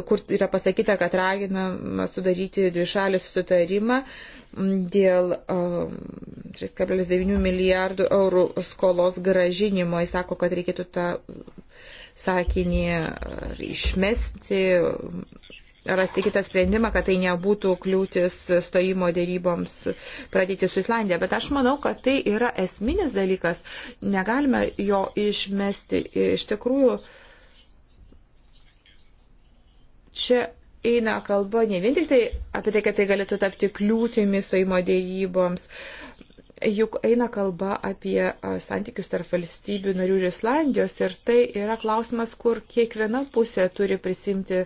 kur yra pasakyta, kad raginama sudaryti dvišalį susitarimą. Uh, dėl 3,9 um, milijardų eurų skolos gražinimo. Jis sako, kad reikėtų tą sakinį išmesti, rasti kitą sprendimą, kad tai nebūtų kliūtis stojimo dėryboms pradėti su Islandija. Bet aš manau, kad tai yra esminis dalykas. Negalime jo išmesti. Iš tikrųjų, čia eina kalba ne vien tik tai apie tai, kad tai galėtų tapti kliūtimis stojimo dėryboms. Juk eina kalba apie santykius tarp valstybių narių ir Islandijos ir tai yra klausimas, kur kiekviena pusė turi prisimti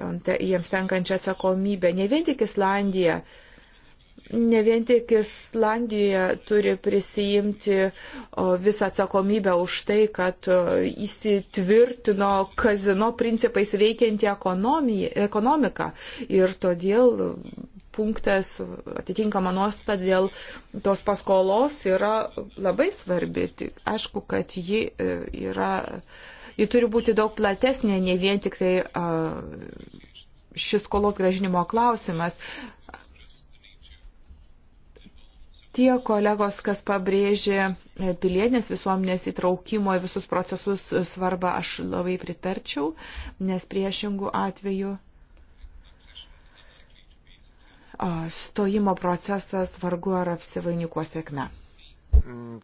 jiems tenkančią atsakomybę. Ne vien tik Islandija. Uh, ne vien tik Islandija turi prisijimti visą atsakomybę už tai, kad įsitvirtino kazino principais veikianti ekonomika. Ir todėl punktas atitinkama nuostata dėl tos paskolos yra labai svarbi. Tik aišku, kad ji e, yra, ji turi būti daug platesnė, ne vien tik tai šis skolos gražinimo klausimas tie kolegos, kas pabrėžė e, pilietinės visuomenės įtraukimo į visus procesus e, svarbą, aš labai pritarčiau, nes priešingų atveju stojimo procesas vargu ar apsivainikuo sėkme. Mm,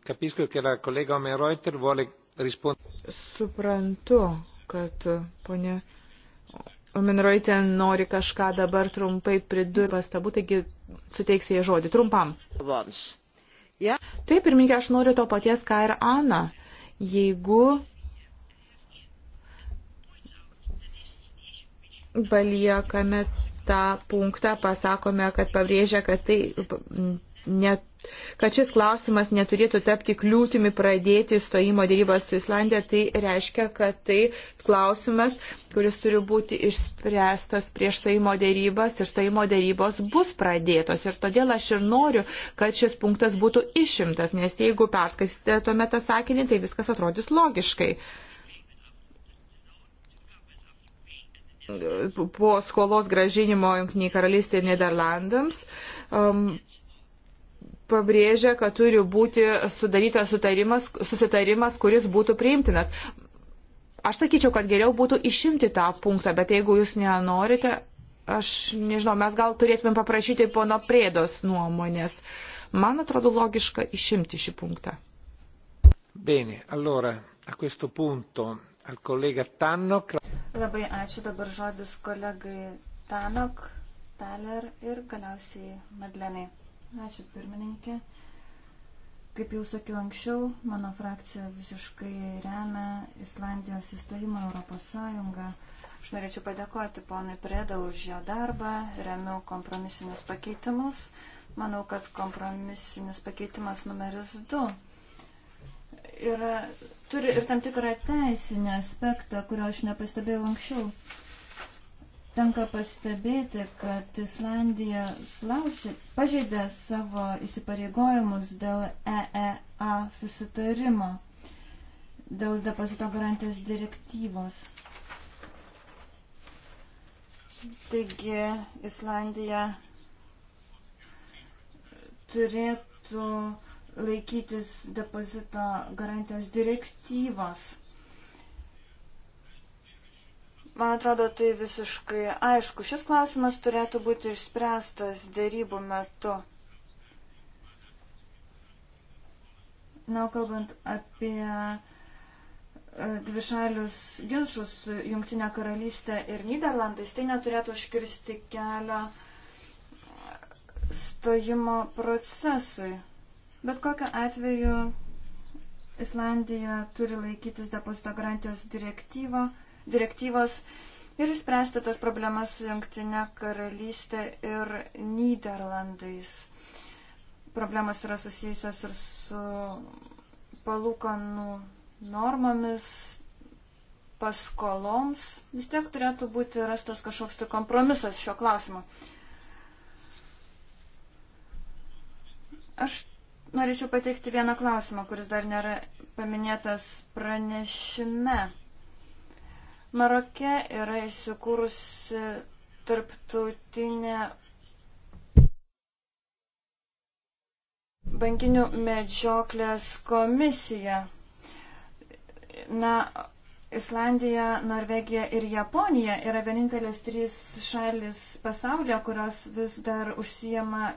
Suprantu, kad e, ponė Minroitė nori kažką dabar trumpai pridurti pastabų, taigi suteiksiu jai žodį trumpam. Yeah. Taip, pirmininkė, aš noriu to paties, ką ir Ana. Jeigu paliekame tą punktą, pasakome, kad pabrėžia, kad tai net Kad šis klausimas neturėtų tapti kliūtimi pradėti stojimo dėrybas su Islandija, tai reiškia, kad tai klausimas, kuris turi būti išspręstas prieš stojimo dėrybas ir stojimo dėrybos bus pradėtos. Ir todėl aš ir noriu, kad šis punktas būtų išimtas, nes jeigu perskaisite tuomet tą sakinį, tai viskas atrodys logiškai. Po skolos gražinimo Junkiniai karalystė ir Niderlandams. Um, pabrėžia, kad turi būti sudarytas susitarimas, kuris būtų priimtinas. Aš sakyčiau, kad geriau būtų išimti tą punktą, bet jeigu jūs nenorite, aš nežinau, mes gal turėtumėm paprašyti pono priedos nuomonės. Man atrodo logiška išimti šį punktą. Bene, allora, a questo punto al collega Tannok. Labai ačiū dabar žodis kolegai Tanok, Taler ir galiausiai Madlenai. Ačiū pirmininkė. Kaip jau sakiau anksčiau, mano frakcija visiškai remia Islandijos įstojimą Europos Sąjungą. Aš norėčiau padėkoti ponui Preda už jo darbą, remiu kompromisinius pakeitimus. Manau, kad kompromisinis pakeitimas numeris 2 yra, turi ir tam tikrą teisinį aspektą, kurio aš nepastebėjau anksčiau tenka pastebėti, kad Islandija slaučia, pažeidė savo įsipareigojimus dėl EEA susitarimo, dėl depozito garantijos direktyvos. Taigi Islandija turėtų laikytis depozito garantijos direktyvos. Man atrodo, tai visiškai aišku. Šis klausimas turėtų būti išspręstas dėrybų metu. Na, kalbant apie e, dvišalius ginčius Junktinę karalystę ir Niderlandais, tai neturėtų užkirsti kelio e, stojimo procesui. Bet kokiu atveju Islandija turi laikytis depozito garantijos direktyvą direktyvos ir spręsti tas problemas su Junktinė karalystė ir Niderlandais. Problemas yra susijusios ir su palūkanų normomis, paskoloms. Vis tiek turėtų būti rastas kažkoks tai kompromisas šio klausimo. Aš norėčiau pateikti vieną klausimą, kuris dar nėra paminėtas pranešime. Maroke yra įsikūrusi tarptautinė bankinių medžioklės komisija. Na, Islandija, Norvegija ir Japonija yra vienintelės trys šalis pasaulyje, kurios vis dar užsijama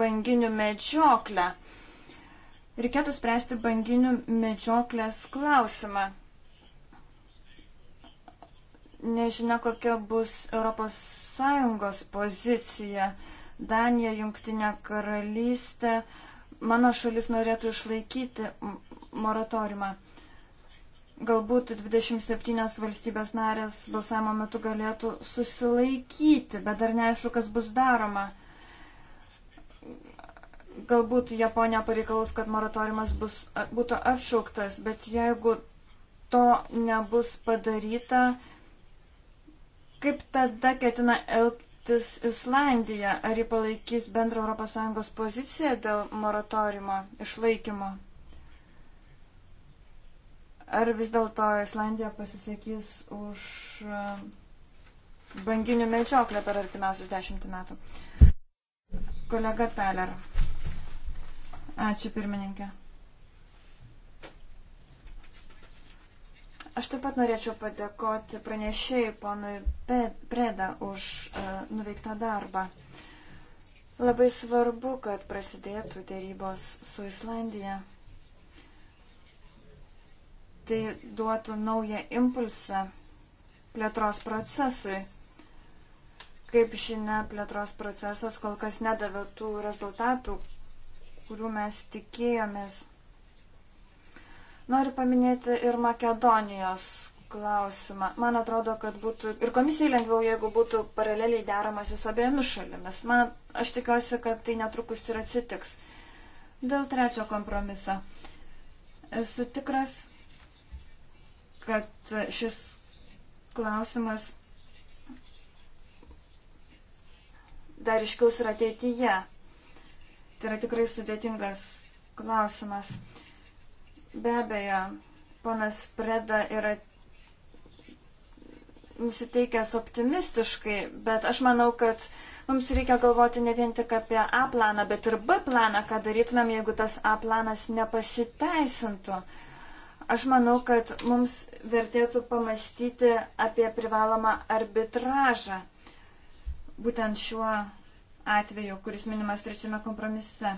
banginių medžioklę. Reikėtų spręsti banginių medžioklės klausimą nežinia, kokia bus ES pozicija. Danija, Junktinė karalystė, mano šalis norėtų išlaikyti moratoriumą. Galbūt 27 valstybės narės balsavimo metu galėtų susilaikyti, bet dar neaišku, kas bus daroma. Galbūt Japonija pareikalaus, kad moratoriumas bus, būtų atšauktas, bet jeigu to nebus padaryta, Kaip tada ketina elgtis Islandija? Ar ji palaikys bendrą ES poziciją dėl moratorimo išlaikymo? Ar vis dėlto Islandija pasisakys už e, banginių medžioklę per artimiausius dešimt metų? Kolega Peler. Ačiū pirmininkė. Aš taip pat norėčiau padėkoti pranešėjai ponui Preda už uh, nuveiktą darbą. Labai svarbu, kad prasidėtų dėrybos su Islandija. Tai duotų naują impulsą plėtros procesui. Kaip žinia, plėtros procesas kol kas nedavė tų rezultatų, kurių mes tikėjomės Noriu paminėti ir Makedonijos klausimą. Man atrodo, kad būtų ir komisijai lengviau, jeigu būtų paraleliai deramasi su abiejomis šalimis. Man, aš tikiuosi, kad tai netrukus ir atsitiks. Dėl trečio kompromiso. Esu tikras, kad šis klausimas dar iškils ir ateityje. Tai yra tikrai sudėtingas klausimas. Be abejo, ponas Preda yra nusiteikęs optimistiškai, bet aš manau, kad mums reikia galvoti ne vien tik apie A planą, bet ir B planą, ką darytumėm, jeigu tas A planas nepasiteisintų. Aš manau, kad mums vertėtų pamastyti apie privalomą arbitražą, būtent šiuo atveju, kuris minimas trečiame kompromise.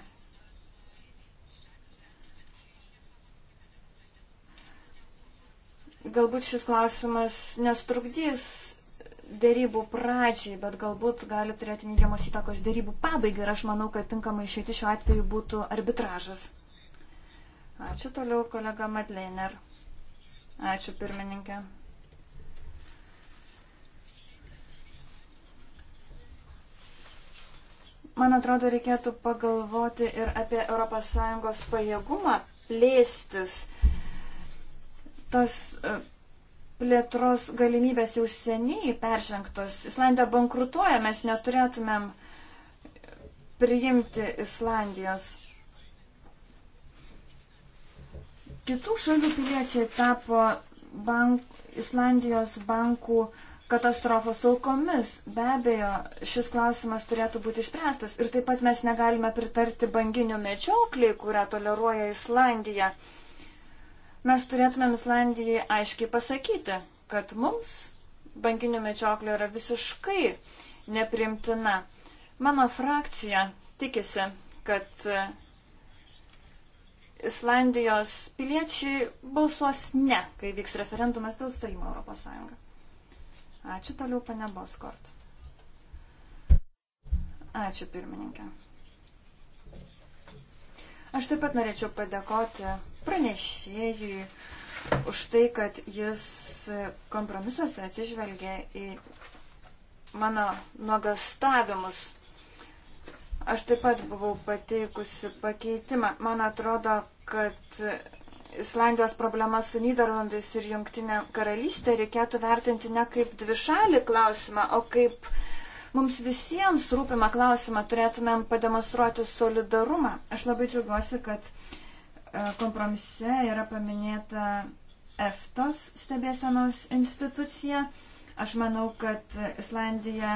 Galbūt šis klausimas nestrukdys dėrybų pradžiai, bet galbūt gali turėti neigiamos įtakos dėrybų pabaigai ir aš manau, kad tinkama išėti šiuo atveju būtų arbitražas. Ačiū toliau, kolega Madleiner. Ačiū pirmininkė. Man atrodo, reikėtų pagalvoti ir apie ES pajėgumą plėstis tas e, plėtros galimybės jau seniai peržengtos. Islandija bankrutuoja, mes neturėtumėm priimti Islandijos. Kitų šalių piliečiai tapo bank, Islandijos bankų katastrofos aukomis. Be abejo, šis klausimas turėtų būti išspręstas. Ir taip pat mes negalime pritarti banginių medžiokliai, kurią toleruoja Islandija. Uh, Mes turėtumėm Islandijai aiškiai pasakyti, kad mums bankinių medžioklė yra visiškai neprimtina. Mano frakcija tikisi, kad e, Islandijos piliečiai balsuos ne, kai vyks referendumas dėl stojimo Europos Sąjungą. Ačiū toliau, pane Boskort. Ačiū pirmininkė. Aš taip pat norėčiau padėkoti pranešėjui už tai, kad jis kompromisuose atsižvelgia į mano nuogastavimus. Aš taip pat buvau pateikusi pakeitimą. Man atrodo, kad Islandijos problemą su Niderlandais ir Junktinė karalystė reikėtų vertinti ne kaip dvišalį klausimą, o kaip uh, Mums visiems rūpimą klausimą turėtumėm pademonstruoti solidarumą. Aš labai džiaugiuosi, kad e, kompromise yra paminėta EFTOS stebėsenos institucija. Aš manau, kad Islandija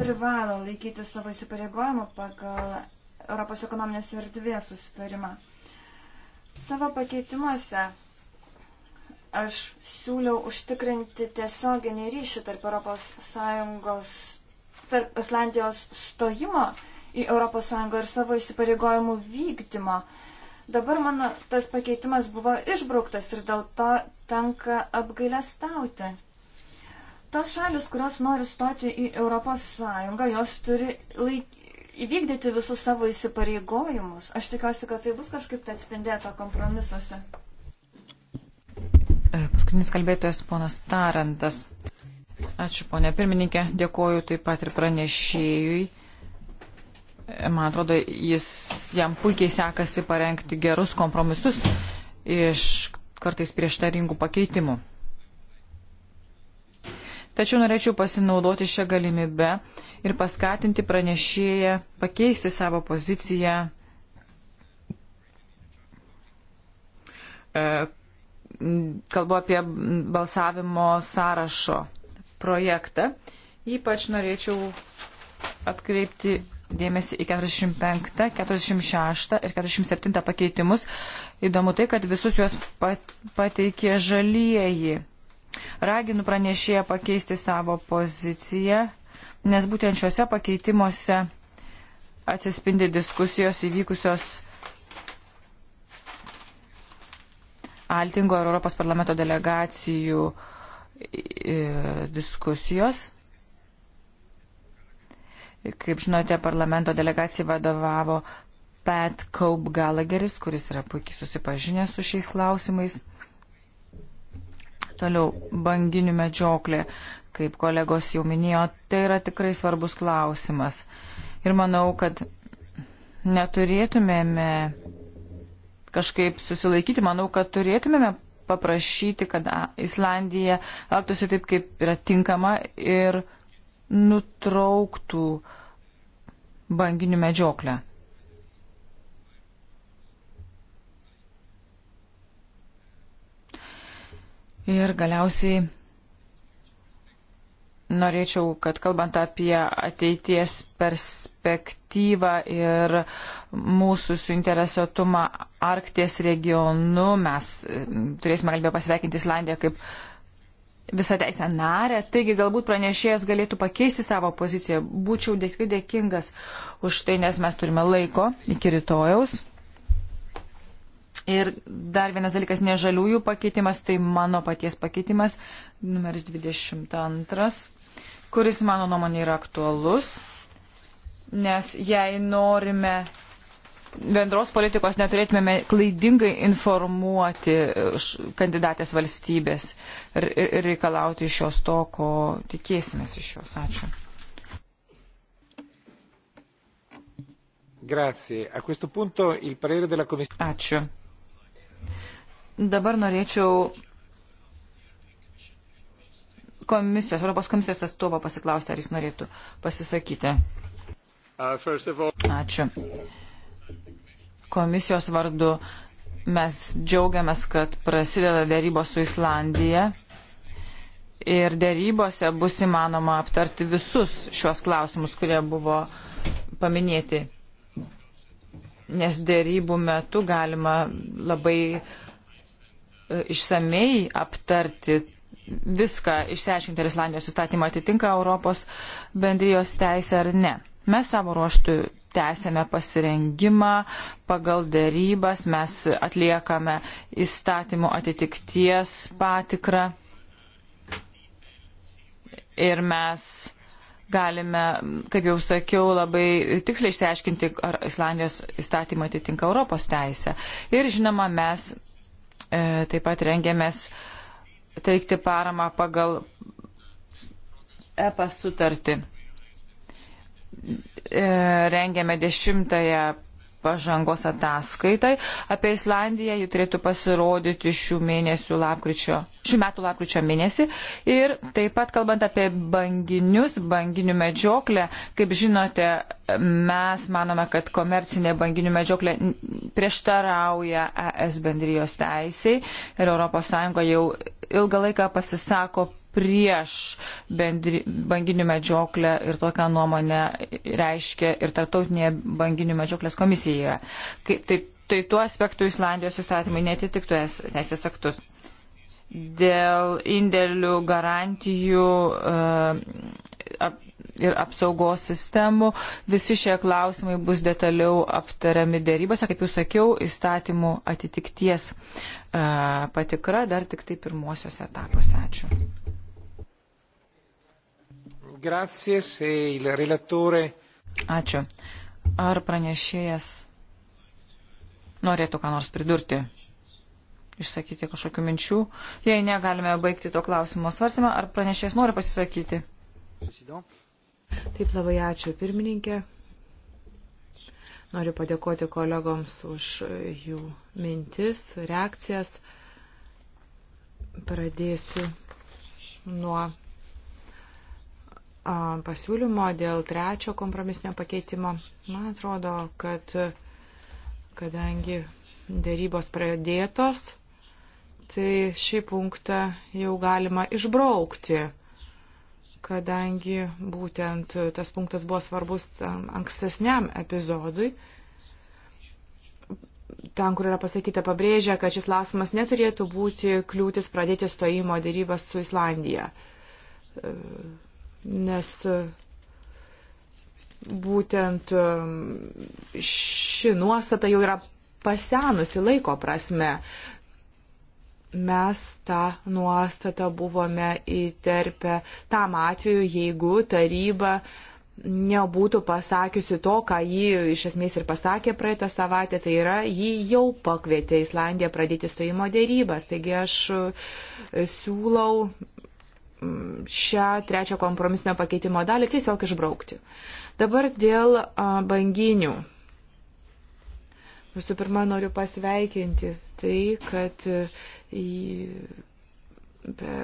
privalo laikyti savo įsipareigojimų pagal Europos ekonominės erdvės susitarimą. Savo pakeitimuose aš siūliau užtikrinti tiesioginį ryšį tarp ES tarp Islandijos stojimo į ES ir savo įsipareigojimų vykdymo. Dabar mano tas pakeitimas buvo išbrauktas ir dėl to tenka apgailestauti. Tos šalis, kurios nori stoti į ES, jos turi laik... įvykdyti visus savo įsipareigojimus. Aš tikiuosi, kad tai bus kažkaip tai atspindėta kompromisuose. Paskutinis kalbėtojas ponas Tarantas. Ačiū, ponė pirmininkė. Dėkoju taip pat ir pranešėjui. Man atrodo, jis jam puikiai sekasi parengti gerus kompromisus iš kartais prieštaringų pakeitimų. Tačiau norėčiau pasinaudoti šią galimybę ir paskatinti pranešėją pakeisti savo poziciją, e, kalbu apie balsavimo sąrašo projektą. Ypač norėčiau atkreipti dėmesį į 45, 46 ir 47 pakeitimus. Įdomu tai, kad visus juos pateikė žalieji. Raginu pranešėją pakeisti savo poziciją, nes būtent šiuose pakeitimuose atsispindi diskusijos įvykusios Altingo ir Europos parlamento delegacijų uh, E, diskusijos. Kaip žinote, parlamento delegacijai vadovavo Pat Cope Gallagheris, kuris yra puikiai susipažinęs su šiais klausimais. Toliau, banginių medžioklė, kaip kolegos jau minėjo, tai yra tikrai svarbus klausimas. Ir manau, kad neturėtumėme kažkaip susilaikyti, manau, kad turėtumėme paprašyti, kad Islandija elgtųsi taip, kaip yra tinkama ir nutrauktų banginių medžioklę. Ir galiausiai norėčiau, kad kalbant apie ateities perspektyvą ir mūsų suinteresuotumą Arkties regionu, mes e, turėsime galimybę pasveikinti Islandiją kaip visą teisę narę, taigi galbūt pranešėjas galėtų pakeisti savo poziciją. Būčiau dėkui dėkingas už tai, nes mes turime laiko iki rytojaus. Ir dar vienas dalykas, ne žaliųjų pakeitimas, tai mano paties pakeitimas, numeris 22 kuris, mano nuomonė, yra aktualus, nes jei norime bendros politikos, neturėtumėme klaidingai informuoti e, kandidatės valstybės ir reikalauti iš jos to, ko tikėsimės iš jos. Ačiū. Punto, Ačiū. Dabar norėčiau komisijos, Europos komisijos atstovo pasiklausti, ar jis norėtų pasisakyti. Uh, Ačiū. Komisijos vardu mes džiaugiamės, kad prasideda dėrybos su Islandija ir dėrybose bus įmanoma aptarti visus šios klausimus, kurie buvo paminėti. Nes dėrybų metu galima labai e, išsamei aptarti viską išsiaiškinti, ar Islandijos įstatymą atitinka Europos bendrijos teisę ar ne. Mes savo ruoštų tęsėme pasirengimą, pagal dėrybas mes atliekame įstatymų atitikties patikrą ir mes galime, kaip jau sakiau, labai tiksliai išsiaiškinti, ar Islandijos įstatymą atitinka Europos teisę. Ir žinoma, mes e, taip pat rengėmės e, teikti paramą pagal EPA sutartį. E, Rengėme dešimtąją pažangos ataskaitai. Apie Islandiją ji turėtų pasirodyti šių, lapkričio, šių metų lapkričio mėnesį. Ir taip pat kalbant apie banginius, banginių medžioklę, kaip žinote, mes manome, kad komercinė banginių medžioklė prieštarauja ES bendrijos teisiai ir ES jau ilgą laiką pasisako prieš bendri, banginių medžioklę ir tokią nuomonę reiškia ir tarptautinėje banginių medžioklės komisijoje. Kai, taip, tai tuo aspektu Islandijos įstatymai netitiktų es teisės aktus. Dėl indėlių garantijų uh, ap, ir apsaugos sistemų visi šie klausimai bus detaliau aptariami dėrybose. Kaip jau sakiau, įstatymų atitikties uh, patikra dar tik tai pirmosios etapuose. Ačiū. Gracias, il relatore. Ačiū. Ar pranešėjas norėtų ką nors pridurti? Išsakyti kažkokių minčių? Jei negalime baigti to klausimo svarstymą, ar pranešėjas nori pasisakyti? Taip labai ačiū pirmininkė. Noriu padėkoti kolegoms už jų mintis, reakcijas. Pradėsiu nuo pasiūlymo dėl trečio kompromisinio pakeitimo. Man atrodo, kad kadangi dėrybos pradėtos, tai šį punktą jau galima išbraukti, kadangi būtent tas punktas buvo svarbus ankstesniam epizodui ten, kur yra pasakyta, pabrėžia, kad šis klausimas neturėtų būti kliūtis pradėti stojimo dėrybas su Islandija nes e, būtent e, ši nuostata jau yra pasenusi laiko prasme. Mes tą nuostatą buvome įterpę tam atveju, jeigu taryba nebūtų pasakiusi to, ką ji iš esmės ir pasakė praeitą savaitę, tai yra, ji jau pakvietė Islandiją pradėti stojimo dėrybas. Taigi aš e, siūlau šią trečią kompromisinio pakeitimo dalį tiesiog išbraukti. Dabar dėl banginių. Visų pirma, noriu pasveikinti tai, kad e, į, be,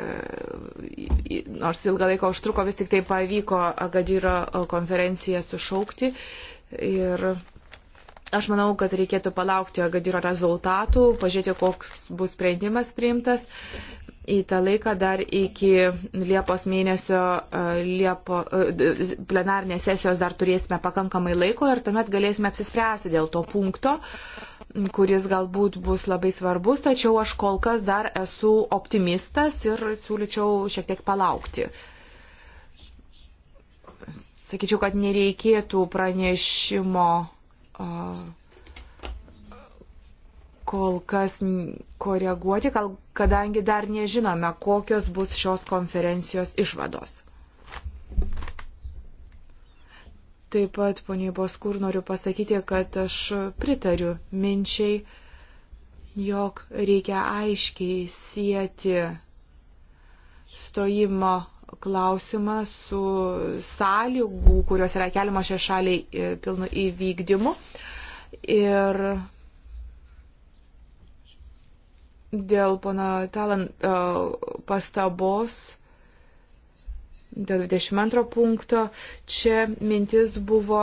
į, nors ilgą laiką užtruko, vis tik tai pavyko Agadyro konferenciją sušaukti. Ir aš manau, kad reikėtų palaukti Agadyro rezultatų, pažiūrėti, koks bus sprendimas priimtas į tą laiką dar iki Liepos mėnesio e, Liepo, e, plenarnės sesijos dar turėsime pakankamai laiko ir tuomet galėsime apsispręsti dėl to punkto, kuris galbūt bus labai svarbus, tačiau aš kol kas dar esu optimistas ir siūlyčiau šiek tiek palaukti. Sakyčiau, kad nereikėtų pranešimo. Uh, kol kas koreguoti, gal kadangi dar nežinome, kokios bus šios konferencijos išvados. Taip pat, poniai Boskur, noriu pasakyti, kad aš pritariu minčiai, jog reikia aiškiai sieti stojimo klausimą su sąlygų, kurios yra keliamos šiai šaliai e, pilnu įvykdymu. Ir dėl pono Talan e, pastabos, dėl 22 punkto, čia mintis buvo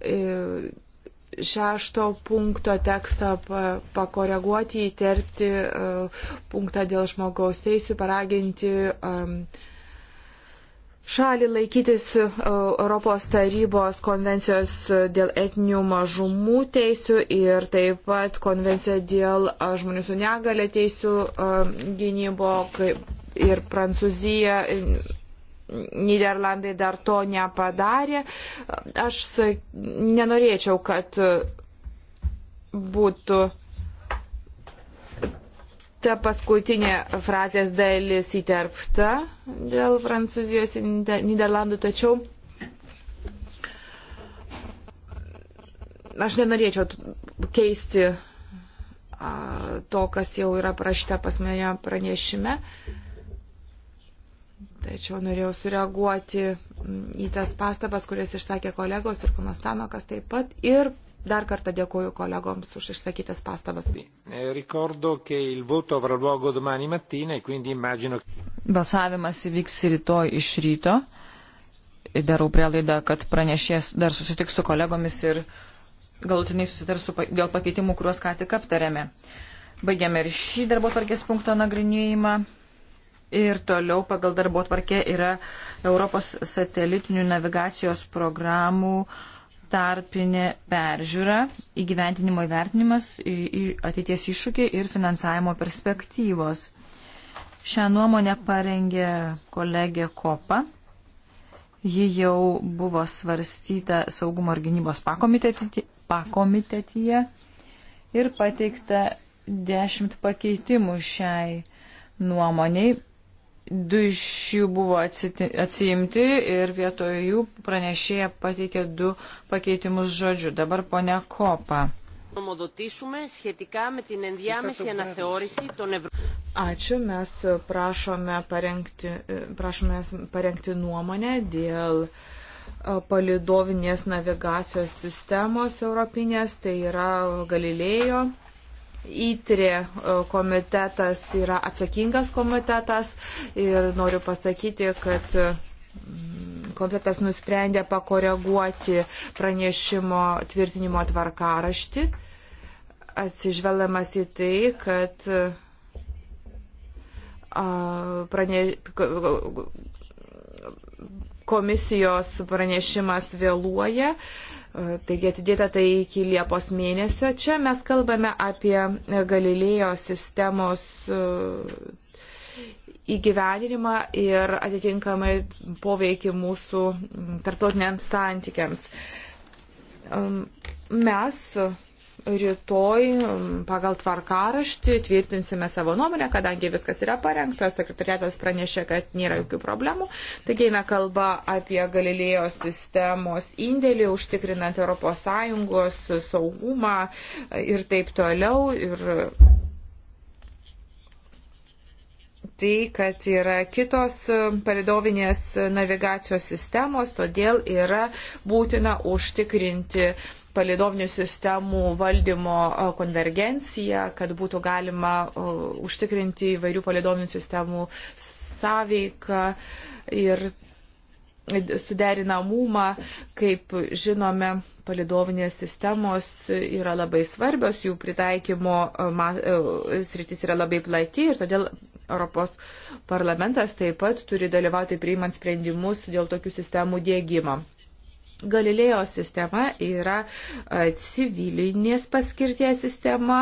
e, šešto punkto tekstą pakoreguoti, įterpti e, punktą dėl žmogaus teisų, paraginti um, šalį laikytis e, Europos tarybos konvencijos dėl etinių mažumų teisių ir taip pat konvencija dėl e, žmonių su negale teisių e, gynybo ir Prancūzija. Niderlandai dar to nepadarė. Aš nenorėčiau, kad būtų ta paskutinė frazės dalis įterpta dėl Prancūzijos ir Niderlandų, tačiau aš nenorėčiau keisti to, kas jau yra parašyta pas mane pranešime. Tačiau norėjau sureaguoti į tas pastabas, kurias išsakė kolegos ir panastanokas taip pat. Ir Dar kartą dėkuoju kolegoms už išsakytas pastabas. Eh, e Balsavimas įvyks rytoj iš ryto. Darau prielaidą, kad pranešės dar susitiks su kolegomis ir galutinai susitars dėl pakeitimų, kuriuos ką tik aptarėme. Baigiame ir šį darbo tvarkės punkto nagrinėjimą. Ir toliau pagal darbo tvarkę yra Europos satelitinių navigacijos programų tarpinė peržiūra, įgyventinimo įvertinimas, ateities iššūkiai ir finansavimo perspektyvos. Šią nuomonę parengė kolegė Kopa. Ji jau buvo svarstyta saugumo ir gynybos pakomitetyje ir pateikta dešimt pakeitimų šiai nuomoniai Du iš jų buvo atsiimti ir vietoje jų pranešėja pateikė du pakeitimus žodžių. Dabar ponia Kopa. Ačiū, mes prašome parengti, prašome parengti nuomonę dėl e, palidovinės navigacijos sistemos europinės, tai yra Galilėjo ITRI e, komitetas yra atsakingas komitetas ir noriu pasakyti, kad e, komitetas nusprendė pakoreguoti pranešimo tvirtinimo tvarkaraštį, atsižvelgiamas į tai, kad e, prane, komisijos pranešimas vėluoja. Uh, Taigi atidėta tai iki Liepos mėnesio. Čia mes kalbame apie Galilėjo sistemos e, įgyvendinimą ir atitinkamai poveikį mūsų tarptautiniams santykiams. Mes rytoj pagal tvarkaraštį tvirtinsime savo nuomonę, kadangi viskas yra parengta, sekretariatas pranešė, kad nėra jokių problemų. Taigi eina kalba apie Galilėjo sistemos indėlį, užtikrinant ES saugumą e, ir taip toliau. Ir tai, kad yra kitos e, palidovinės navigacijos sistemos, todėl yra būtina užtikrinti uh, palidovinių sistemų valdymo konvergenciją, kad būtų galima užtikrinti įvairių palidovinių sistemų sąveiką ir suderinamumą, kaip žinome, palidovinės sistemos yra labai svarbios, jų pritaikymo sritis yra labai plati ir todėl Europos parlamentas taip pat turi dalyvauti priimant sprendimus dėl tokių sistemų dėgymo. Galilėjo sistema yra civilinės paskirties sistema,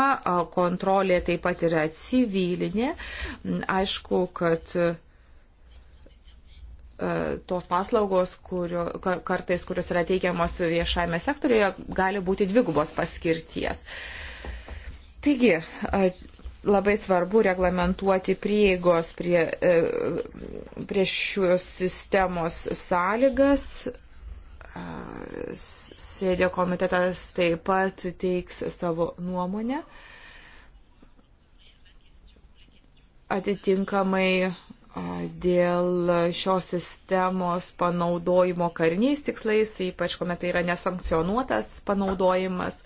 kontrolė taip pat yra civilinė. Mm, aišku, kad tos paslaugos, kurio, kartais, kurios yra teikiamos viešajame sektorijoje, gali būti dvigubos paskirties. Taigi, labai svarbu reglamentuoti prieigos prie, e, prie šios sistemos sąlygas sėdė komitetas taip pat teiks savo nuomonę. Atitinkamai dėl šios sistemos panaudojimo kariniais tikslais, ypač kuomet tai yra nesankcionuotas panaudojimas.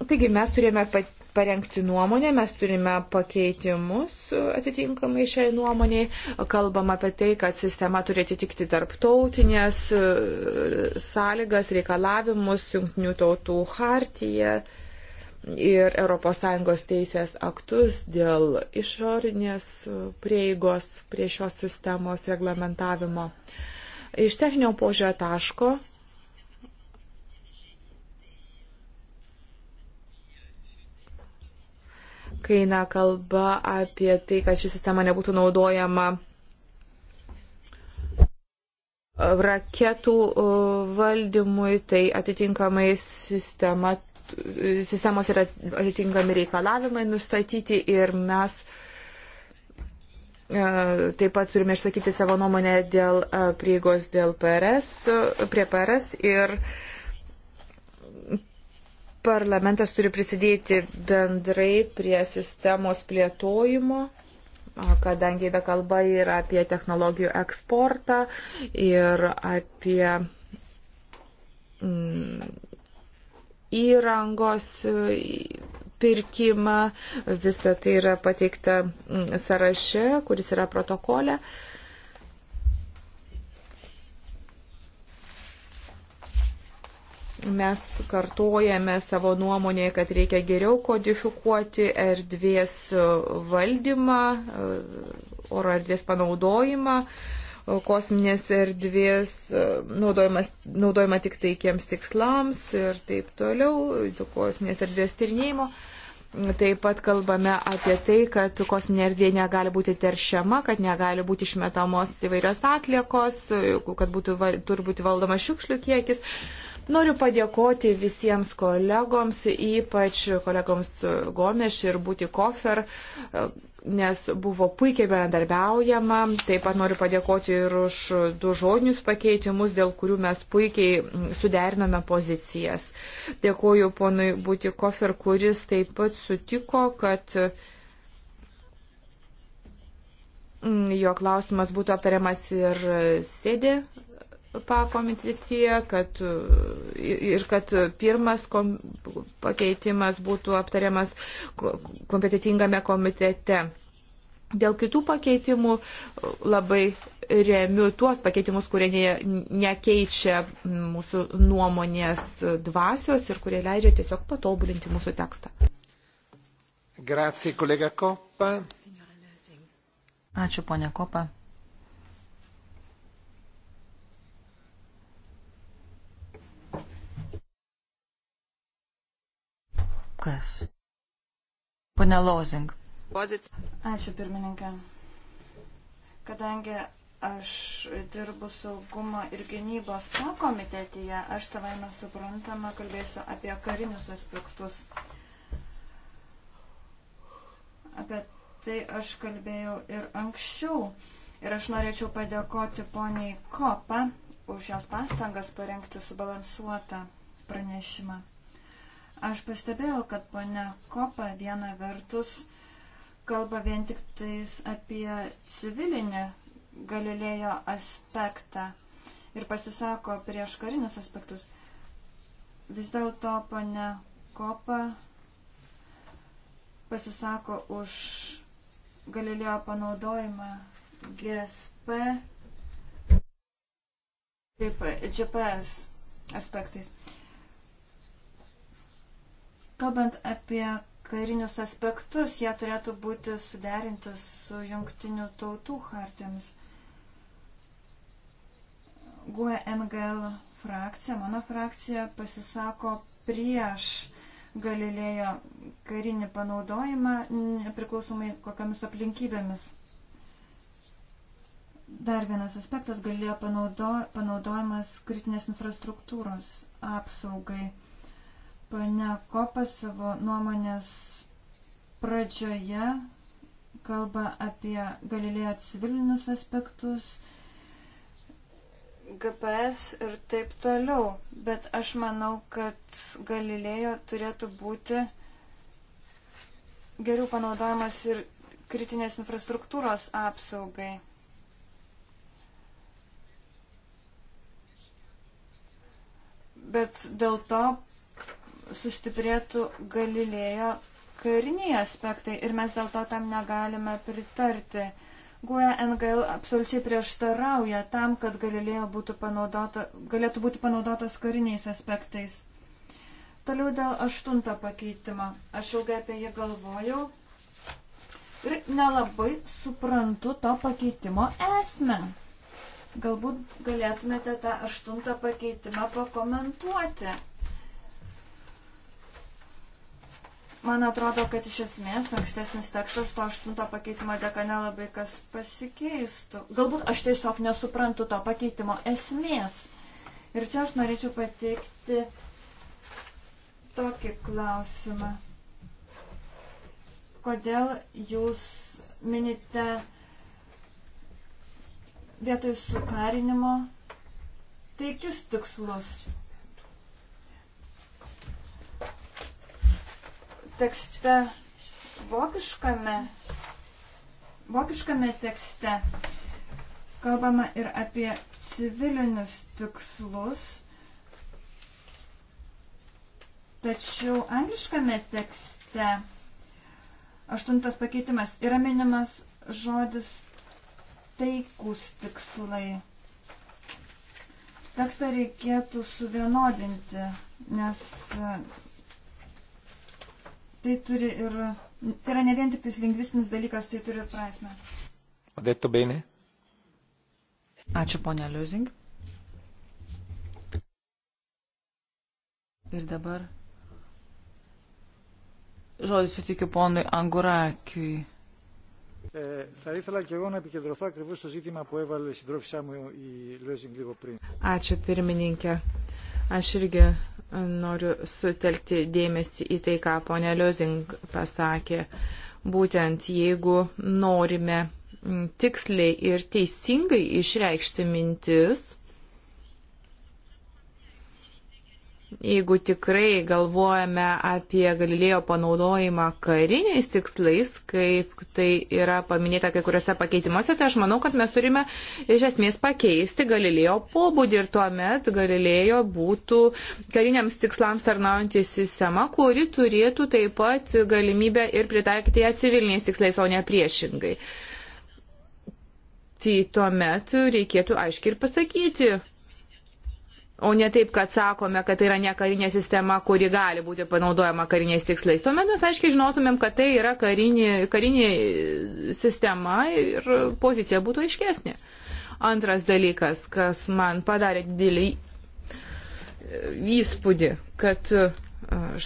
Taigi mes turėjome parengti nuomonę, mes turime pakeitimus atitinkamai šiai nuomoniai. Kalbam apie tai, kad sistema turi atitikti tarptautinės e, sąlygas, reikalavimus, jungtinių tautų hartiją ir ES teisės aktus dėl išorinės prieigos prie šios sistemos reglamentavimo. Iš techninio požiūrio taško kai eina kalba apie tai, kad ši sistema nebūtų naudojama e, raketų e, valdymui, tai atitinkamai sistema, e, sistemos yra atitinkami reikalavimai nustatyti ir mes taip pat turime išsakyti savo nuomonę dėl prieigos dėl PRS, prie PRS ir uh, Parlamentas turi prisidėti bendrai prie sistemos plėtojimo, kadangi ta kalba yra apie technologijų eksportą ir apie mm, įrangos pirkimą. Visa tai yra pateikta mm, sąraše, kuris yra protokole. Uh, mes kartojame savo nuomonėje, kad reikia geriau kodifikuoti erdvės valdymą, oro erdvės panaudojimą, kosminės erdvės e, naudojimą tik taikiems tikslams ir taip toliau, kosminės erdvės tirnėjimo. Taip pat kalbame apie tai, kad kosminė erdvė negali būti teršiama, kad negali būti išmetamos įvairios atliekos, kad būtų, turi būti valdomas šiukšlių kiekis. Uh, Noriu padėkoti visiems kolegoms, ypač kolegoms Gomeš ir Būti Kofer, nes buvo puikiai bendarbiaujama. Taip pat noriu padėkoti ir už du žodinius pakeitimus, dėl kurių mes puikiai suderinome pozicijas. Dėkuoju ponui Būti Kofer, kuris taip pat sutiko, kad mm, jo klausimas būtų aptariamas ir sėdė pakomitetyje, kad ir kad pirmas kom, pakeitimas būtų aptariamas kompetitingame komitete. Dėl kitų pakeitimų labai remiu tuos pakeitimus, kurie ne, nekeičia mūsų nuomonės dvasios ir kurie leidžia tiesiog patobulinti mūsų tekstą. Grazie, kolega Kopa. Ačiū, ponia Kopa. Kas? Pone Lozing. Ačiū pirmininkė. Kadangi aš dirbu saugumo ir gynybos pakomitetyje, aš savaime suprantama kalbėsiu apie karinius aspektus. Apie tai aš kalbėjau ir anksčiau. Ir aš norėčiau padėkoti poniai Kopa už jos pastangas parengti subalansuotą pranešimą. Aš pastebėjau, kad ponia Kopa viena vertus kalba vien tik tais apie civilinį Galilėjo aspektą ir pasisako prieš karinius aspektus. Vis dėlto ponia Kopa pasisako už Galilėjo panaudojimą GSP kaip GPS aspektais. Uh, Kalbant apie karinius aspektus, jie turėtų būti suderinti su jungtinių tautų hartėmis. GUE NGL frakcija, mano frakcija pasisako prieš Galilėjo karinį panaudojimą, priklausomai kokiamis aplinkybėmis. Dar vienas aspektas galėjo panaudo, panaudojimas kritinės infrastruktūros apsaugai. Pane Kopas savo nuomonės pradžioje kalba apie Galilėjo civilinius aspektus, GPS ir taip toliau. Bet aš manau, kad Galilėjo turėtų būti geriau panaudojamas ir kritinės infrastruktūros apsaugai. Bet dėl to sustiprėtų Galilėjo kariniai aspektai ir mes dėl to tam negalime pritarti. Guoja NGL absoliučiai prieštarauja tam, kad Galilėjo būtų panaudota, galėtų būti panaudotas kariniais aspektais. Toliau dėl aštunto pakeitimo. Aš ilgai apie jį galvojau ir nelabai suprantu to pakeitimo esmę. Galbūt galėtumėte tą aštuntą pakeitimą pakomentuoti. Man atrodo, kad iš esmės ankstesnis tekstas to aštunto pakeitimo dėka nelabai kas pasikeistų. Galbūt aš tiesiog nesuprantu to pakeitimo esmės. Ir čia aš norėčiau pateikti tokį klausimą. Kodėl jūs minite vietoj sukarinimo taikius tikslus? tekste, vokiškame, vokiškame tekste kalbama ir apie civilinius tikslus, tačiau angliškame tekste aštuntas pakeitimas yra minimas žodis taikus tikslai. Tekstą reikėtų suvienodinti, nes tai turi ir, tai yra ne vien tik tais lingvistinis dalykas, tai turi ir prasme. O detto bene? Ačiū, ponia Liuzing. Ir dabar žodį sutikiu ponui Angurakiui. E, θα ήθελα και εγώ να επικεντρωθώ ακριβώς στο ζήτημα που έβαλε η συντρόφισά μου η Λέζινγκ λίγο πριν. Ačiū pirmininkė. Aš irgi e, noriu sutelkti dėmesį į tai, ką ponė Liozing pasakė. Būtent jeigu norime tiksliai ir teisingai išreikšti mintis, Jeigu tikrai galvojame apie Galilėjo panaudojimą kariniais tikslais, kaip tai yra paminėta kai kuriuose pakeitimuose, tai aš manau, kad mes turime iš esmės pakeisti Galilėjo pobūdį ir tuomet Galilėjo būtų kariniams tikslams tarnaujantį sistemą, kuri turėtų taip pat galimybę ir pritaikyti ją civiliniais tikslais, o ne priešingai. Tai tuomet reikėtų aiškiai ir pasakyti, O ne taip, kad sakome, kad tai yra ne karinė sistema, kuri gali būti panaudojama kariniais tikslais. Tuomet mes aiškiai žinotumėm, kad tai yra karinė, karinė sistema ir pozicija būtų aiškesnė. Antras dalykas, kas man padarė didelį įspūdį, kad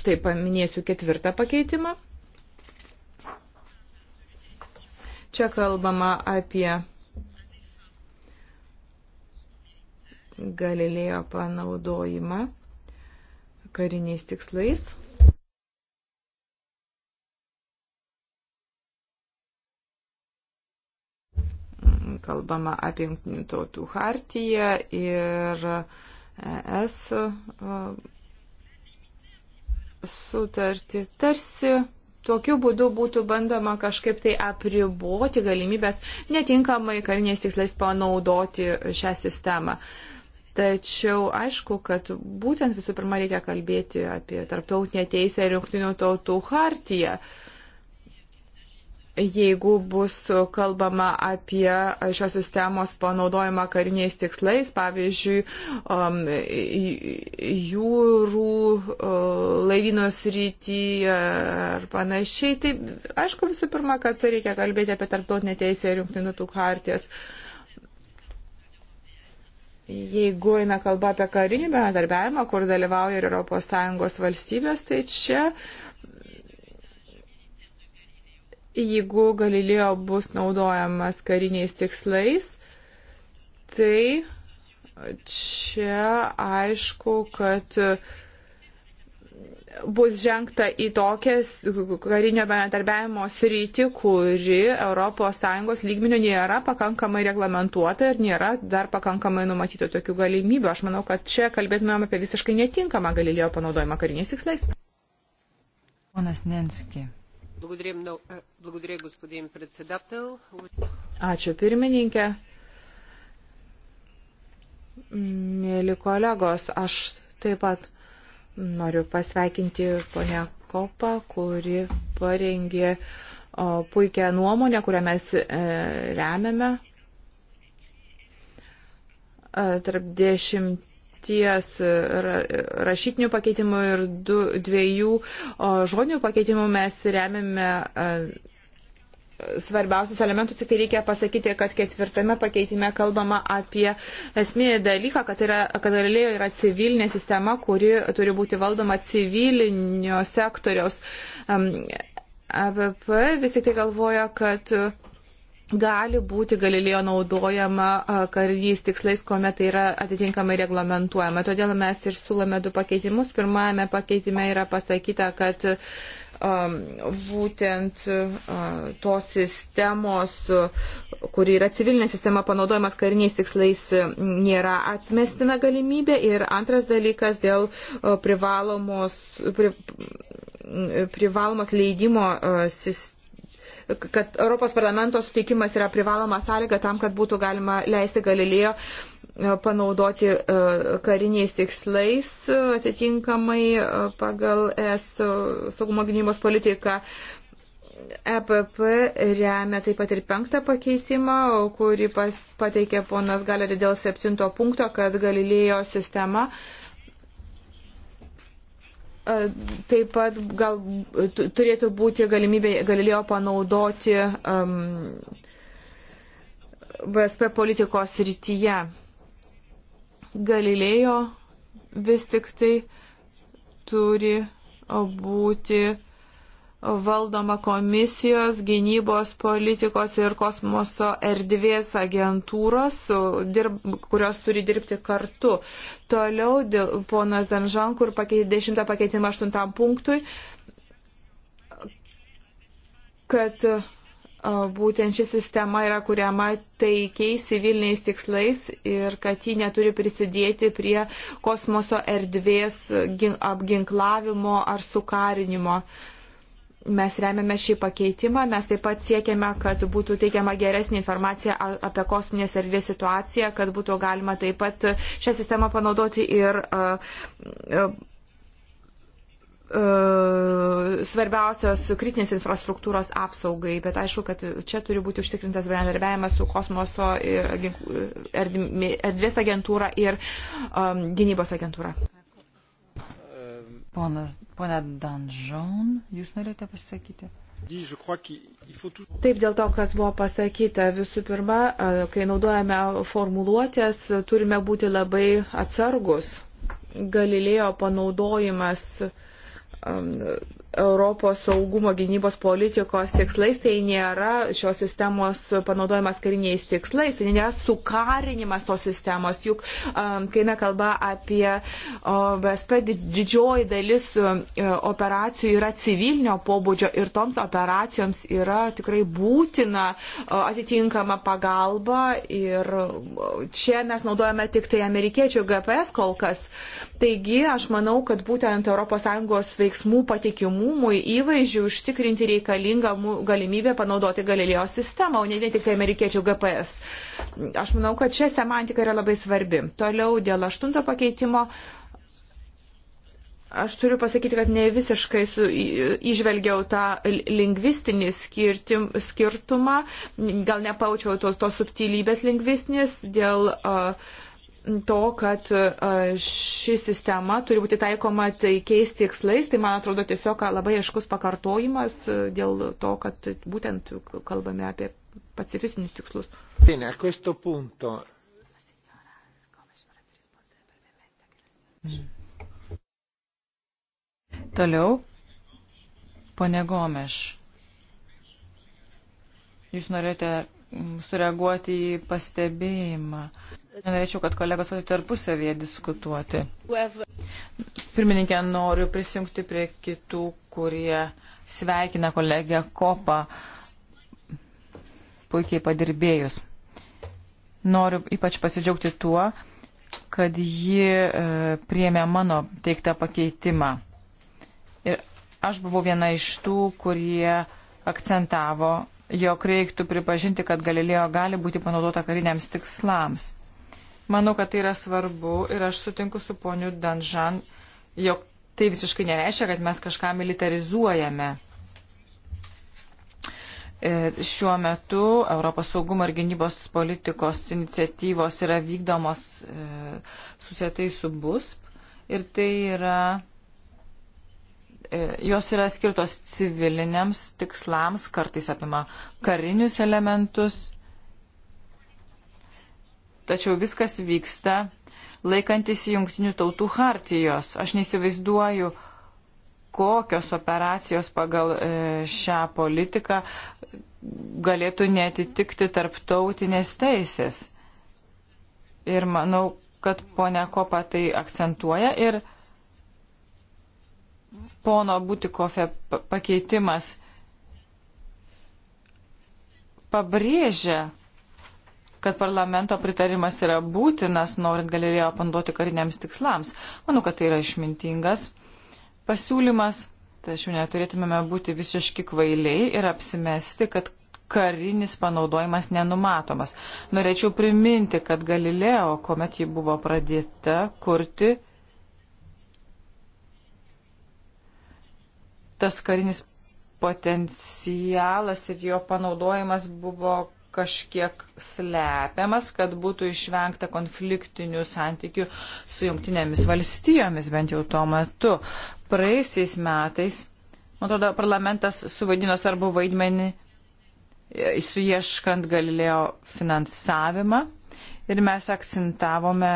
štai paminėsiu ketvirtą pakeitimą. Čia kalbama apie Galilėjo panaudojimą kariniais tikslais. Kalbama apie jungtinių tautų hartiją ir ES e, sutartį. Tarsi tokiu būdu būtų bandoma kažkaip tai apriboti galimybės netinkamai kariniais tikslais panaudoti šią sistemą. Uh, Tačiau aišku, kad būtent visų pirma reikia kalbėti apie tarptautinę teisę ir jungtinių tautų hartiją. Jeigu bus kalbama apie šios sistemos panaudojimą kariniais tikslais, pavyzdžiui, um, jūrų, uh, laivynos rytį uh, ar panašiai, tai aišku visų pirma, kad reikia kalbėti apie tarptautinę teisę ir jungtinių tautų hartijas. Uh, Jeigu eina kalba apie karinį bendarbiavimą, kur dalyvauja ir ES valstybės, tai čia, jeigu Galilėjo bus naudojamas kariniais tikslais, tai čia aišku, kad uh, bus žengta į tokią karinio bendradarbiavimo sritį, kuri ES lygminių nėra pakankamai reglamentuota ir nėra dar pakankamai numatyta tokių galimybių. Aš manau, kad čia kalbėtumėm apie visiškai netinkamą galilėjo panaudojimą kariniais tikslais. Ponas Nenski. Э, Ačiū pirmininkė. Mėly kolegos, aš taip pat Noriu pasveikinti ponę Kopą, kuri parengė puikią nuomonę, kurią mes e, remiame. E, tarp dešimt ties rašytinių pakeitimų ir du, dviejų žodinių pakeitimų mes remiame e, svarbiausius elementus, tik tai reikia pasakyti, kad ketvirtame pakeitime kalbama apie esminį dalyką, kad, yra, kad realėjo yra civilinė sistema, kuri turi būti valdoma civilinio sektoriaus. ABP vis tik tai galvoja, kad gali būti Galilėjo naudojama karys tikslais, kuomet tai yra atitinkamai reglamentuojama. Todėl mes ir siūlome du pakeitimus. Pirmajame pakeitime yra pasakyta, kad būtent tos sistemos, kuri yra civilinė sistema, panaudojimas kariniais tikslais nėra atmestina galimybė. Ir antras dalykas dėl privalomos, pri, privalomos leidimo sistemos kad Europos parlamento suteikimas yra privaloma sąlyga tam, kad būtų galima leisti Galilėjo E, panaudoti e, kariniais tikslais e, atitinkamai pagal ES saugumo gynybos politiką. EPP remia taip pat ir penktą pakeitimą, kurį pateikė ponas Galerį dėl septinto punkto, kad Galilėjo sistema taip pat gal turėtų būti galimybė Galilėjo panaudoti um, BSP politikos rytyje. Galilėjo vis tik tai turi būti valdoma komisijos gynybos politikos ir kosmoso erdvės agentūros, dirb, kurios turi dirbti kartu. Toliau dėl, ponas Danžankur pakeitė 10 pakeitimą 8 punktui, kad būtent ši sistema yra kuriama taikiais civiliniais tikslais ir kad ji neturi prisidėti prie kosmoso erdvės apginklavimo ar sukarinimo. Mes remiame šį pakeitimą, mes taip pat siekiame, kad būtų teikiama geresnė informacija apie kosminės erdvės situaciją, kad būtų galima taip pat šią sistemą panaudoti ir uh, uh, E, svarbiausios kritinės infrastruktūros apsaugai, bet aišku, kad čia turi būti užtikrintas bendradarbiavimas su kosmoso ir erdvės agentūra ir um, gynybos agentūra. Ponas, ponia Danžon, jūs norite pasakyti? Taip, dėl to, kas buvo pasakyta, visų pirma, e, kai naudojame formuluotės, turime būti labai atsargus. Galilėjo panaudojimas uh, Um, Europos saugumo gynybos politikos tikslais, tai nėra šios sistemos panaudojimas kariniais tikslais, tai nėra sukarinimas tos sistemos, juk um, kai eina kalba apie VSP, didžioji dalis um, e, operacijų yra civilinio pobūdžio ir toms operacijoms yra tikrai būtina um, atitinkama pagalba ir čia mes naudojame tik tai amerikiečių GPS kol kas. Um, Taigi aš manau, kad būtent ES veiksmų patikimumui įvaizdžių užtikrinti reikalinga galimybė panaudoti Galilėjo sistemą, o ne vien tik tai amerikiečių GPS. Aš manau, kad čia semantika yra labai svarbi. Toliau dėl aštunto pakeitimo. Aš turiu pasakyti, kad ne visiškai su, išvelgiau tą lingvistinį skirtim, skirtumą, gal nepaučiau tos, tos subtilybės lingvistinės dėl uh, to, kad e, ši sistema turi būti taikoma taikiais tikslais, tai man atrodo tiesiog labai aiškus pakartojimas e, dėl to, kad būtent kalbame apie pacifistinius tikslus. Bene, a questo punto. Toliau, ponė Gomeš, jūs norėjote sureaguoti į pastebėjimą. Norėčiau, kad kolegos pati tarpusavėje diskutuoti. Pirmininkė, noriu prisijungti prie kitų, kurie sveikina kolegę Kopą puikiai padirbėjus. Noriu ypač pasidžiaugti tuo, kad ji e, priėmė mano teiktą pakeitimą. Ir aš buvau viena iš tų, kurie akcentavo jog reiktų pripažinti, kad Galilėjo gali būti panaudota kariniams tikslams. Manau, kad tai yra svarbu ir aš sutinku su poniu Danžan, jog tai visiškai nereiškia, kad mes kažką militarizuojame. E, šiuo metu Europos saugumo ir gynybos politikos iniciatyvos yra vykdomos e, susietai su BUSP ir tai yra E, jos yra skirtos civiliniams tikslams, kartais apima karinius elementus. Tačiau viskas vyksta laikantis jungtinių tautų hartijos. Aš neįsivaizduoju, kokios operacijos pagal e, šią politiką galėtų netitikti tarptautinės teisės. Ir manau, kad ponia Kopa tai akcentuoja ir pono Butikofe pakeitimas pabrėžia, kad parlamento pritarimas yra būtinas, norint galerėjo panduoti kariniams tikslams. Manau, kad tai yra išmintingas pasiūlymas, tačiau neturėtumėme būti visiški kvailiai ir apsimesti, kad karinis panaudojimas nenumatomas. Norėčiau priminti, kad Galileo, kuomet ji buvo pradėta kurti, tas karinis potencialas ir jo panaudojimas buvo kažkiek slepiamas, kad būtų išvengta konfliktinių santykių su jungtinėmis valstijomis, bent jau tuo metu. Praeisiais metais, man atrodo, parlamentas suvaidino svarbu vaidmenį e, suieškant Galilėjo finansavimą ir mes akcentavome,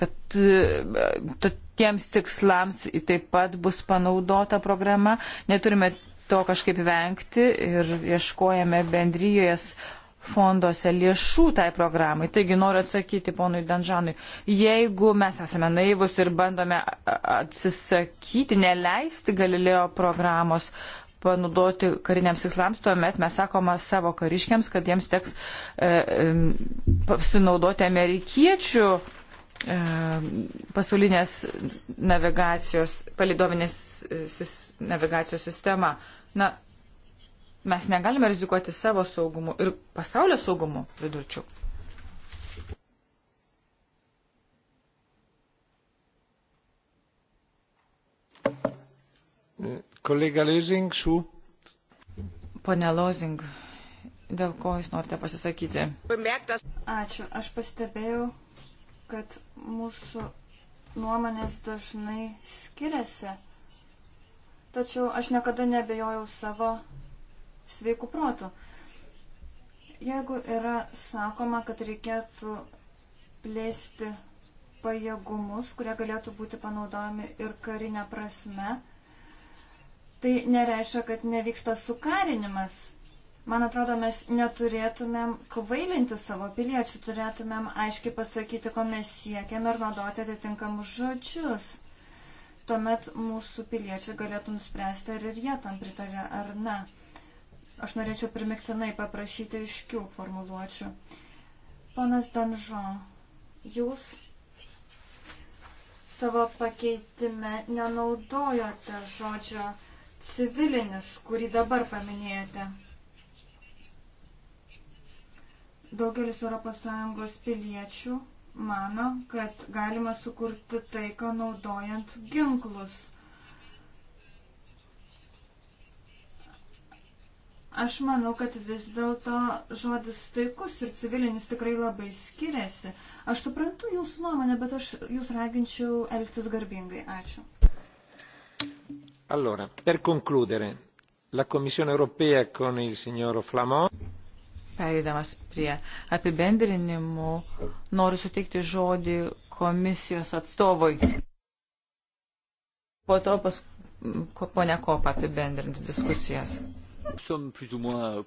kad e, tiems tikslams taip pat bus panaudota programa. Neturime to kažkaip vengti ir ieškojame bendryjės fonduose lėšų tai programai. Taigi noriu atsakyti ponui Danžanui, jeigu mes esame naivus ir bandome atsisakyti, neleisti Galilėjo programos panaudoti kariniams tikslams, tuomet mes sakoma savo kariškiams, kad jiems teks e, e, pasinaudoti amerikiečių E, pasaulinės navigacijos, palidovinės e, navigacijos sistema. Na, mes negalime rizikuoti savo saugumu ir pasaulio saugumu vidurčių. Kolega Lozing, su. Pone Lozing, dėl ko jūs norite pasisakyti? Ačiū, aš pastebėjau kad mūsų nuomonės dažnai skiriasi. Tačiau aš niekada nebejojau savo sveikų protų. Jeigu yra sakoma, kad reikėtų plėsti pajėgumus, kurie galėtų būti panaudojami ir karinė prasme, tai nereiškia, kad nevyksta sukarinimas Man atrodo, mes neturėtumėm kvailinti savo piliečių, turėtumėm aiškiai pasakyti, ko mes siekiam ir naudoti atitinkamus žodžius. Tuomet mūsų piliečiai galėtų nuspręsti, ar ir jie tam pritarė ar ne. Aš norėčiau primiktinai paprašyti iškių formuluočių. Ponas Danžon, jūs savo pakeitime nenaudojote žodžio civilinis, kurį dabar paminėjote. Daugelis ES piliečių mano, kad galima sukurti taiką naudojant ginklus. Aš manau, kad vis dėlto žodis taikus ir civilinis tikrai labai skiriasi. Aš suprantu jūsų nuomonę, bet aš jūs raginčiau elgtis garbingai. Ačiū. Allora, per concludere, la Commissione europea con il signor Flamand. Pereidamas prie apibendrinimų, noriu suteikti žodį komisijos atstovui. Po to pas, ponia Kopa apibendrins diskusijas. Euh,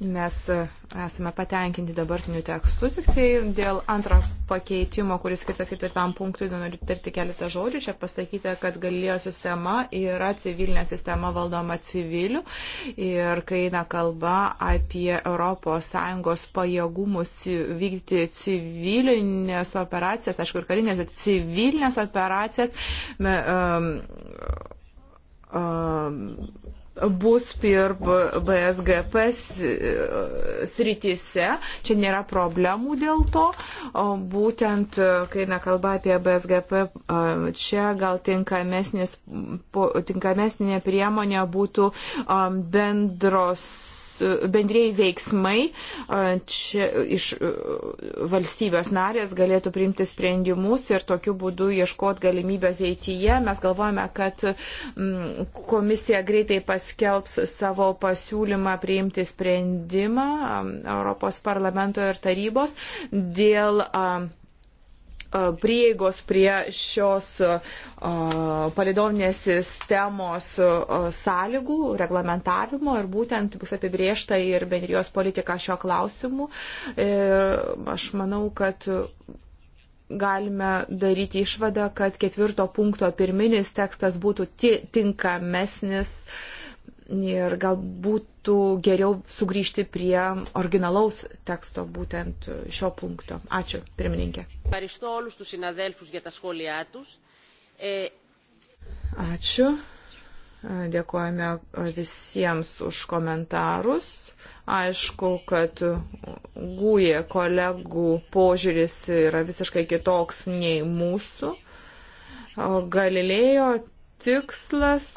Mes euh, esame patenkinti dabartiniu tekstu, tik tai dėl antro pakeitimo, kuris skirtas ketvirtam punktui, noriu tarti keletą žodžių. Čia pasakyta, kad galėjo sistema yra civilinė sistema valdoma civilių ir kai eina kalba apie ES pajėgumus vykdyti civilinės operacijas, aišku, ir karinės, bet civilinės operacijas. Me, um, Um, bus ir BSGP uh, srityse. Čia nėra problemų dėl to. Būtent, uh, kai na kalba apie BSGP, uh, čia gal tinkamesnė priemonė būtų um, bendros bendrėjai veiksmai čia iš valstybės narės galėtų priimti sprendimus ir tokiu būdu ieškot galimybės eityje. Mes galvojame, kad komisija greitai paskelbs savo pasiūlymą priimti sprendimą Europos parlamento ir tarybos dėl prieigos prie šios palidovinės sistemos sąlygų, reglamentavimo ir būtent bus apibriešta ir bendrijos politika šio klausimu. Ir aš manau, kad galime daryti išvadą, kad ketvirto punkto pirminis tekstas būtų tinkamesnis ir gal būtų geriau sugrįžti prie originalaus teksto būtent šio punkto. Ačiū, pirmininkė. Ευχαριστώ όλους τους συναδέλφους για τα σχόλιά τους. Ε... Ačiū. Dėkojame visiems už komentarus. Aišku, kad gūje kolegų požiūris yra visiškai kitoks nei mūsų. Galilėjo tikslas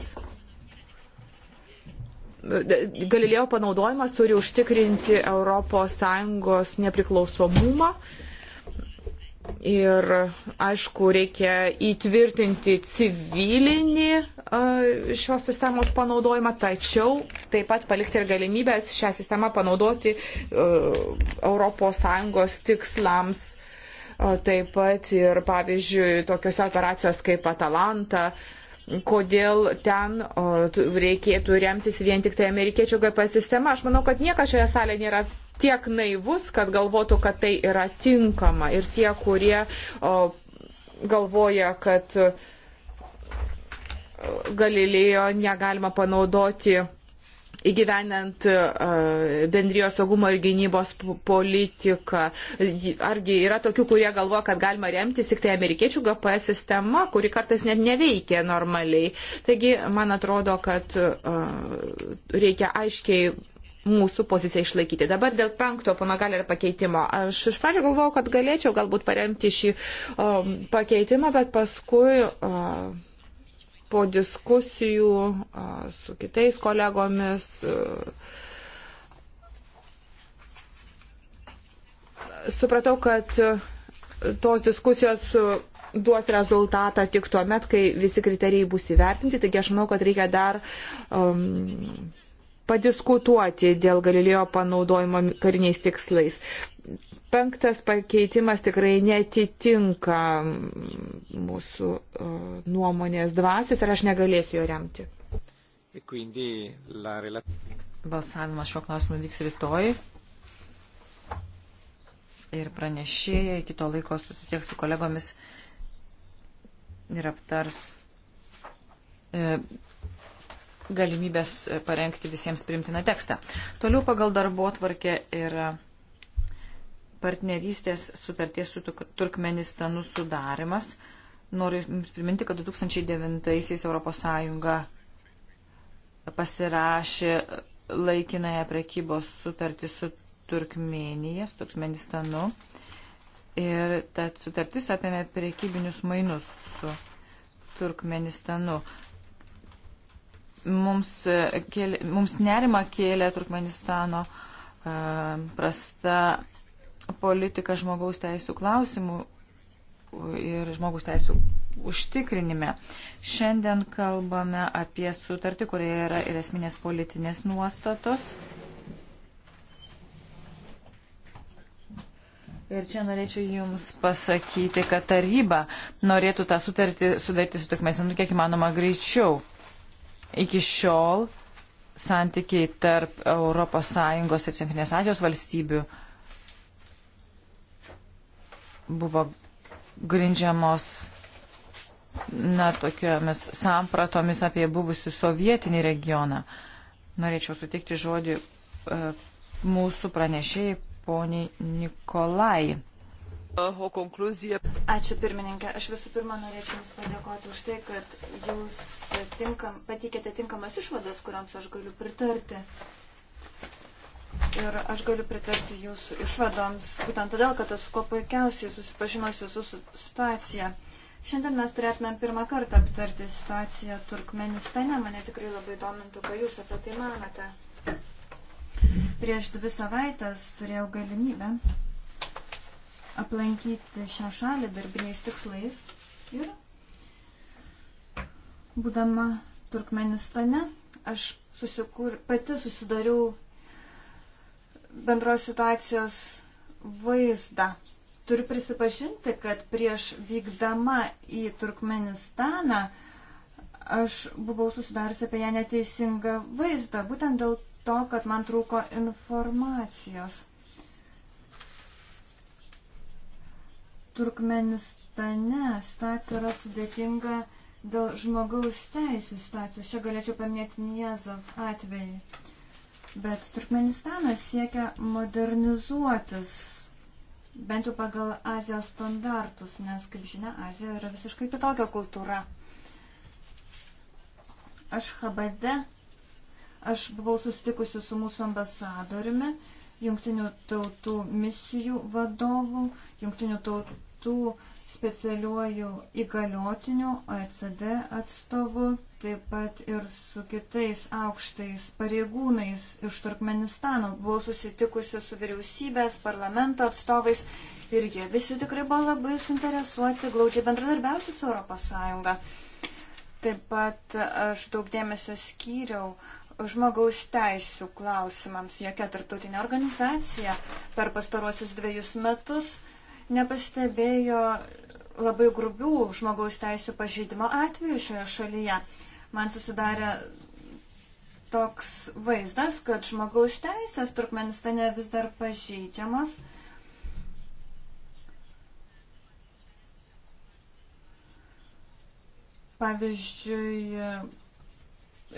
Galilėjo panaudojimas turi užtikrinti ES nepriklausomumą Ir aišku, reikia įtvirtinti civilinį šios sistemos panaudojimą, tačiau taip pat palikti ir galimybės šią sistemą panaudoti ES tikslams. Taip pat ir, pavyzdžiui, tokiuose operacijos kaip Atalanta, kodėl ten reikėtų remtis vien tik tai amerikiečių GPS sistema. Aš manau, kad niekas šioje salėje nėra tiek naivus, kad galvotų, kad tai yra tinkama. Ir tie, kurie o, galvoja, kad Galilėjo negalima panaudoti įgyvenant bendrijos saugumo ir gynybos politiką. Argi yra tokių, kurie galvoja, kad galima remtis tik tai amerikiečių GPS sistema, kuri kartais net neveikia normaliai. Taigi, man atrodo, kad reikia aiškiai mūsų poziciją išlaikyti. Dabar dėl penkto pono Galerio pakeitimo. Aš iš pradžių galvojau, kad galėčiau galbūt paremti šį um, pakeitimą, bet paskui uh, po diskusijų uh, su kitais kolegomis. Uh, supratau, kad uh, tos diskusijos uh, duos rezultatą tik tuo met, kai visi kriterijai bus įvertinti, taigi aš manau, kad reikia dar um, padiskutuoti dėl Galilėjo panaudojimo kariniais tikslais. Penktas pakeitimas tikrai netitinka mūsų e, nuomonės dvasios ir aš negalėsiu jo remti. E Balsavimas šio klausimu vyks rytoj. Ir pranešėja iki to laiko susitieks su kolegomis ir aptars e, galimybės parengti visiems primtiną tekstą. Toliau pagal darbo atvarkę yra partnerystės sutarties su Turkmenistanu sudarimas. Noriu Jums priminti, kad 2009-aisiais ES pasirašė laikinąją prekybos sutartį su Turkmenija, su Turkmenistanu. Ir ta sutartis apėmė prekybinius mainus su Turkmenistanu mums, kėlė, mums nerima kėlė Turkmenistano e, prasta politika žmogaus teisų klausimų ir žmogus teisų užtikrinime. Šiandien kalbame apie sutartį, kurioje yra ir esminės politinės nuostatos. Ir čia norėčiau Jums pasakyti, kad taryba norėtų tą sutartį sudaryti su Turkmėsinu kiek įmanoma greičiau. Iki šiol santykiai tarp ES ir Centrinės Azijos valstybių buvo grindžiamos na, tokiomis sampratomis apie buvusių sovietinį regioną. Norėčiau sutikti žodį e, mūsų pranešėjai poniai Nikolai. O konkluzija. Ačiū pirmininkė. Aš visų pirma norėčiau Jums padėkoti už tai, kad Jūs tinkam, patikėte tinkamas išvadas, kuriams aš galiu pritarti. Ir aš galiu pritarti Jūsų išvadoms, būtent todėl, kad esu kuo puikiausiai susipažinusi su situacija. Šiandien mes turėtumėm pirmą kartą aptarti situaciją Turkmenistane. Mane tikrai labai domintų, ką Jūs apie tai manote. Prieš dvi savaitės turėjau galimybę aplankyti šią šalį darbiniais tikslais ir būdama Turkmenistane aš susikur, pati susidariau bendros situacijos vaizdą. Turiu prisipažinti, kad prieš vykdama į Turkmenistaną aš buvau susidariusi apie ją neteisingą vaizdą, būtent dėl to, kad man trūko informacijos. Turkmenistane situacija yra sudėtinga dėl žmogaus teisų situacijos. Čia galėčiau paminėti Niezov atvejį. Bet Turkmenistanas siekia modernizuotis, bent jau pagal Azijos standartus, nes, kaip žinia, Azija yra visiškai kitokia kultūra. Aš Habade, aš buvau susitikusi su mūsų ambasadoriumi, jungtinių tautų misijų vadovu, jungtinių tautų kitų specialiuoju įgaliotiniu OECD atstovu, taip pat ir su kitais aukštais pareigūnais iš Turkmenistano. Buvau susitikusi su vyriausybės, parlamento atstovais ir jie visi tikrai buvo labai suinteresuoti glaudžiai bendradarbiauti su ES. Taip pat aš daug dėmesio skyriau žmogaus teisų klausimams. Jokia tarptautinė organizacija per pastaruosius dviejus metus nepastebėjo labai grubių žmogaus teisų pažeidimo atvejų šioje šalyje. Man susidarė toks vaizdas, kad žmogaus teisės Turkmenistane vis dar pažeidžiamos. Pavyzdžiui,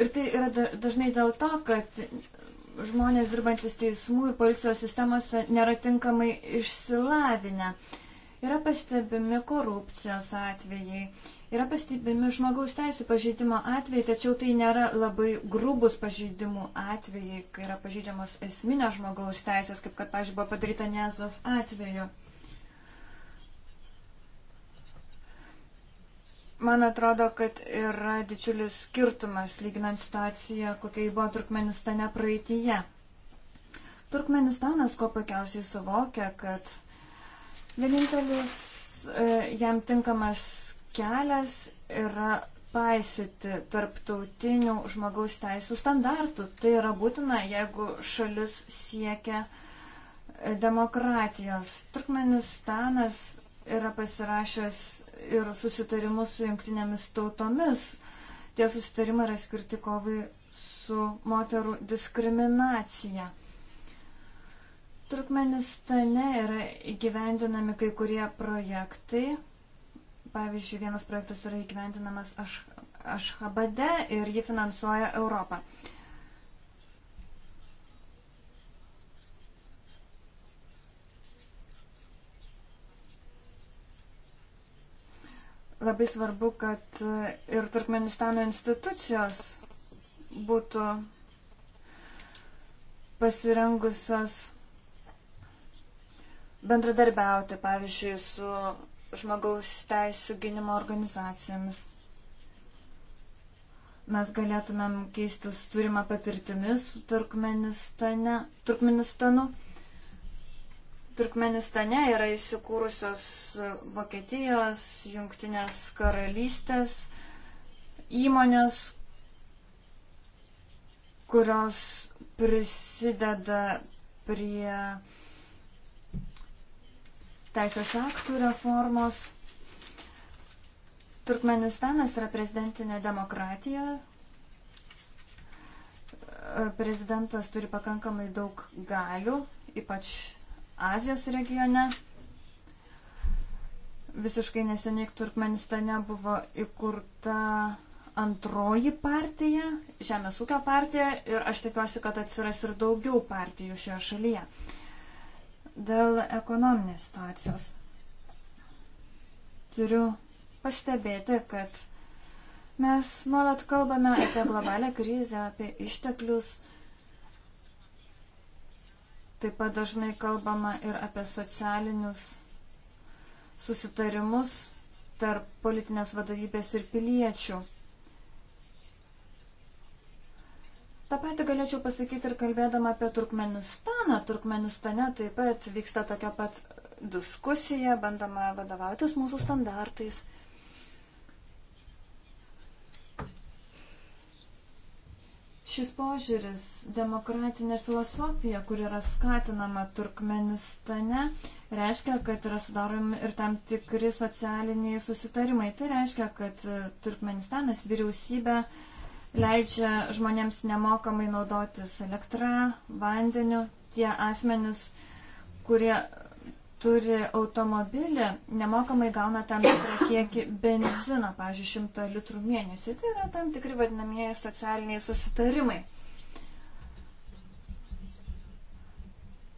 ir tai yra dažnai dėl to, kad žmonės dirbantis teismų ir policijos sistemose nėra tinkamai išsilavinę. Yra pastebimi korupcijos atvejai, yra pastebimi žmogaus teisų pažeidimo atvejai, tačiau tai nėra labai grubus pažeidimų atvejai, kai yra pažeidžiamos esminės žmogaus teisės, kaip kad, pažiūrėjau, buvo padaryta Nezov atveju. Man atrodo, kad yra didžiulis skirtumas lyginant situaciją, kokia jį buvo Turkmenistane praeitįje. Turkmenistanas kuo pakiausiai suvokia, kad vienintelis e, jam tinkamas kelias yra paisyti tarptautinių žmogaus teisų standartų. Tai yra būtina, jeigu šalis siekia e, demokratijos. Turkmenistanas yra pasirašęs ir susitarimus su jungtinėmis tautomis. Tie susitarimai yra skirti kovai su moterų diskriminacija. Turkmenistane yra įgyvendinami kai kurie projektai. Pavyzdžiui, vienas projektas yra įgyvendinamas Aš Ašhabade ir jį finansuoja Europą. Uh, Labai svarbu, kad ir Turkmenistano institucijos būtų pasirengusios bendradarbiauti, pavyzdžiui, su žmogaus teisų gynimo organizacijomis. Mes galėtumėm keistis turimą patirtimis su Turkmenistane, Turkmenistanu. Turkmenistanu Turkmenistane yra įsikūrusios Vokietijos, Junktinės karalystės įmonės, kurios prisideda prie teisės aktų reformos. Turkmenistanas yra prezidentinė demokratija. Prezidentas turi pakankamai daug galių, ypač Azijos regione. Visiškai neseniai Turkmenistane buvo įkurta antroji partija, Žemės ūkio partija ir aš tikiuosi, kad atsiras ir daugiau partijų šioje šalyje. Dėl ekonominės situacijos turiu pastebėti, kad mes nuolat kalbame apie globalę krizę, apie išteklius, uh, Taip pat dažnai kalbama ir apie socialinius susitarimus tarp politinės vadovybės ir piliečių. Ta pati galėčiau pasakyti ir kalbėdama apie Turkmenistaną. Turkmenistane taip pat vyksta tokia pat diskusija, bandoma vadovautis mūsų standartais. Šis požiūris, demokratinė filosofija, kur yra skatinama Turkmenistane, reiškia, kad yra sudaromi ir tam tikri socialiniai susitarimai. Tai reiškia, kad Turkmenistanas vyriausybė leidžia žmonėms nemokamai naudotis elektrą, vandeniu. Tie asmenys, kurie turi automobilį, nemokamai gauna tam tikrą kiekį benzino, pavyzdžiui, 100 litrų mėnesį. Tai yra tam tikri vadinamieji socialiniai susitarimai.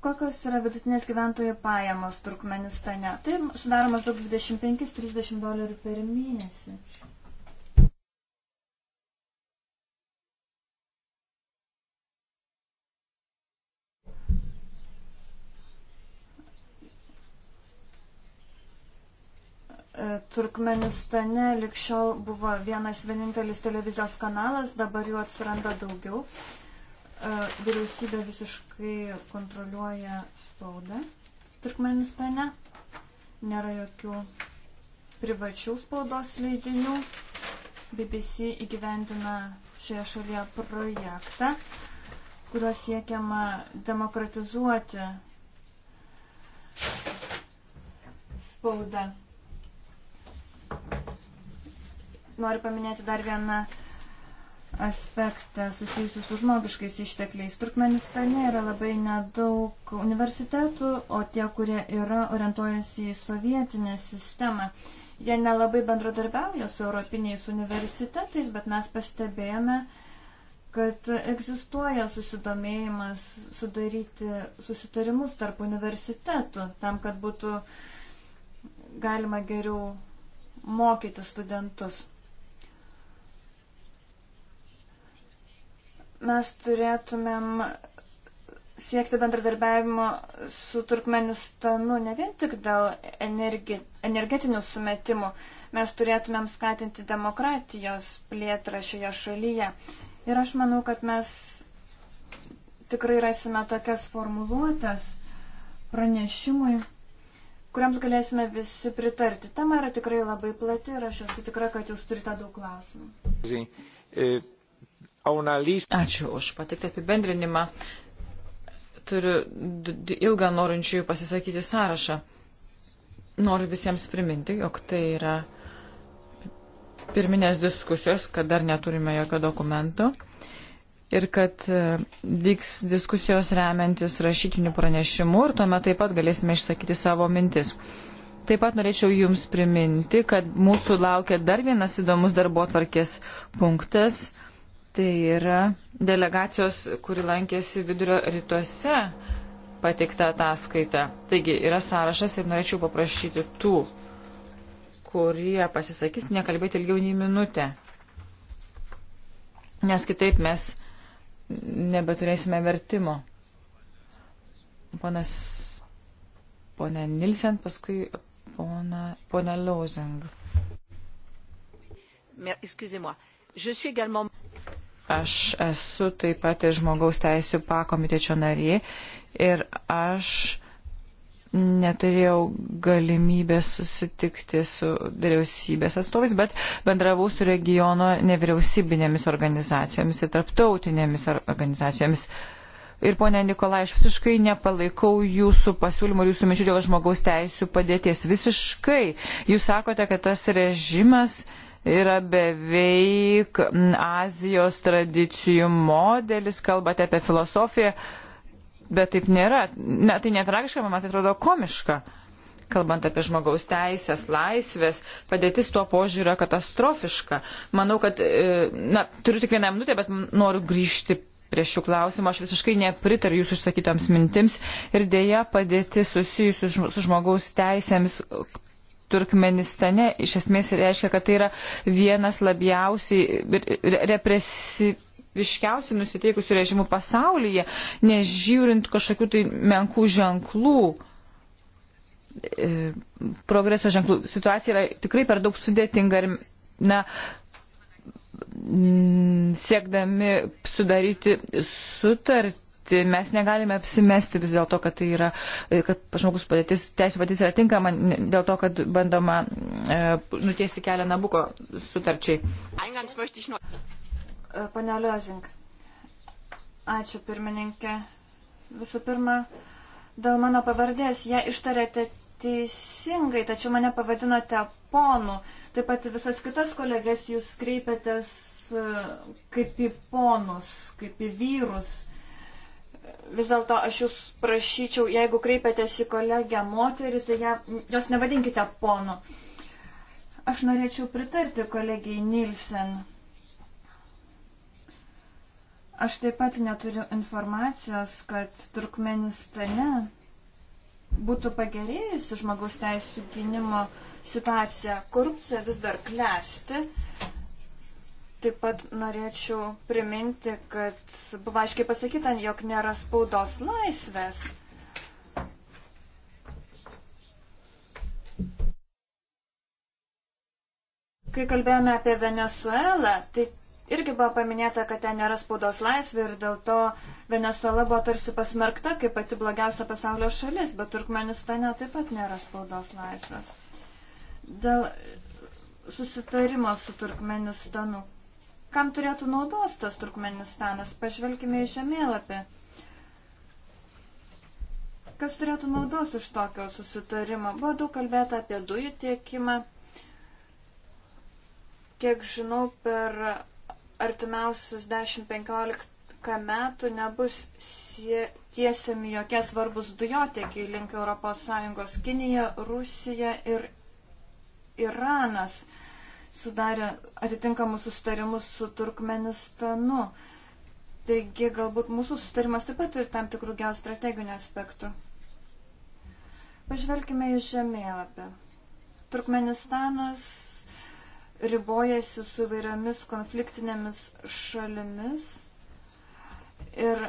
Kokios yra vidutinės gyventojų pajamos Turkmenistane? Tai sudaro maždaug 25-30 dolerių per mėnesį. E, Turkmenistane likščiau buvo vienas vienintelis televizijos kanalas, dabar jų atsiranda daugiau. E, Vyriausybė visiškai kontroliuoja spaudą Turkmenistane. Nėra jokių privačių spaudos leidinių. BBC įgyvendina šioje šalyje projektą, kuriuo siekiama demokratizuoti spaudą noriu paminėti dar vieną aspektą susijusius su žmogiškais ištekliais. Turkmenistane yra labai nedaug universitetų, o tie, kurie yra, orientuojasi į sovietinę sistemą. Jie nelabai bendradarbiauja su europiniais universitetais, bet mes pastebėjome, kad egzistuoja susidomėjimas sudaryti susitarimus tarp universitetų, tam, kad būtų galima geriau mokyti studentus. mes turėtumėm siekti bendradarbiavimo su Turkmenistanu ne vien tik dėl energi, energetinių sumetimų. Mes turėtumėm skatinti demokratijos plėtrą šioje šalyje. Ir aš manau, kad mes tikrai rasime tokias formuluotės pranešimui, kuriams galėsime visi pritarti. Tema yra tikrai labai plati ir aš esu tikra, kad jūs turite daug klausimų. Zin, e... Ačiū už patiktą apibendrinimą. Turiu ilgą norinčiųjų pasisakyti sąrašą. Noriu visiems priminti, jog tai yra pirminės diskusijos, kad dar neturime jokio dokumento ir kad e, vyks diskusijos remiantis rašytiniu pranešimu ir tuomet taip pat galėsime išsakyti savo mintis. Taip pat norėčiau Jums priminti, kad mūsų laukia dar vienas įdomus darbo tvarkės punktas Tai yra delegacijos, kuri lankėsi vidurio rytuose pateikta ataskaita. Taigi yra sąrašas ir norėčiau paprašyti tų, kurie pasisakys, nekalbėti ilgiau nei minutę. Nes kitaip mes nebeturėsime vertimo. Ponas, ponė Nilsen, paskui pona, pona Lozing. Excusez-moi. Aš esu taip pat ir žmogaus teisų pakomitečio narė ir aš neturėjau galimybės susitikti su vyriausybės atstovais, bet bendravau su regiono nevyriausybinėmis organizacijomis ir tarptautinėmis organizacijomis. Ir ponia Nikolai, aš visiškai nepalaikau jūsų pasiūlymų ir jūsų minčių dėl žmogaus teisų padėties. Visiškai. Jūs sakote, kad tas režimas uh, yra beveik Azijos tradicijų modelis, kalbate apie filosofiją, bet taip nėra. Ne, tai netragiška, man atrodo komiška. Kalbant apie žmogaus teisės, laisvės, padėtis tuo požiūriu yra katastrofiška. Manau, kad, e, na, turiu tik vieną minutę, bet noriu grįžti prie šių klausimų. Aš visiškai nepritariu jūsų išsakytoms mintims ir dėja padėti susijusiu su žmogaus teisėmis Turkmenistane iš esmės reiškia, kad tai yra vienas labiausiai represyvių viškiausiai nusiteikusių režimų pasaulyje, nežiūrint kažkokių tai menkų ženklų, e, progreso ženklų. Situacija yra tikrai per daug sudėtinga ir, na, siekdami sudaryti sutartį keisti. Mes negalime apsimesti vis dėlto, kad tai yra, kad žmogus padėtis, teisų padėtis yra tinkama dėl to, kad bandoma e, nutiesti kelią Nabuko sutarčiai. E, pane Liozink, ačiū pirmininkė. Visų pirma, dėl mano pavardės ją ištarėte teisingai, tačiau mane pavadinote ponu. Taip pat visas kitas kolegės jūs kreipiatės e, kaip į ponus, kaip į vyrus vis dėlto aš jūs prašyčiau, jeigu kreipiatės į kolegę moterį, tai ją, jos nevadinkite ponu. Aš norėčiau pritarti kolegijai Nilsen. Aš taip pat neturiu informacijos, kad Turkmenistane būtų pagerėjusi žmogaus teisų gynimo situacija. Korupcija vis dar klesti, Taip pat norėčiau priminti, kad buvo aiškiai pasakyta, jog nėra spaudos laisvės. Kai kalbėjome apie Venezuelą, tai irgi buvo paminėta, kad ten nėra spaudos laisvė ir dėl to Venezuela buvo tarsi pasmerkta kaip pati blogiausia pasaulio šalis, bet Turkmenistane taip pat nėra spaudos laisvės. Dėl susitarimo su Turkmenistanu, kam turėtų naudos tas Turkmenistanas. Pažvelkime į žemėlapį. Kas turėtų naudos iš tokio susitarimo? Buvo daug kalbėta apie dujų tiekimą. Kiek žinau, per artimiausius 10-15 metų nebus tiesiami jokie svarbus dujotiekiai link ES - Kinija, Rusija ir Iranas sudarė atitinkamus sustarimus su Turkmenistanu. Taigi galbūt mūsų sustarimas taip pat turi tam tikrų geostrateginių aspektų. Pažvelkime į žemėlapį. Turkmenistanas ribojasi su vairiomis konfliktinėmis šalimis ir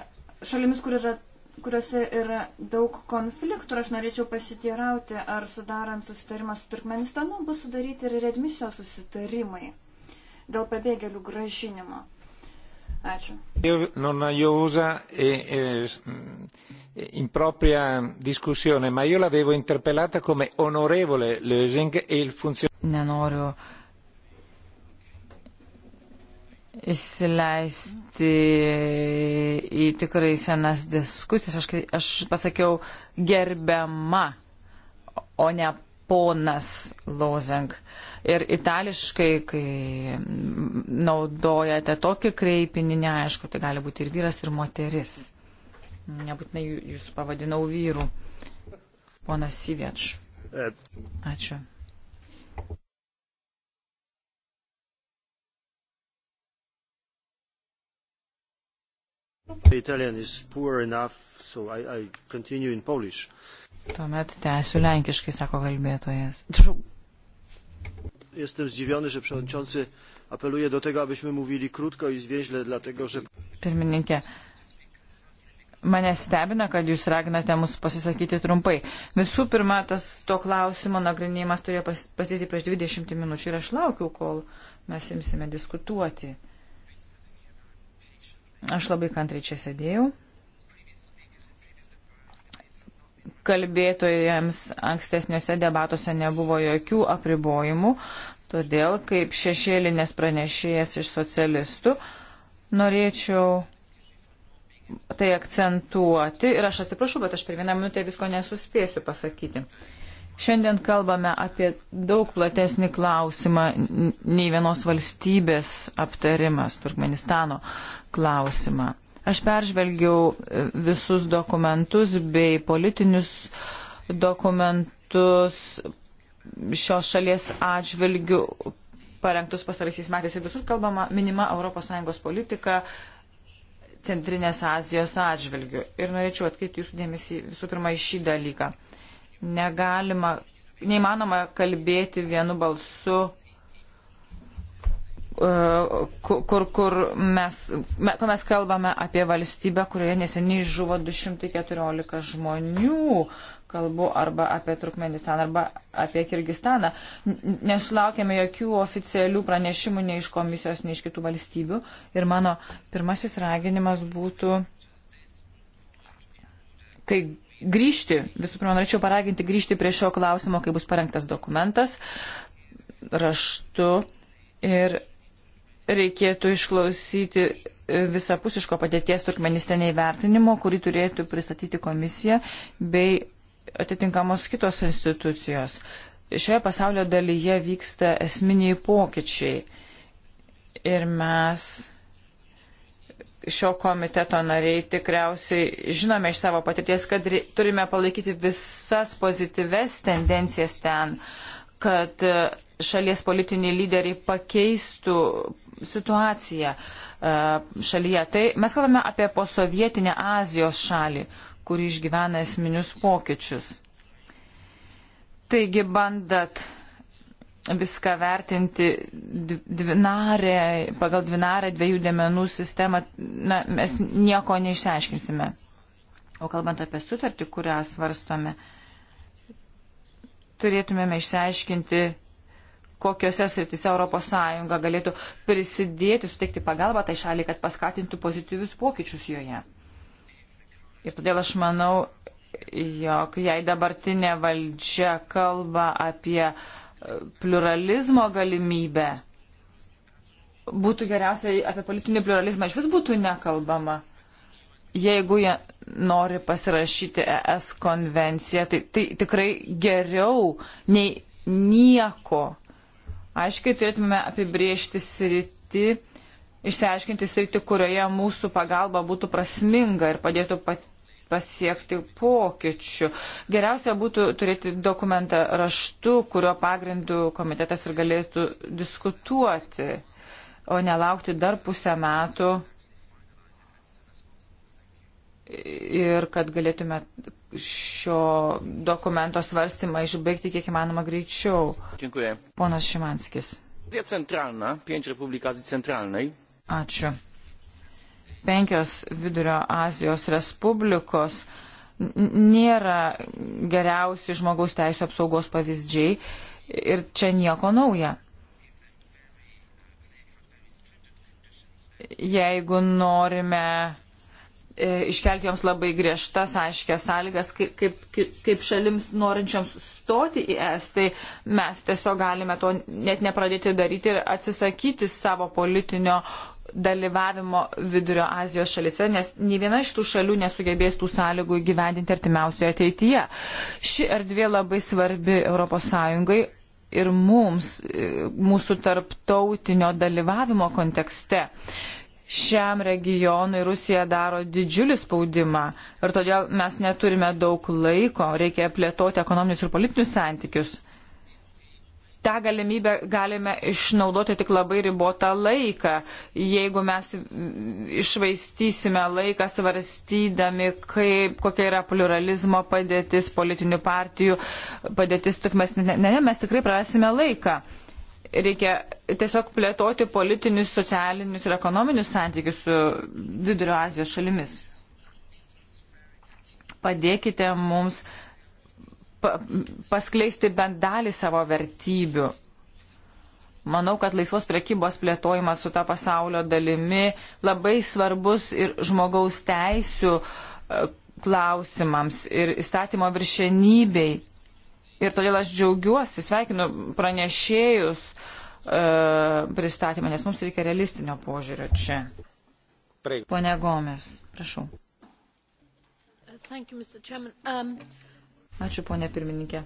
šalimis, kur yra kuriuose yra daug konfliktų. Aš norėčiau pasitėrauti, ar sudarant susitarimą su Turkmenistanu bus sudaryti ir redmisijos susitarimai dėl pabėgėlių gražinimo. Ačiū. Non io usa eh, eh, mm, impropria discussione, ma io l'avevo interpellata come onorevole Lösing e il funzionario. Nenoriu įsileisti į tikrai senas diskusijas. Aš, aš pasakiau gerbiama, o ne ponas lozang. Ir itališkai, kai naudojate tokį kreipinį, neaišku, tai gali būti ir vyras, ir moteris. Nebūtinai jūs pavadinau vyrų. Ponas Sivieč. E. Ačiū. Italian is poor enough, so I, I continue in Polish. Tuomet tęsiu lenkiškai, sako kalbėtojas. Jestem zdziwiony, że przewodniczący apeluje do tego, abyśmy mówili krótko i zwięźle, dlatego że... Pirmininkė, mane stebina, kad jūs raginate mus pasisakyti trumpai. Visų pirma, tas to klausimo nagrinėjimas turėjo prasidėti prieš 20 minučių ir aš laukiu, kol mes imsime diskutuoti. Aš labai kantriai čia sėdėjau. Kalbėtojams ankstesniuose debatuose nebuvo jokių apribojimų, todėl kaip šešėlinės pranešėjas iš socialistų norėčiau tai akcentuoti ir aš atsiprašau, bet aš per vieną minutę visko nesuspėsiu pasakyti. Šiandien kalbame apie daug platesnį klausimą nei vienos valstybės aptarimas Turkmenistano klausimą. Aš peržvelgiau e, visus dokumentus bei politinius dokumentus šios šalies atžvilgių parengtus pastaraisiais metais ir visur kalbama minima ES politika Centrinės Azijos atžvilgių. Ir norėčiau atkreipti jūsų dėmesį visų pirma į šį dalyką. Negalima, neįmanoma kalbėti vienu balsu kur, kur mes, mes kalbame apie valstybę, kurioje neseniai žuvo 214 žmonių, kalbu arba apie Turkmenistaną, arba apie Kirgistaną. Nesulaukėme jokių oficialių pranešimų nei iš komisijos, nei iš kitų valstybių. Ir mano pirmasis raginimas būtų, kai grįžti, visų pirma, norėčiau paraginti grįžti prie šio klausimo, kai bus parengtas dokumentas raštu ir reikėtų išklausyti e, visapusiško padėties Turkmenistane įvertinimo, kurį turėtų pristatyti komisija bei atitinkamos kitos institucijos. Šioje pasaulio dalyje vyksta esminiai pokyčiai ir mes šio komiteto nariai tikriausiai žinome iš savo patirties, kad turime palaikyti visas pozityves tendencijas ten. Uh, kad šalies politiniai lyderiai pakeistų situaciją e, šalyje. Tai mes kalbame apie posovietinę Azijos šalį, kuri išgyvena esminius pokyčius. Taigi bandat viską vertinti dvinarė, pagal dvinarę dviejų dėmenų sistemą, na, mes nieko neišsiaiškinsime. O kalbant apie sutartį, kurią svarstome, uh, turėtumėme išsiaiškinti, kokiuose sritise ES galėtų prisidėti, suteikti pagalbą tai šaliai, kad paskatintų pozityvius pokyčius joje. Ir todėl aš manau, jog jei dabartinė valdžia kalba apie e, pluralizmo galimybę, būtų geriausiai apie politinį pluralizmą iš vis būtų nekalbama jeigu jie nori pasirašyti ES konvenciją, tai, tai tikrai geriau nei nieko. Aiškiai turėtume apibriežti sritį, išsiaiškinti sritį, kurioje mūsų pagalba būtų prasminga ir padėtų pat, pasiekti pokyčių. Geriausia būtų turėti dokumentą raštu, kurio pagrindu komitetas ir galėtų diskutuoti, o nelaukti dar pusę metų ir kad galėtume šio dokumento svarstymą išbaigti kiek įmanoma greičiau. Dziękuję. Ponas Šimanskis. Centralna, pięć republikacji centralnej. Ačiū. Penkios Vidurio Azijos Respublikos nėra geriausi žmogaus teisų apsaugos pavyzdžiai ir čia nieko nauja. Jeigu norime E, iškelti joms labai griežtas, aiškias sąlygas, kaip, kaip, kaip šalims norinčiams stoti į es, tai mes tiesiog galime to net nepradėti daryti ir atsisakyti savo politinio dalyvavimo Vidurio Azijos šalise, nes nei viena iš tų šalių nesugebės tų sąlygų įgyvendinti artimiausioje ateityje. Ši erdvė labai svarbi ES ir mums, e, mūsų tarptautinio dalyvavimo kontekste. Uh, šiam regionui Rusija daro didžiulį spaudimą ir todėl mes neturime daug laiko, reikia plėtoti ekonominius ir politinius santykius. Ta galimybė galime išnaudoti tik labai ribotą laiką, jeigu mes išvaistysime laiką svarstydami, kaip, kokia yra pluralizmo padėtis, politinių partijų padėtis, tik mes, ne, ne, mes tikrai prarasime laiką reikia tiesiog plėtoti politinius, socialinius ir ekonominius santykius su Vidurio Azijos šalimis. Padėkite mums pa, paskleisti bent dalį savo vertybių. Manau, kad laisvos prekybos plėtojimas su ta pasaulio dalimi labai svarbus ir žmogaus teisų e, klausimams ir įstatymo viršenybei Ir todėl aš džiaugiuosi, sveikinu pranešėjus e, pristatymą, nes mums reikia realistinio požiūrio čia. Pone Gomes, prašau. You, um... Ačiū, ponė pirmininkė.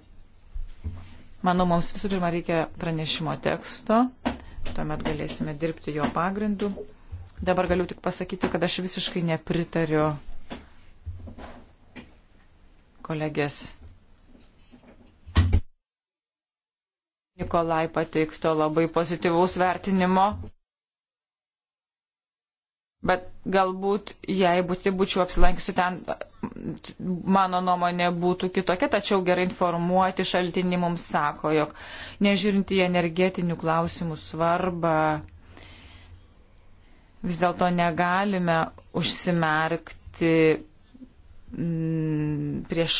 Manau, mums visų pirma reikia pranešimo teksto, tuomet galėsime dirbti jo pagrindu. Dabar galiu tik pasakyti, kad aš visiškai nepritariu kolegės Nikolai pateikto labai pozityvaus vertinimo. Bet galbūt, jei būti, būčiau apsilankiusi ten, mano nuomonė būtų kitokia, tačiau gerai informuoti šaltiniai mums sako, jog nežiūrint į energetinių klausimų svarbą, vis dėlto negalime užsimerkti mm, prieš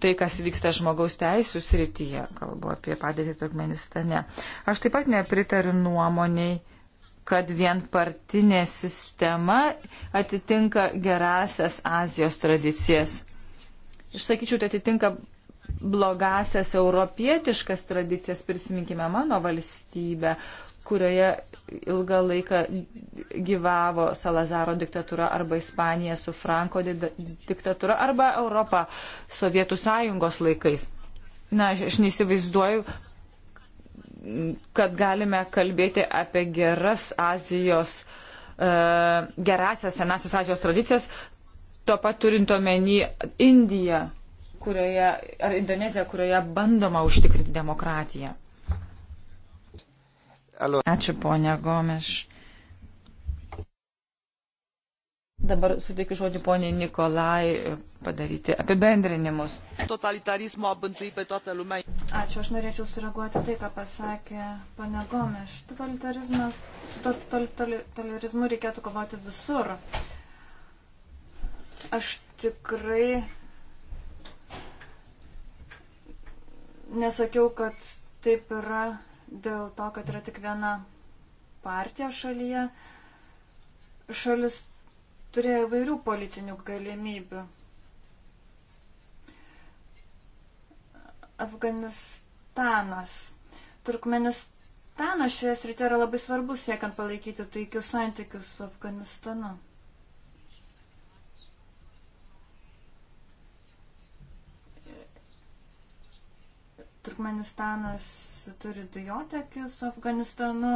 tai, kas vyksta žmogaus teisų srityje, kalbu apie padėtį Turkmenistane. Aš taip pat nepritariu nuomoniai, kad vienpartinė sistema atitinka gerasias Azijos tradicijas. Išsakyčiau, tai atitinka blogasias europietiškas tradicijas, prisiminkime mano valstybę, kurioje ilgą laiką gyvavo Salazaro diktatūra arba Ispanija su Franko diktatūra arba Europa Sovietų sąjungos laikais. Na, aš, aš neįsivaizduoju, kad galime kalbėti apie geras Azijos, uh, gerasias senasias Azijos tradicijas, tuo pat turint omeny Indiją kurioje, ar Indonezija, kurioje bandoma užtikrinti demokratiją. Ačiū, ponia Gomeš. Dabar suteikiu žodį poniai Nikolai e, padaryti apibendrinimus. Totalitarizmo apbantui pe toată lumea. Ačiū, aš norėčiau sureaguoti tai, ką pasakė pane Gomeš. Totalitarizmas, su totalitarizmu reikėtų kovoti visur. Aš tikrai nesakiau, kad taip yra dėl to, kad yra tik viena partija šalyje. Šalis turėjo įvairių politinių galimybių. Afganistanas. Turkmenistanas šioje srityje yra labai svarbus siekiant palaikyti taikius santykius su Afganistanu. Turkmenistanas turi dujotekį su Afganistanu.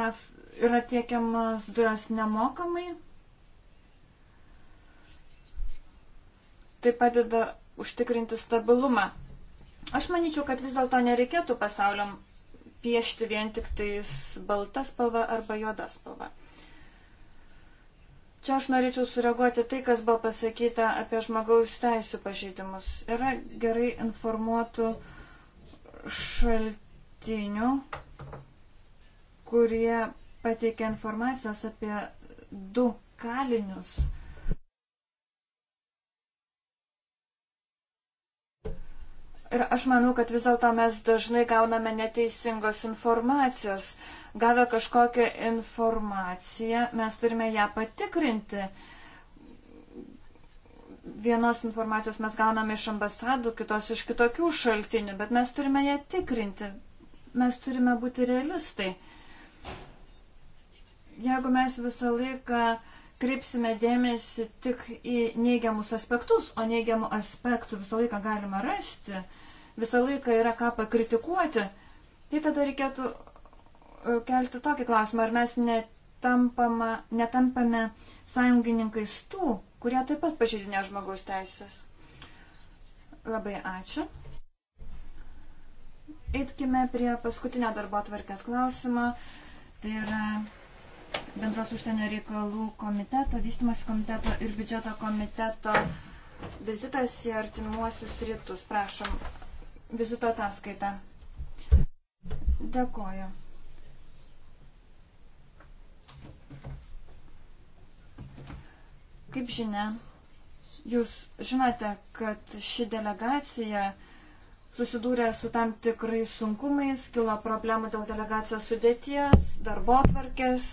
Na, yra tiekiamas dujos nemokamai. Tai padeda užtikrinti stabilumą. Aš manyčiau, kad vis dėlto nereikėtų pasauliam piešti vien tik tais baltas spalva arba juodas spalva. Čia aš norėčiau sureaguoti tai, kas buvo pasakyta apie žmogaus teisų pažeidimus. Yra gerai informuotų šaltinių, kurie pateikė informacijos apie du kalinius. Ir aš manau, kad vis dėlto mes dažnai gauname neteisingos informacijos. Uh, Gavę kažkokią informaciją, mes turime ją patikrinti. Vienos informacijos mes gauname iš ambasadų, kitos iš kitokių šaltinių, bet mes turime ją tikrinti. Mes turime būti realistai. Jeigu mes visą laiką kreipsime dėmesį tik į neigiamus aspektus, o neigiamų aspektų visą laiką galima rasti, visą laiką yra ką pakritikuoti, tai tada reikėtų E, kelti tokį klausimą, ar mes netampama, netampame sąjungininkais tų, kurie taip pat pažydinė žmogaus teisės. Labai ačiū. Eitkime prie paskutinio darbo atvarkės klausimo. Tai yra bendros užsienio reikalų komiteto, vystimosi komiteto ir biudžeto komiteto vizitas į artimuosius rytus. Prašom, vizito ataskaita. Dėkoju. Kaip žinia, jūs žinote, kad ši delegacija susidūrė su tam tikrais sunkumais, kilo problemų dėl delegacijos sudėties, darbo tvarkės,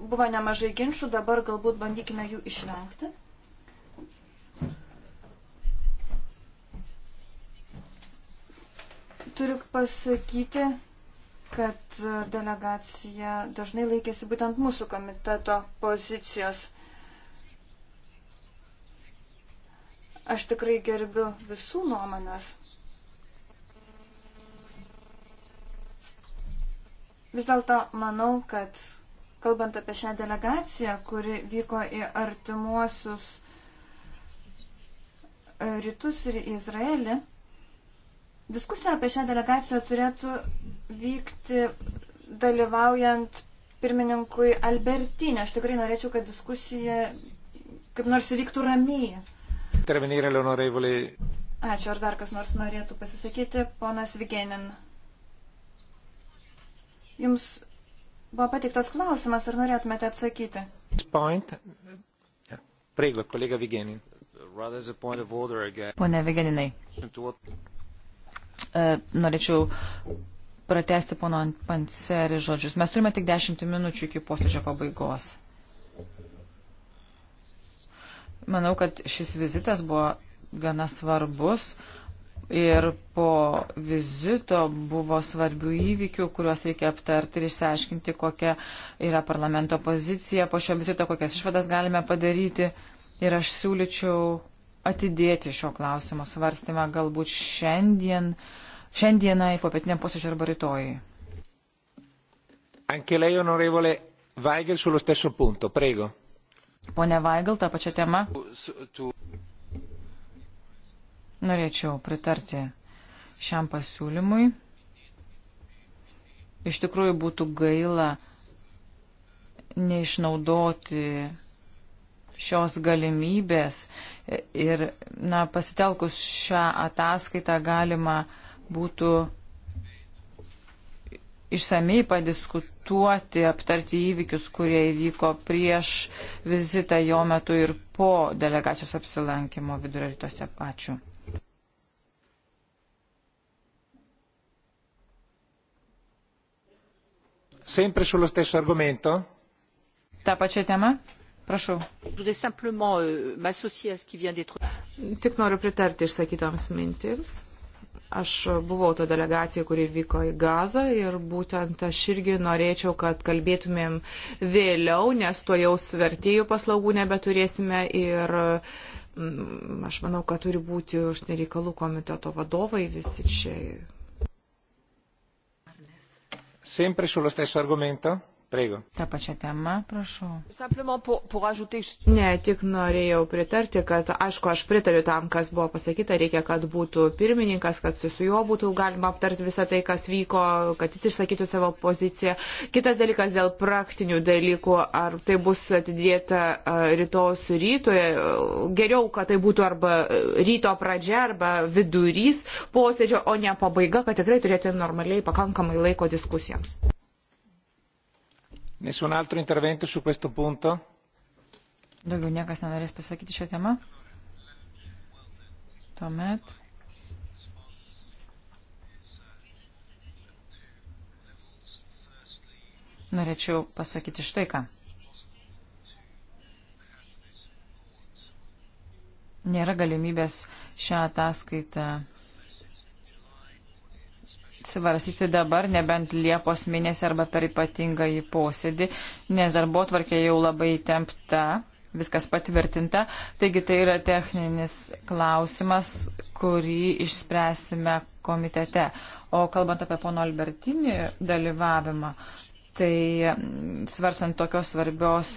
buvo nemažai ginčių, dabar galbūt bandykime jų išvengti. Turiu pasakyti, kad delegacija dažnai laikėsi būtent mūsų komiteto pozicijos. Aš tikrai gerbiu visų nuomonės. Vis dėlto manau, kad kalbant apie šią delegaciją, kuri vyko į artimuosius e, rytus ir Izraelį, diskusija apie šią delegaciją turėtų vykti dalyvaujant pirmininkui Albertinė. Aš tikrai norėčiau, kad diskusija kaip nors įvyktų ramiai. Intervenire l'onorevole. Ačiū, ar dar kas nors norėtų pasisakyti, ponas Vigenin. Jums buvo patiktas klausimas, ar norėtumėte atsakyti? Point. Prieigla, kolega Vigenin. Pone Vigeninai. Uh, Norėčiau pratesti pono Panseri žodžius. Mes turime tik 10 minučių iki posėdžio pabaigos. Manau, kad šis vizitas buvo gana svarbus ir po vizito buvo svarbių įvykių, kuriuos reikia aptarti ir išsiaiškinti, kokia yra parlamento pozicija po šio vizito, kokias išvadas galime padaryti. Ir aš siūlyčiau atidėti šio klausimo svarstymą galbūt šiandien, šiandienai, popietiniam posėdžiui arba rytojai. Anche lei, onorevole Weigel, sullo stesso punto. Prego. Pone Vaigal, tą pačią temą. Norėčiau pritarti šiam pasiūlymui. Iš tikrųjų būtų gaila neišnaudoti šios galimybės ir na, pasitelkus šią ataskaitą galima būtų išsamei padiskutuoti, aptarti įvykius, kurie įvyko prieš vizitą jo metu ir po delegacijos apsilankimo vidurio rytuose. Ačiū. Sempre sullo stesso argomento? Ta pačia tema? Prašau. Euh, Tik noriu pritarti išsakytoms mintims. Aš buvau to delegacijoje, kuri vyko į Gazą ir būtent aš irgi norėčiau, kad kalbėtumėm vėliau, nes to jau svertėjų paslaugų nebeturėsime ir mm, aš manau, kad turi būti užsienio reikalų komiteto vadovai visi čia. Sempre sullo stesso argomento? Prego. Ta pačia tema, prašau. Ne, tik norėjau pritarti, kad aišku, aš pritariu tam, kas buvo pasakyta, reikia, kad būtų pirmininkas, kad su juo būtų galima aptarti visą tai, kas vyko, kad jis išsakytų savo poziciją. Kitas dalykas dėl praktinių dalykų, ar tai bus atidėta rytojus rytoje, geriau, kad tai būtų arba ryto pradžia, arba vidurys posėdžio, o ne pabaiga, kad tikrai turėtume normaliai pakankamai laiko diskusijoms. Nessun altro intervento su questo punto? Daugiau niekas nenorės pasakyti šią temą. Tuomet. Norėčiau pasakyti štai ką. Nėra galimybės šią ataskaitą svarstyti dabar, nebent Liepos mėnesį arba per ypatingą į posėdį, nes darbo tvarkė jau labai tempta, viskas patvirtinta. Taigi tai yra techninis klausimas, kurį išspręsime komitete. O kalbant apie pono Albertinį dalyvavimą, tai svarstant tokios svarbios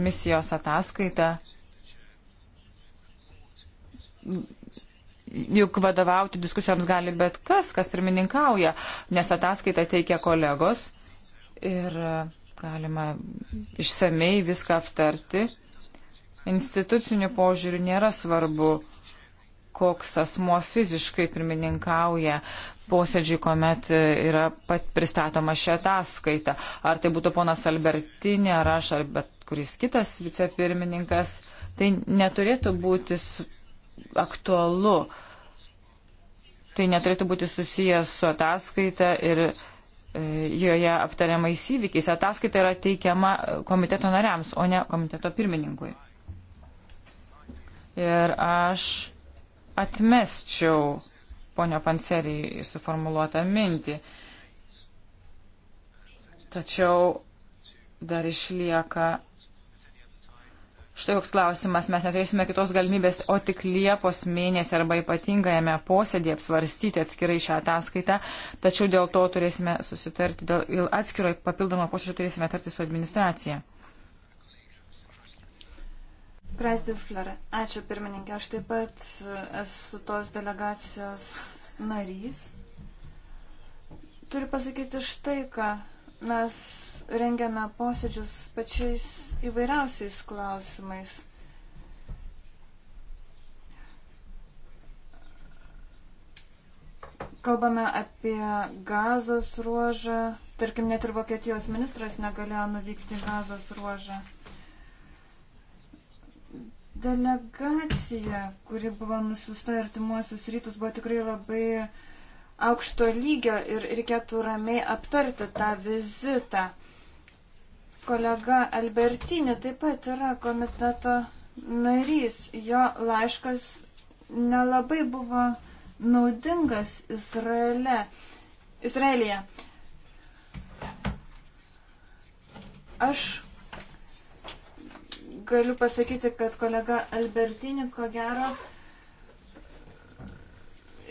misijos ataskaitą juk vadovauti diskusijoms gali bet kas, kas pirmininkauja, nes ataskaitą teikia kolegos ir e, galima išsamei viską aptarti. Institucinių požiūrių nėra svarbu, koks asmuo fiziškai pirmininkauja posėdžiui, kuomet e, yra pat pristatoma šią ataskaitą. Ar tai būtų ponas Albertinė, ar aš, ar bet kuris kitas vicepirmininkas, tai neturėtų būti aktualu tai neturėtų būti susijęs su ataskaita ir e, joje aptariamais įvykiais. Ataskaita yra teikiama e, komiteto nariams, o ne komiteto pirmininkui. Ir aš atmesčiau ponio Panserį suformuluotą mintį. Tačiau dar išlieka Štai joks klausimas, mes neturėsime kitos galimybės, o tik Liepos mėnesį arba ypatingajame posėdėje apsvarstyti atskirai šią ataskaitą, tačiau dėl to turėsime susitarti, dėl atskiro papildomo posėdžio turėsime tarti su administracija. Graisdufler, ačiū pirmininkė, aš taip pat esu tos delegacijos narys. Turiu pasakyti štai ką. Mes rengiame posėdžius pačiais įvairiausiais klausimais. Kalbame apie gazos ruožą. Tarkim, net ir Vokietijos ministras negalėjo nuvykti gazos ruožą delegacija, kuri buvo nusiusta artimuosius rytus, buvo tikrai labai aukšto lygio ir reikėtų ramiai aptarti tą vizitą. Kolega Albertini taip pat yra komiteto narys. Jo laiškas nelabai buvo naudingas Izraele. Izraelija. Aš galiu pasakyti, kad kolega Albertini ko gero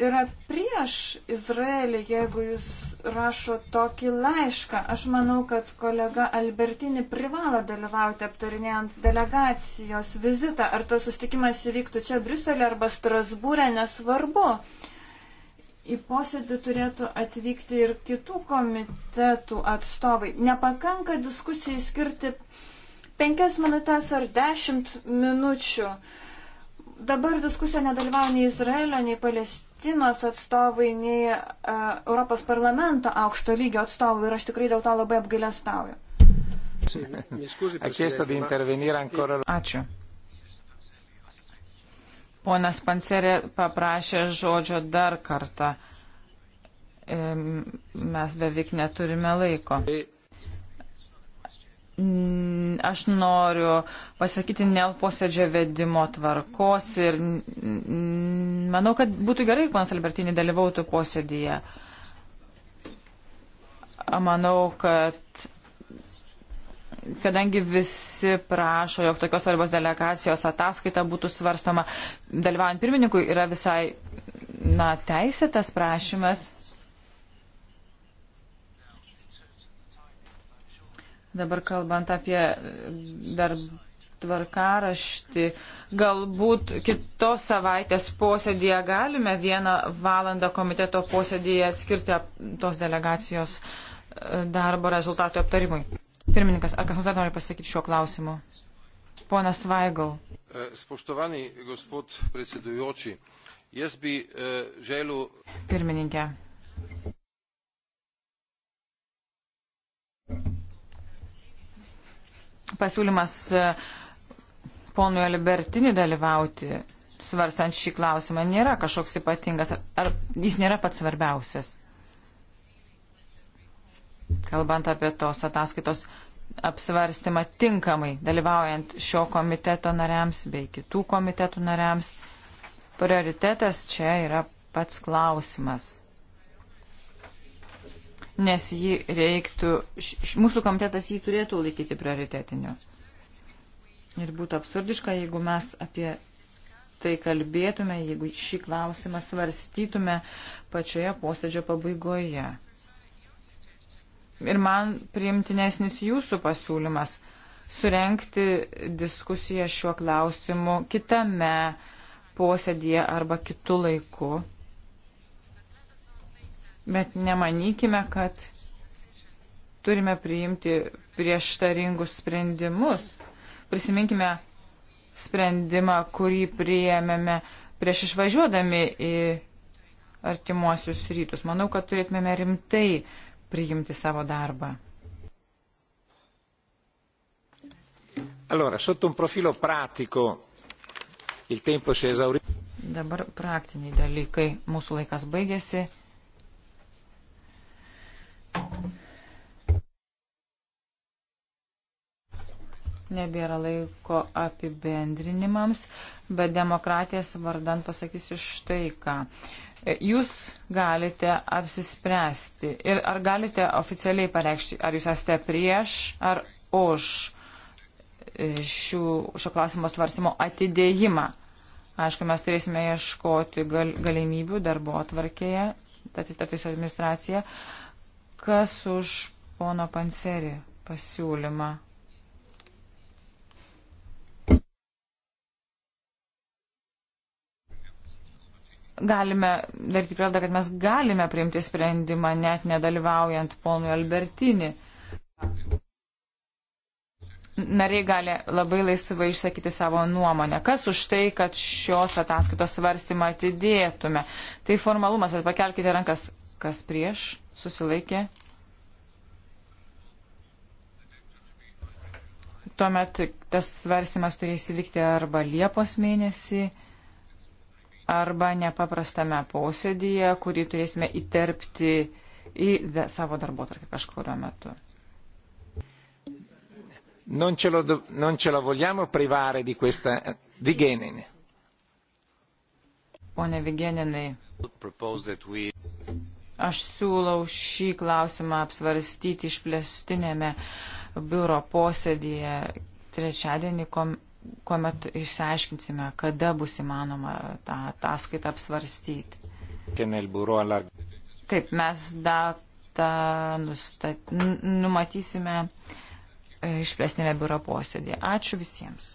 yra prieš Izraelį, jeigu jis rašo tokį laišką. Aš manau, kad kolega Albertini privalo dalyvauti aptarinėjant delegacijos vizitą. Ar tas sustikimas įvyktų čia Briuselė arba Strasbūrė, nesvarbu. Į posėdį turėtų atvykti ir kitų komitetų atstovai. Nepakanka diskusijai skirti penkias minutės ar dešimt minučių. Uh, Dabar diskusija nedalyvauja nei Izraelio, nei Palestinos atstovai, nei uh, Europos parlamento aukšto lygio atstovai ir aš tikrai dėl to labai apgailestauju. Ačiū. Ponas Panserė paprašė žodžio dar kartą. Mes beveik neturime laiko. E, aš noriu pasakyti dėl posėdžio vedimo tvarkos ir manau, kad būtų gerai, jeigu panas Albertinį dalyvautų posėdėje. Manau, kad kadangi visi prašo, jog tokios svarbios delegacijos ataskaita būtų svarstama, dalyvaujant pirmininkui yra visai na, teisėtas prašymas. Dabar kalbant apie dar tvarkaraštį, galbūt kitos savaitės posėdėje galime vieną valandą komiteto posėdėje skirti tos delegacijos e, darbo rezultatų aptarimui. Pirmininkas, ar kas dar nori pasakyti šiuo klausimu? Ponas Vaigal. E, spoštovani gospod predsedujoči, jaz bi e, želil. Pirmininkė. pasiūlymas e, ponui Albertini dalyvauti, svarstant šį klausimą, nėra kažkoks ypatingas, ar jis nėra pats svarbiausias. Kalbant apie tos ataskaitos apsvarstymą tinkamai, dalyvaujant šio komiteto nariams bei kitų komitetų nariams, prioritetas čia yra pats klausimas nes jį reiktų, š, mūsų komitetas jį turėtų laikyti prioritetiniu. Ir būtų absurdiška, jeigu mes apie tai kalbėtume, jeigu šį klausimą svarstytume pačioje posėdžio pabaigoje. Ir man priimtinesnis jūsų pasiūlymas surenkti diskusiją šiuo klausimu kitame posėdėje arba kitų laikų Bet nemanykime, kad turime priimti prieštaringus sprendimus. Prisiminkime sprendimą, kurį priėmėme prieš išvažiuodami į artimuosius rytus. Manau, kad turėtumėme rimtai priimti savo darbą. Allora, sotto un profilo pratico il tempo si è esaurito. Dabar praktiniai dalykai. Mūsų laikas baigėsi. Nebėra laiko apibendrinimams, bet demokratijas vardan pasakysiu štai ką. Jūs galite apsispręsti ir ar galite oficialiai pareikšti, ar jūs esate prieš ar už e, šių, šio klausimo svarstymo atidėjimą. Aišku, mes turėsime ieškoti gal, galimybių darbo atvarkėje, statistikos administracija. Uh, Kas už pono Panserį pasiūlymą? Galime daryti prielaidą, kad mes galime priimti sprendimą net nedalyvaujant ponui Albertini. Nariai gali labai laisvai išsakyti savo nuomonę. Kas už tai, kad šios ataskaitos svarstymą atidėtume? Tai formalumas, pakelkite rankas kas prieš, susilaikė. Tuomet tas svarstymas turės įvykti arba Liepos mėnesį, arba nepaprastame posėdyje, kurį turėsime įterpti į da, savo darbo tarkį kažkurio metu. Non ce, lo, non ce la vogliamo privare di questa Vigeninė. Pone Vigeninai, Aš siūlau šį klausimą apsvarstyti išplėstinėme biuro posėdėje trečiadienį, kuomet išsiaiškinsime, kada bus įmanoma tą ataskaitą apsvarstyti. Taip, mes datą nustat... numatysime e, išplėstinėme biuro posėdėje. Ačiū visiems.